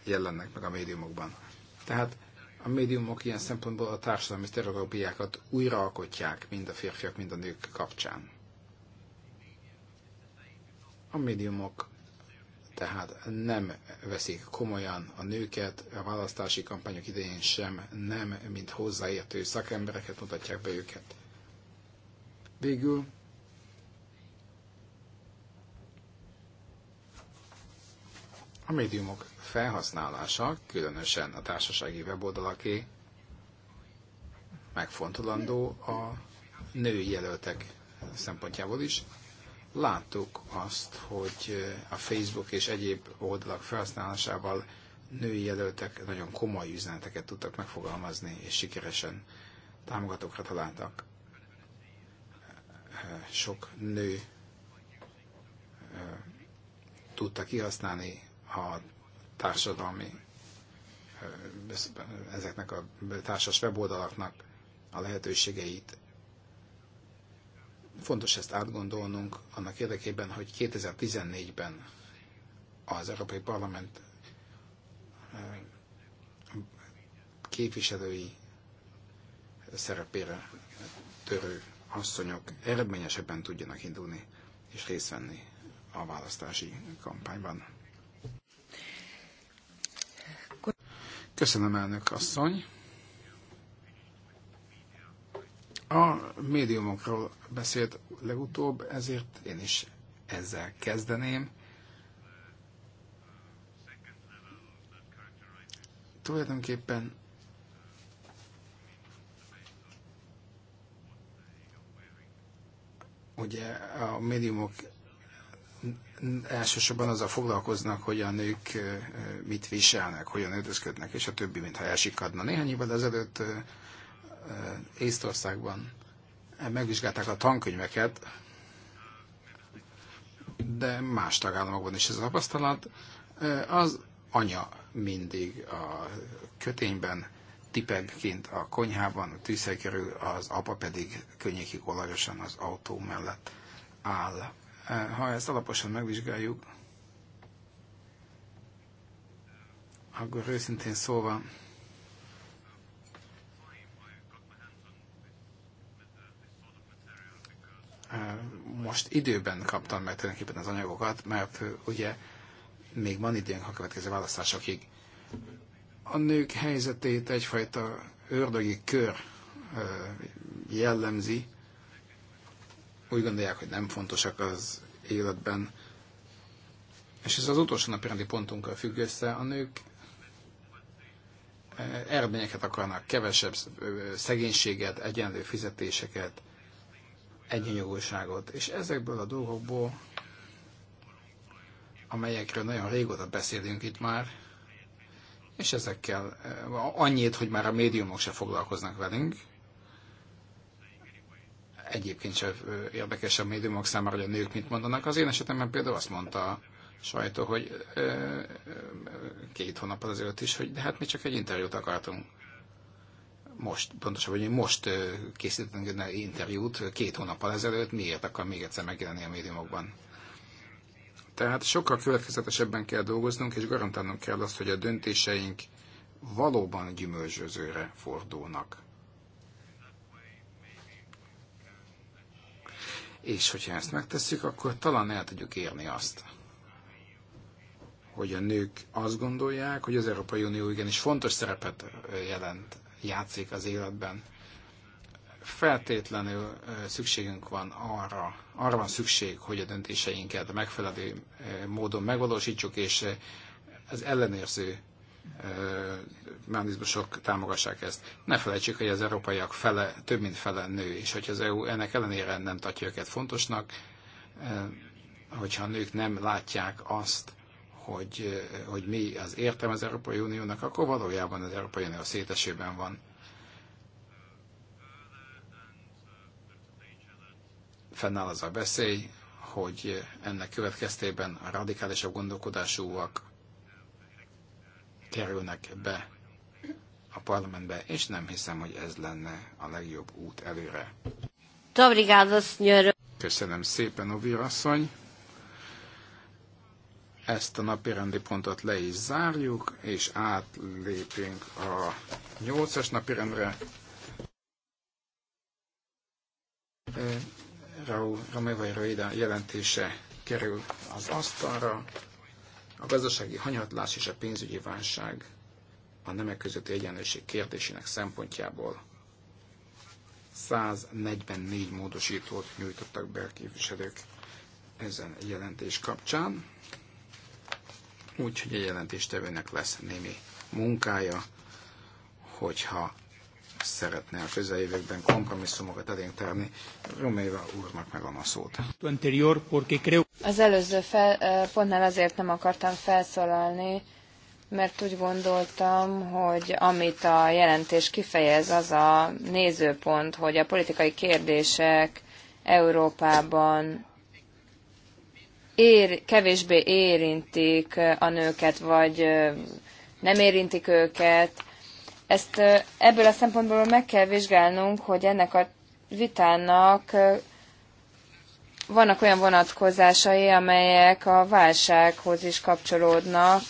A: jelennek meg a médiumokban. Tehát a médiumok ilyen szempontból a társadalmi sztereotópiákat újraalkotják mind a férfiak, mind a nők kapcsán. A médiumok tehát nem veszik komolyan a nőket, a választási kampányok idején sem, nem, mint hozzáértő szakembereket mutatják be őket. Végül a médiumok felhasználása, különösen a társasági weboldalaké megfontolandó a női jelöltek szempontjából is. Láttuk azt, hogy a Facebook és egyéb oldalak felhasználásával női jelöltek nagyon komoly üzeneteket tudtak megfogalmazni, és sikeresen támogatókra találtak. Sok nő tudta kihasználni a társadalmi ezeknek a társas weboldalaknak a lehetőségeit. Fontos ezt átgondolnunk annak érdekében, hogy 2014-ben az Európai Parlament képviselői szerepére törő asszonyok eredményesebben tudjanak indulni és részt venni a választási kampányban. Köszönöm, elnök asszony. A médiumokról beszélt legutóbb, ezért én is ezzel kezdeném. Tulajdonképpen ugye a médiumok elsősorban azzal foglalkoznak, hogy a nők mit viselnek, hogyan öltözködnek, és a többi, mintha elsikadna. Néhány évvel ezelőtt Észtországban megvizsgálták a tankönyveket, de más tagállamokban is ez a tapasztalat. Az anya mindig a kötényben, tipegként a konyhában, a tűzhely kerül, az apa pedig könnyékig olajosan az autó mellett áll Eh, ha ezt alaposan megvizsgáljuk, akkor őszintén szólva, eh, most időben kaptam meg tulajdonképpen az anyagokat, mert eh, ugye még van időnk a következő választásokig. A nők helyzetét egyfajta ördögi kör jellemzi, úgy gondolják, hogy nem fontosak az életben. És ez az utolsó napirendi pontunkkal függ össze. A nők eh, eredményeket akarnak, kevesebb szegénységet, egyenlő fizetéseket, egyenjogúságot. És ezekből a dolgokból, amelyekről nagyon régóta beszélünk itt már, és ezekkel eh, annyit, hogy már a médiumok se foglalkoznak velünk, egyébként sem érdekes a médiumok számára, hogy a nők mit mondanak. Az én esetemben például azt mondta a sajtó, hogy két hónap azelőtt is, hogy de hát mi csak egy interjút akartunk. Most, pontosabban, hogy most készítettünk egy interjút két hónappal ezelőtt, miért akar még egyszer megjelenni a médiumokban? Tehát sokkal következetesebben kell dolgoznunk, és garantálnunk kell azt, hogy a döntéseink valóban gyümölcsözőre fordulnak. És hogyha ezt megtesszük, akkor talán el tudjuk érni azt, hogy a nők azt gondolják, hogy az Európai Unió igenis fontos szerepet jelent, játszik az életben. Feltétlenül szükségünk van arra, arra van szükség, hogy a döntéseinket megfelelő módon megvalósítsuk, és az ellenőrző mechanizmusok támogassák ezt. Ne felejtsük, hogy az európaiak fele, több mint fele nő, és hogyha az EU ennek ellenére nem tartja őket fontosnak, hogyha a nők nem látják azt, hogy, hogy mi az értem az Európai Uniónak, akkor valójában az Európai Unió szétesőben van. Fennáll az a veszély, hogy ennek következtében a radikálisabb gondolkodásúak kerülnek be a parlamentbe, és nem hiszem, hogy ez lenne a legjobb út előre. Köszönöm szépen, Ovir asszony. Ezt a napi rendi pontot le is zárjuk, és átlépünk a nyolcas napi rendre. Raúl Romeva jelentése kerül az asztalra. A gazdasági hanyatlás és a pénzügyi válság a nemek közötti egyenlőség kérdésének szempontjából 144 módosítót nyújtottak be a képviselők ezen jelentés kapcsán. Úgyhogy a jelentéstevőnek lesz némi munkája, hogyha szeretne a közeljövőkben kompromisszumokat elénk tárni. Roméva úrnak meg a szót.
D: Az előző fel, eh, pontnál azért nem akartam felszólalni, mert úgy gondoltam, hogy amit a jelentés kifejez, az a nézőpont, hogy a politikai kérdések Európában ér, kevésbé érintik a nőket, vagy eh, nem érintik őket, ezt ebből a szempontból meg kell vizsgálnunk, hogy ennek a vitának vannak olyan vonatkozásai, amelyek a válsághoz is kapcsolódnak,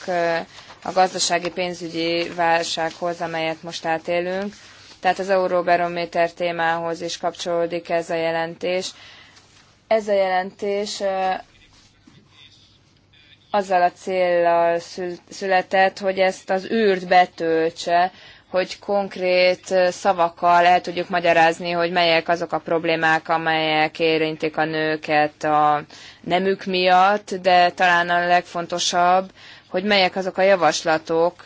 D: a gazdasági pénzügyi válsághoz, amelyet most átélünk. Tehát az Euróbarométer témához is kapcsolódik ez a jelentés. Ez a jelentés azzal a célral született, hogy ezt az űrt betöltse, hogy konkrét szavakkal el tudjuk magyarázni, hogy melyek azok a problémák, amelyek érintik a nőket a nemük miatt, de talán a legfontosabb, hogy melyek azok a javaslatok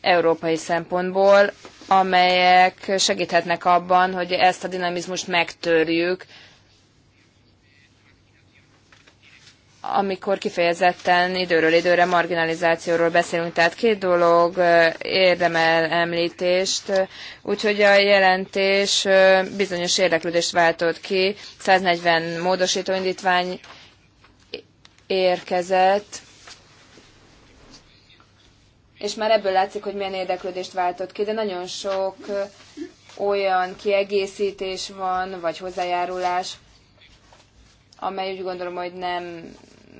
D: európai szempontból, amelyek segíthetnek abban, hogy ezt a dinamizmust megtörjük, amikor kifejezetten időről időre marginalizációról beszélünk. Tehát két dolog érdemel említést, úgyhogy a jelentés bizonyos érdeklődést váltott ki, 140 módosító indítvány érkezett, és már ebből látszik, hogy milyen érdeklődést váltott ki, de nagyon sok olyan kiegészítés van, vagy hozzájárulás, amely úgy gondolom, hogy nem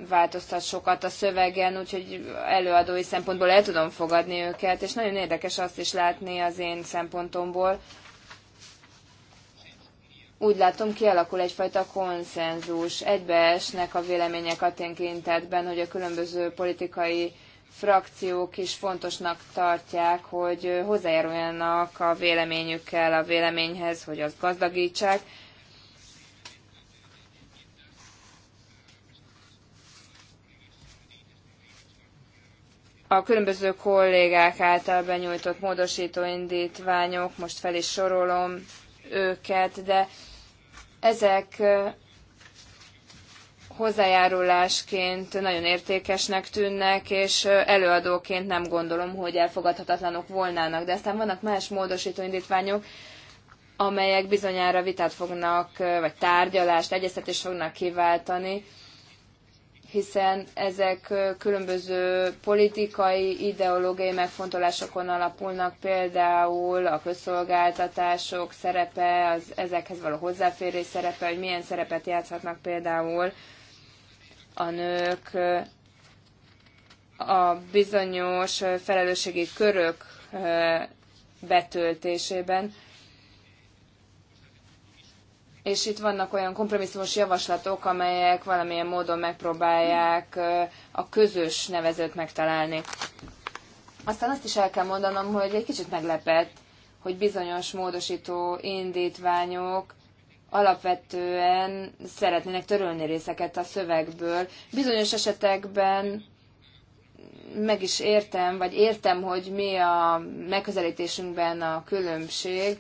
D: változtat sokat a szövegen, úgyhogy előadói szempontból el tudom fogadni őket, és nagyon érdekes azt is látni az én szempontomból. Úgy látom, kialakul egyfajta konszenzus, egybeesnek a vélemények a tekintetben, hogy a különböző politikai frakciók is fontosnak tartják, hogy hozzájáruljanak a véleményükkel a véleményhez, hogy azt gazdagítsák a különböző kollégák által benyújtott módosító indítványok, most fel is sorolom őket, de ezek hozzájárulásként nagyon értékesnek tűnnek, és előadóként nem gondolom, hogy elfogadhatatlanok volnának. De aztán vannak más módosító indítványok, amelyek bizonyára vitát fognak, vagy tárgyalást, egyeztetést fognak kiváltani hiszen ezek különböző politikai, ideológiai megfontolásokon alapulnak, például a közszolgáltatások szerepe, az ezekhez való hozzáférés szerepe, hogy milyen szerepet játszhatnak például a nők a bizonyos felelősségi körök betöltésében és itt vannak olyan kompromisszumos javaslatok, amelyek valamilyen módon megpróbálják a közös nevezőt megtalálni. Aztán azt is el kell mondanom, hogy egy kicsit meglepett, hogy bizonyos módosító indítványok alapvetően szeretnének törölni részeket a szövegből. Bizonyos esetekben meg is értem, vagy értem, hogy mi a megközelítésünkben a különbség,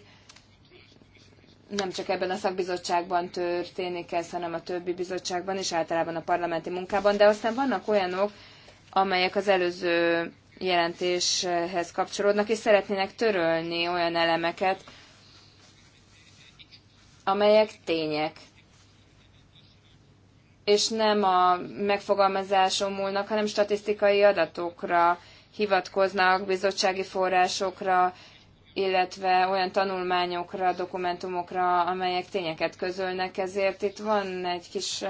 D: nem csak ebben a szakbizottságban történik ez, hanem a többi bizottságban és általában a parlamenti munkában, de aztán vannak olyanok, amelyek az előző jelentéshez kapcsolódnak, és szeretnének törölni olyan elemeket, amelyek tények. És nem a megfogalmazáson múlnak, hanem statisztikai adatokra hivatkoznak, bizottsági forrásokra, illetve olyan tanulmányokra, dokumentumokra, amelyek tényeket közölnek, ezért itt van egy kis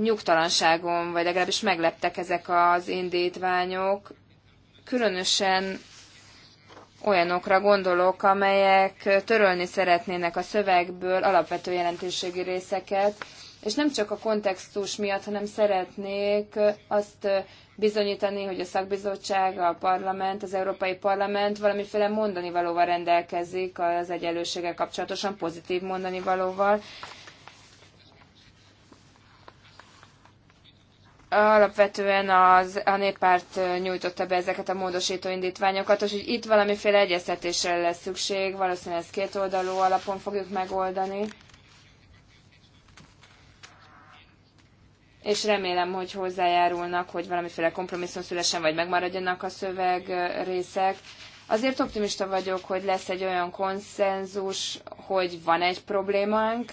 D: nyugtalanságom, vagy legalábbis megleptek ezek az indítványok. Különösen olyanokra gondolok, amelyek törölni szeretnének a szövegből alapvető jelentőségi részeket, és nem csak a kontextus miatt, hanem szeretnék azt bizonyítani, hogy a szakbizottság, a parlament, az Európai Parlament valamiféle mondani valóval rendelkezik az egyenlőséggel kapcsolatosan, pozitív mondani valóval. alapvetően az, a néppárt nyújtotta be ezeket a módosító indítványokat, és hogy itt valamiféle egyeztetésre lesz szükség, valószínűleg ezt két oldalú alapon fogjuk megoldani. és remélem, hogy hozzájárulnak, hogy valamiféle kompromisszum szülessen, vagy megmaradjanak a szöveg részek. Azért optimista vagyok, hogy lesz egy olyan konszenzus, hogy van egy problémánk,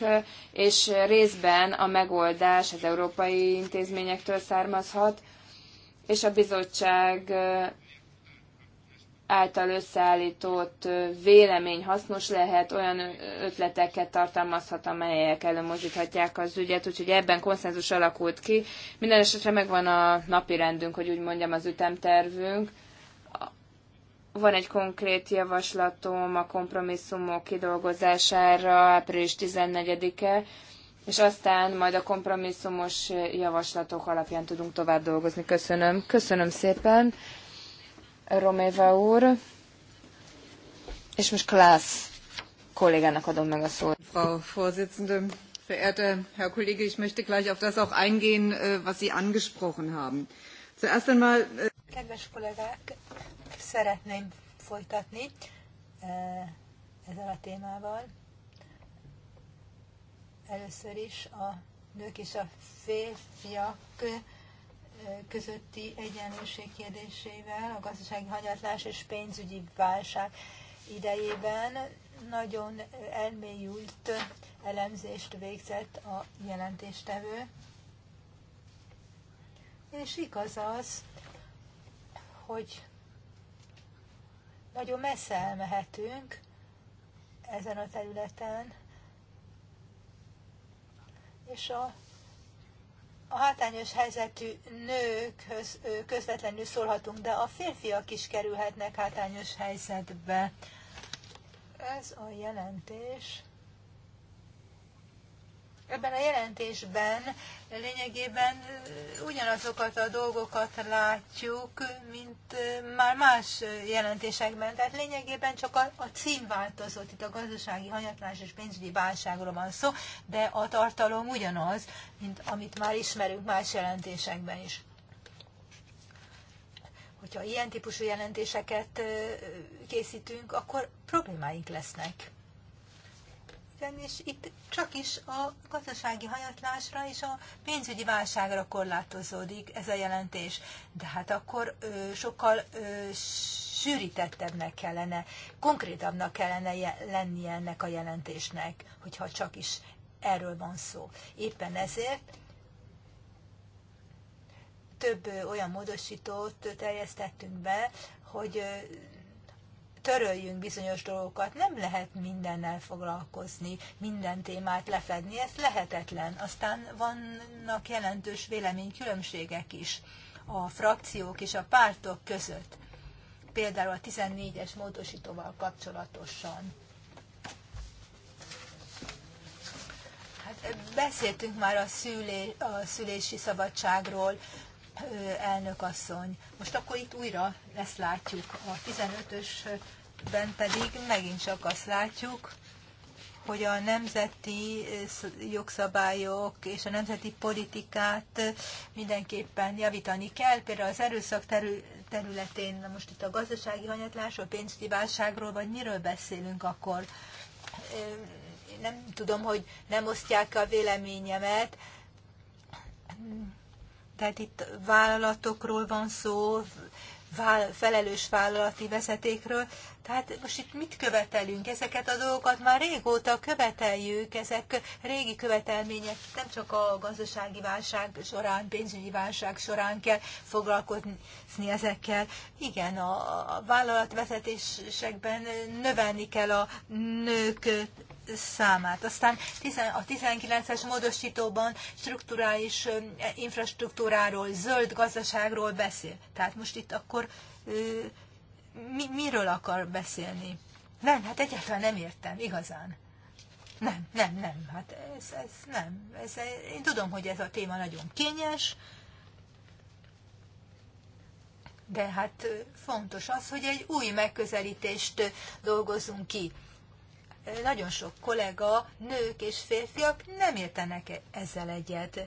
D: és részben a megoldás az európai intézményektől származhat, és a bizottság által összeállított vélemény hasznos lehet, olyan ötleteket tartalmazhat, amelyek előmozdíthatják az ügyet, úgyhogy ebben konszenzus alakult ki. Minden esetre megvan a napi rendünk, hogy úgy mondjam, az ütemtervünk. Van egy konkrét javaslatom a kompromisszumok kidolgozására április 14-e, és aztán majd a kompromisszumos javaslatok alapján tudunk tovább dolgozni. Köszönöm. Köszönöm szépen. Roméva úr, és most Klász kollégának adom meg a szót. Frau Vorsitzende,
B: verehrter Herr Kollege, ich möchte gleich auf das auch eingehen, äh, was Sie angesprochen haben. Zuerst einmal... Äh, Kedves kollégák, szeretném folytatni äh, ezzel a témával. Először is a nők és a férfiak közötti egyenlőség kérdésével, a gazdasági hanyatlás és pénzügyi válság idejében nagyon elmélyült elemzést végzett a jelentéstevő. És igaz az, hogy nagyon messze elmehetünk ezen a területen, és a a hátrányos helyzetű nőkhöz közvetlenül szólhatunk, de a férfiak is kerülhetnek hátrányos helyzetbe. Ez a jelentés Ebben a jelentésben lényegében ugyanazokat a dolgokat látjuk, mint már más jelentésekben. Tehát lényegében csak a, a cím változott, itt a gazdasági hanyatlás és pénzügyi válságról van szó, de a tartalom ugyanaz, mint amit már ismerünk más jelentésekben is hogyha ilyen típusú jelentéseket készítünk, akkor problémáink lesznek területen, és itt csak is a gazdasági hanyatlásra és a pénzügyi válságra korlátozódik ez a jelentés. De hát akkor ö, sokkal ö, sűrítettebbnek kellene, konkrétabbnak kellene lennie ennek a jelentésnek, hogyha csak is erről van szó. Éppen ezért több olyan módosítót terjesztettünk be, hogy töröljünk bizonyos dolgokat. Nem lehet mindennel foglalkozni, minden témát lefedni, ez lehetetlen. Aztán vannak jelentős véleménykülönbségek is a frakciók és a pártok között, például a 14-es módosítóval kapcsolatosan. Hát eh, beszéltünk már a, szülé, a szülési szabadságról, elnök asszony. Most akkor itt újra ezt látjuk. A 15-ösben pedig megint csak azt látjuk, hogy a nemzeti jogszabályok és a nemzeti politikát mindenképpen javítani kell. Például az erőszak területén, most itt a gazdasági hanyatlásról, pénzügyi válságról, vagy miről beszélünk akkor? Nem tudom, hogy nem osztják a véleményemet, tehát itt vállalatokról van szó, felelős vállalati vezetékről. Tehát most itt mit követelünk? Ezeket a dolgokat már régóta követeljük, ezek régi követelmények, nem csak a gazdasági válság során, pénzügyi válság során kell foglalkozni ezekkel. Igen, a vállalatvezetésekben növelni kell a nők számát. Aztán a 19-es módosítóban strukturális infrastruktúráról, zöld gazdaságról beszél. Tehát most itt akkor mi, miről akar beszélni? Nem, hát egyáltalán nem értem, igazán. Nem, nem, nem, hát ez, ez nem. Ez, én tudom, hogy ez a téma nagyon kényes, de hát fontos az, hogy egy új megközelítést dolgozunk ki nagyon sok kollega, nők és férfiak nem értenek e- ezzel egyet,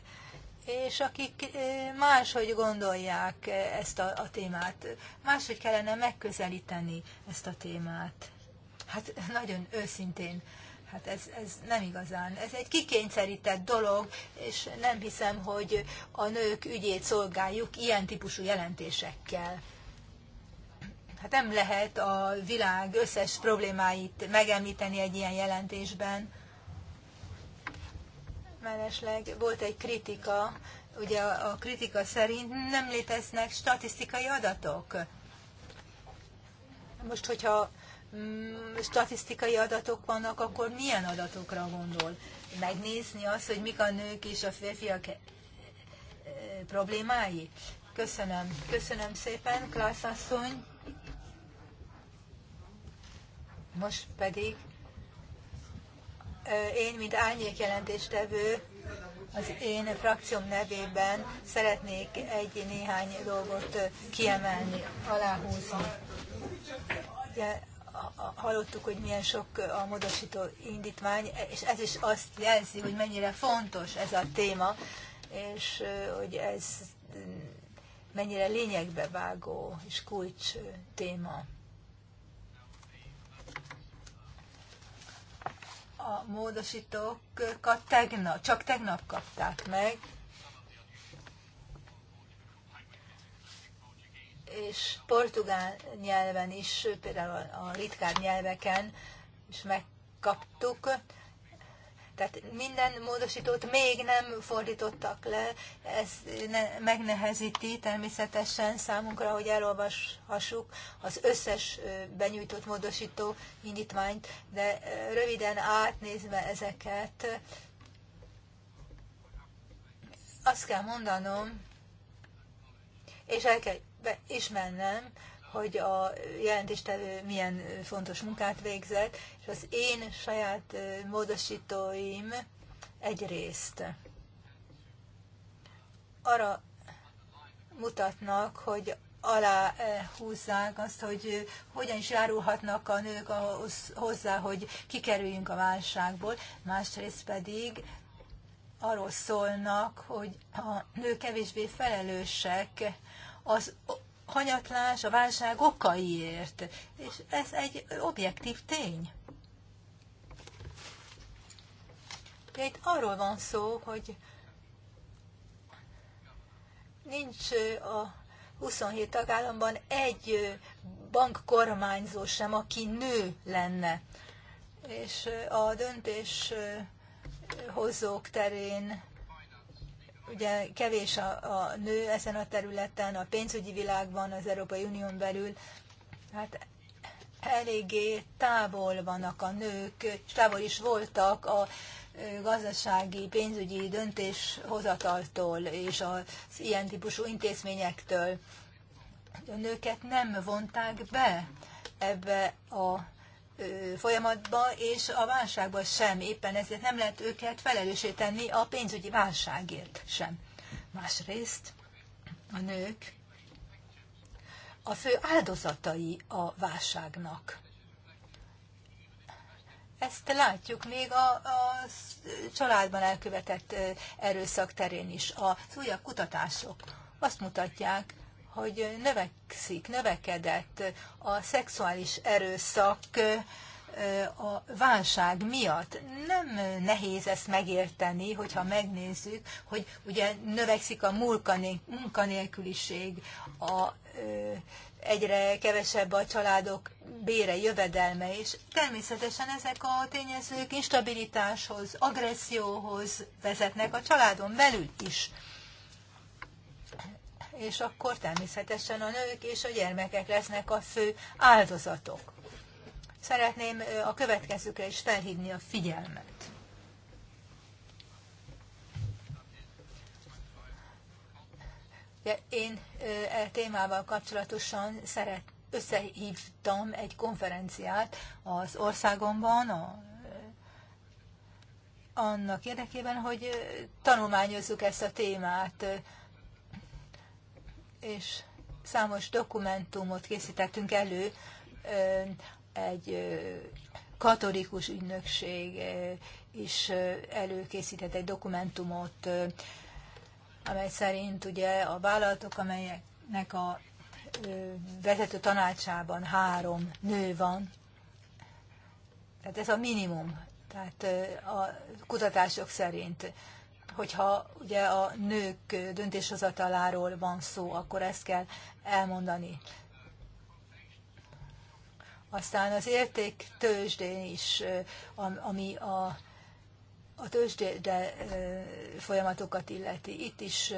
B: és akik eh, máshogy gondolják ezt a, a témát, máshogy kellene megközelíteni ezt a témát. Hát nagyon őszintén, hát ez, ez nem igazán. Ez egy kikényszerített dolog, és nem hiszem, hogy a nők ügyét szolgáljuk ilyen típusú jelentésekkel hát nem lehet a világ összes problémáit megemlíteni egy ilyen jelentésben. Mellesleg volt egy kritika, ugye a kritika szerint nem léteznek statisztikai adatok. Most, hogyha mm, statisztikai adatok vannak, akkor milyen adatokra gondol? Megnézni azt, hogy mik a nők és a férfiak eh, problémái? Köszönöm. Köszönöm szépen, Klász asszony. Most pedig én, mint árnyék jelentéstevő, az én frakcióm nevében szeretnék egy néhány dolgot kiemelni, aláhúzni. Ugye, hallottuk, hogy milyen sok a módosító indítvány, és ez is azt jelzi, hogy mennyire fontos ez a téma, és hogy ez mennyire lényegbe vágó és kulcs téma. a módosítókat tegnap, csak tegnap kapták meg, és portugál nyelven is, például a ritkább nyelveken is megkaptuk. Tehát minden módosítót még nem fordítottak le, ez ne, megnehezíti természetesen számunkra, hogy elolvashassuk az összes benyújtott módosító indítványt, de röviden átnézve ezeket, azt kell mondanom, és el kell ismernem, hogy a jelentéstevő milyen fontos munkát végzett, és az én saját módosítóim egyrészt arra mutatnak, hogy alá húzzák azt, hogy hogyan is járulhatnak a nők ahhoz, hozzá, hogy kikerüljünk a válságból, másrészt pedig arról szólnak, hogy a nők kevésbé felelősek az hanyatlás, a válság okaiért. És ez egy objektív tény. Itt arról van szó, hogy nincs a 27 tagállamban egy bankkormányzó sem, aki nő lenne. És a döntéshozók terén ugye kevés a, a nő ezen a területen, a pénzügyi világban, az Európai Unión belül, hát eléggé távol vannak a nők, és távol is voltak a gazdasági, pénzügyi döntéshozataltól és az ilyen típusú intézményektől. A nőket nem vonták be ebbe a folyamatba és a válságba sem. Éppen ezért nem lehet őket felelősé tenni a pénzügyi válságért sem. Másrészt a nők a fő áldozatai a válságnak. Ezt látjuk még a, a családban elkövetett erőszak terén is. Az újabb kutatások azt mutatják, hogy növekszik, növekedett a szexuális erőszak a válság miatt. Nem nehéz ezt megérteni, hogyha megnézzük, hogy ugye növekszik a munkanélküliség, a egyre kevesebb a családok bére, jövedelme, és természetesen ezek a tényezők instabilitáshoz, agresszióhoz vezetnek a családon belül is és akkor természetesen a nők és a gyermekek lesznek a fő áldozatok. Szeretném a következőkre is felhívni a figyelmet. Én e témával kapcsolatosan szeret, összehívtam egy konferenciát az országomban, a, annak érdekében, hogy tanulmányozzuk ezt a témát és számos dokumentumot készítettünk elő egy katolikus ügynökség is előkészített egy dokumentumot, amely szerint ugye a vállalatok, amelyeknek a vezető tanácsában három nő van, tehát ez a minimum, tehát a kutatások szerint hogyha ugye a nők döntéshozataláról van szó, akkor ezt kell elmondani. Aztán az érték tőzsdén is, ami a, a tőzsde folyamatokat illeti. Itt is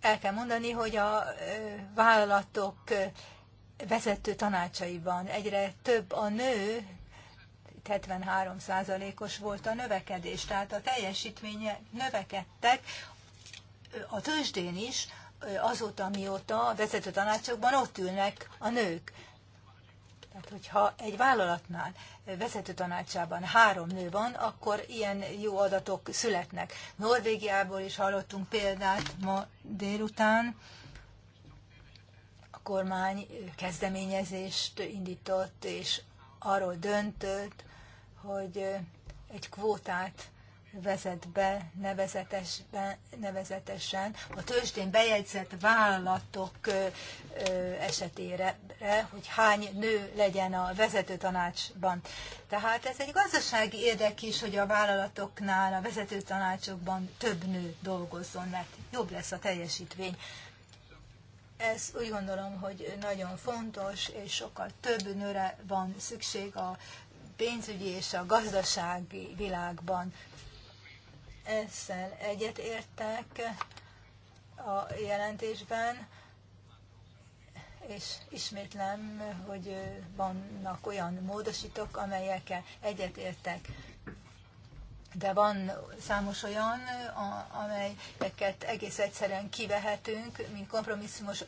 B: el kell mondani, hogy a vállalatok vezető tanácsaiban egyre több a nő, 73%-os volt a növekedés, tehát a teljesítménye növekedtek a tőzsdén is, azóta, mióta a vezető tanácsokban ott ülnek a nők. Tehát, hogyha egy vállalatnál vezető tanácsában három nő van, akkor ilyen jó adatok születnek. Norvégiából is hallottunk példát ma délután. A kormány kezdeményezést indított, és arról döntött, hogy egy kvótát vezet be nevezetesen, nevezetesen a tőzsdén bejegyzett vállalatok esetére, hogy hány nő legyen a vezető tanácsban. Tehát ez egy gazdasági érdek is, hogy a vállalatoknál, a vezető tanácsokban több nő dolgozzon, mert jobb lesz a teljesítmény. Ez úgy gondolom, hogy nagyon fontos, és sokkal több nőre van szükség a pénzügyi és a gazdasági világban. Ezzel egyetértek a jelentésben, és ismétlem, hogy vannak olyan módosítók, amelyekkel egyetértek. De van számos olyan, amelyeket egész egyszerűen kivehetünk, mint kompromisszumos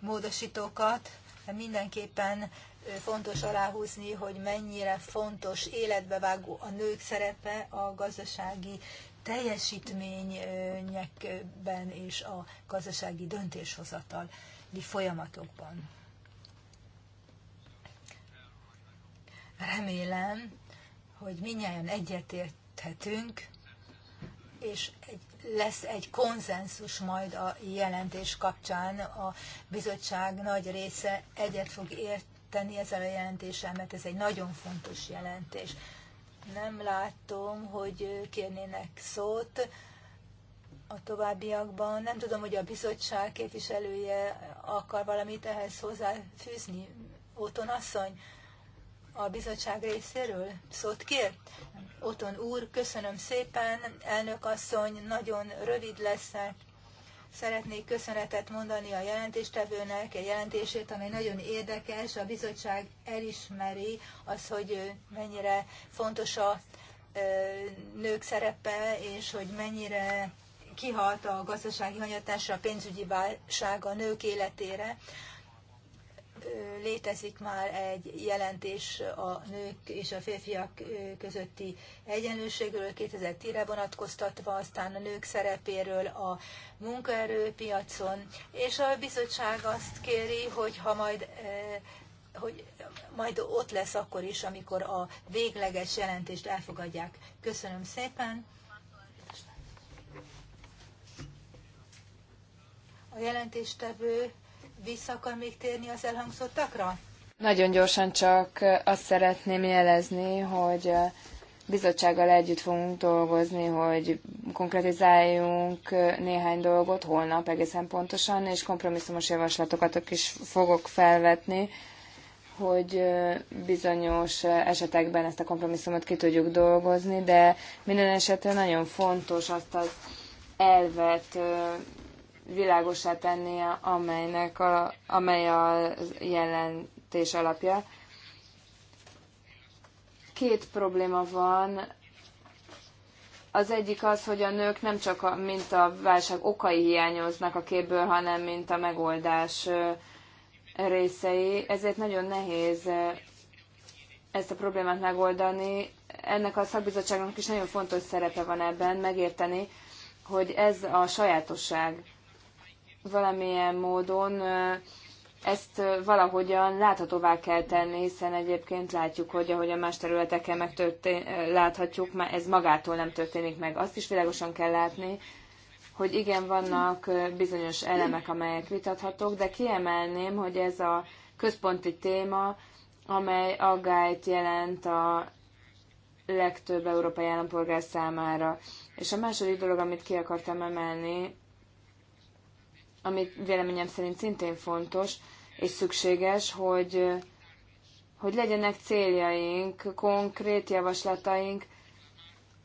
B: módosítókat, mindenképpen fontos aláhúzni, hogy mennyire fontos életbevágó a nők szerepe a gazdasági teljesítményekben és a gazdasági döntéshozatali folyamatokban. Remélem, hogy minnyáján egyetérthetünk, és egy, lesz egy konzenzus majd a jelentés kapcsán. A bizottság nagy része egyet fog ért, tenni ezzel a jelentéssel, mert ez egy nagyon fontos jelentés. Nem látom, hogy kérnének szót a továbbiakban. Nem tudom, hogy a bizottság képviselője akar valamit ehhez hozzáfűzni. Oton asszony a bizottság részéről szót kér? Oton úr, köszönöm szépen, elnök asszony, nagyon rövid leszek. Szeretnék köszönetet mondani a jelentéstevőnek, a jelentését, amely nagyon érdekes. A bizottság elismeri az, hogy mennyire fontos a nők szerepe, és hogy mennyire kihalt a gazdasági hanyatásra, a pénzügyi válság a nők életére létezik már egy jelentés a nők és a férfiak közötti egyenlőségről 2010-re vonatkoztatva, aztán a nők szerepéről a munkaerőpiacon, és a bizottság azt kéri, hogy ha majd hogy majd ott lesz akkor is, amikor a végleges jelentést elfogadják. Köszönöm szépen! A jelentéstevő vissza akar még térni az elhangzottakra?
D: Nagyon gyorsan csak azt szeretném jelezni, hogy bizottsággal együtt fogunk dolgozni, hogy konkretizáljunk néhány dolgot holnap egészen pontosan, és kompromisszumos javaslatokat is fogok felvetni, hogy bizonyos esetekben ezt a kompromisszumot ki tudjuk dolgozni, de minden esetre nagyon fontos azt az elvet világosá tenni, amelynek a, amely a jelentés alapja. Két probléma van. Az egyik az, hogy a nők nem csak a, mint a válság okai hiányoznak a képből, hanem mint a megoldás részei. Ezért nagyon nehéz ezt a problémát megoldani. Ennek a szakbizottságnak is nagyon fontos szerepe van ebben megérteni, hogy ez a sajátosság valamilyen módon ezt valahogyan láthatóvá kell tenni, hiszen egyébként látjuk, hogy ahogy a más területeken megtörtén, láthatjuk, már ez magától nem történik meg. Azt is világosan kell látni, hogy igen, vannak bizonyos elemek, amelyek vitathatók, de kiemelném, hogy ez a központi téma, amely aggályt jelent a legtöbb európai állampolgár számára. És a második dolog, amit ki akartam emelni, ami véleményem szerint szintén fontos és szükséges, hogy, hogy legyenek céljaink, konkrét javaslataink,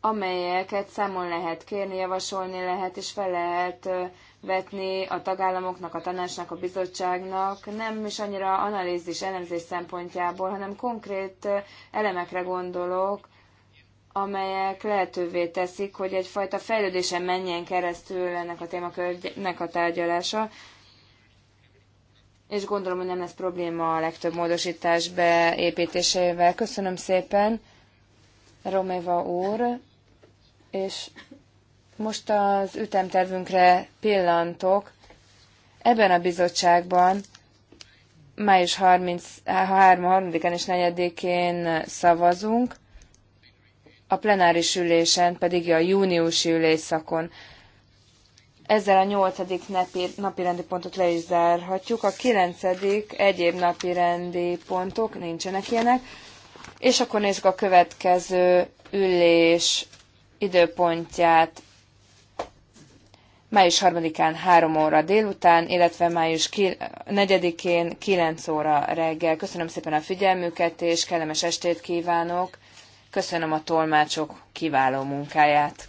D: amelyeket számon lehet kérni, javasolni lehet, és fel lehet vetni a tagállamoknak, a tanácsnak, a bizottságnak, nem is annyira analízis, elemzés szempontjából, hanem konkrét elemekre gondolok, amelyek lehetővé teszik, hogy egyfajta fejlődésen menjen keresztül ennek a témakörnek a tárgyalása, és gondolom, hogy nem lesz probléma a legtöbb módosítás beépítésével. Köszönöm szépen, Romeva úr, és most az ütemtervünkre pillantok. Ebben a bizottságban május 33-án és 4-én szavazunk, a plenáris ülésen, pedig a júniusi ülésszakon. Ezzel a nyolcadik napi, rendi pontot le is zárhatjuk. A kilencedik egyéb napi rendi pontok, nincsenek ilyenek. És akkor nézzük a következő ülés időpontját. Május 3-án 3 óra délután, illetve május 4-én 9 óra reggel. Köszönöm szépen a figyelmüket, és kellemes estét kívánok! Köszönöm a tolmácsok kiváló munkáját.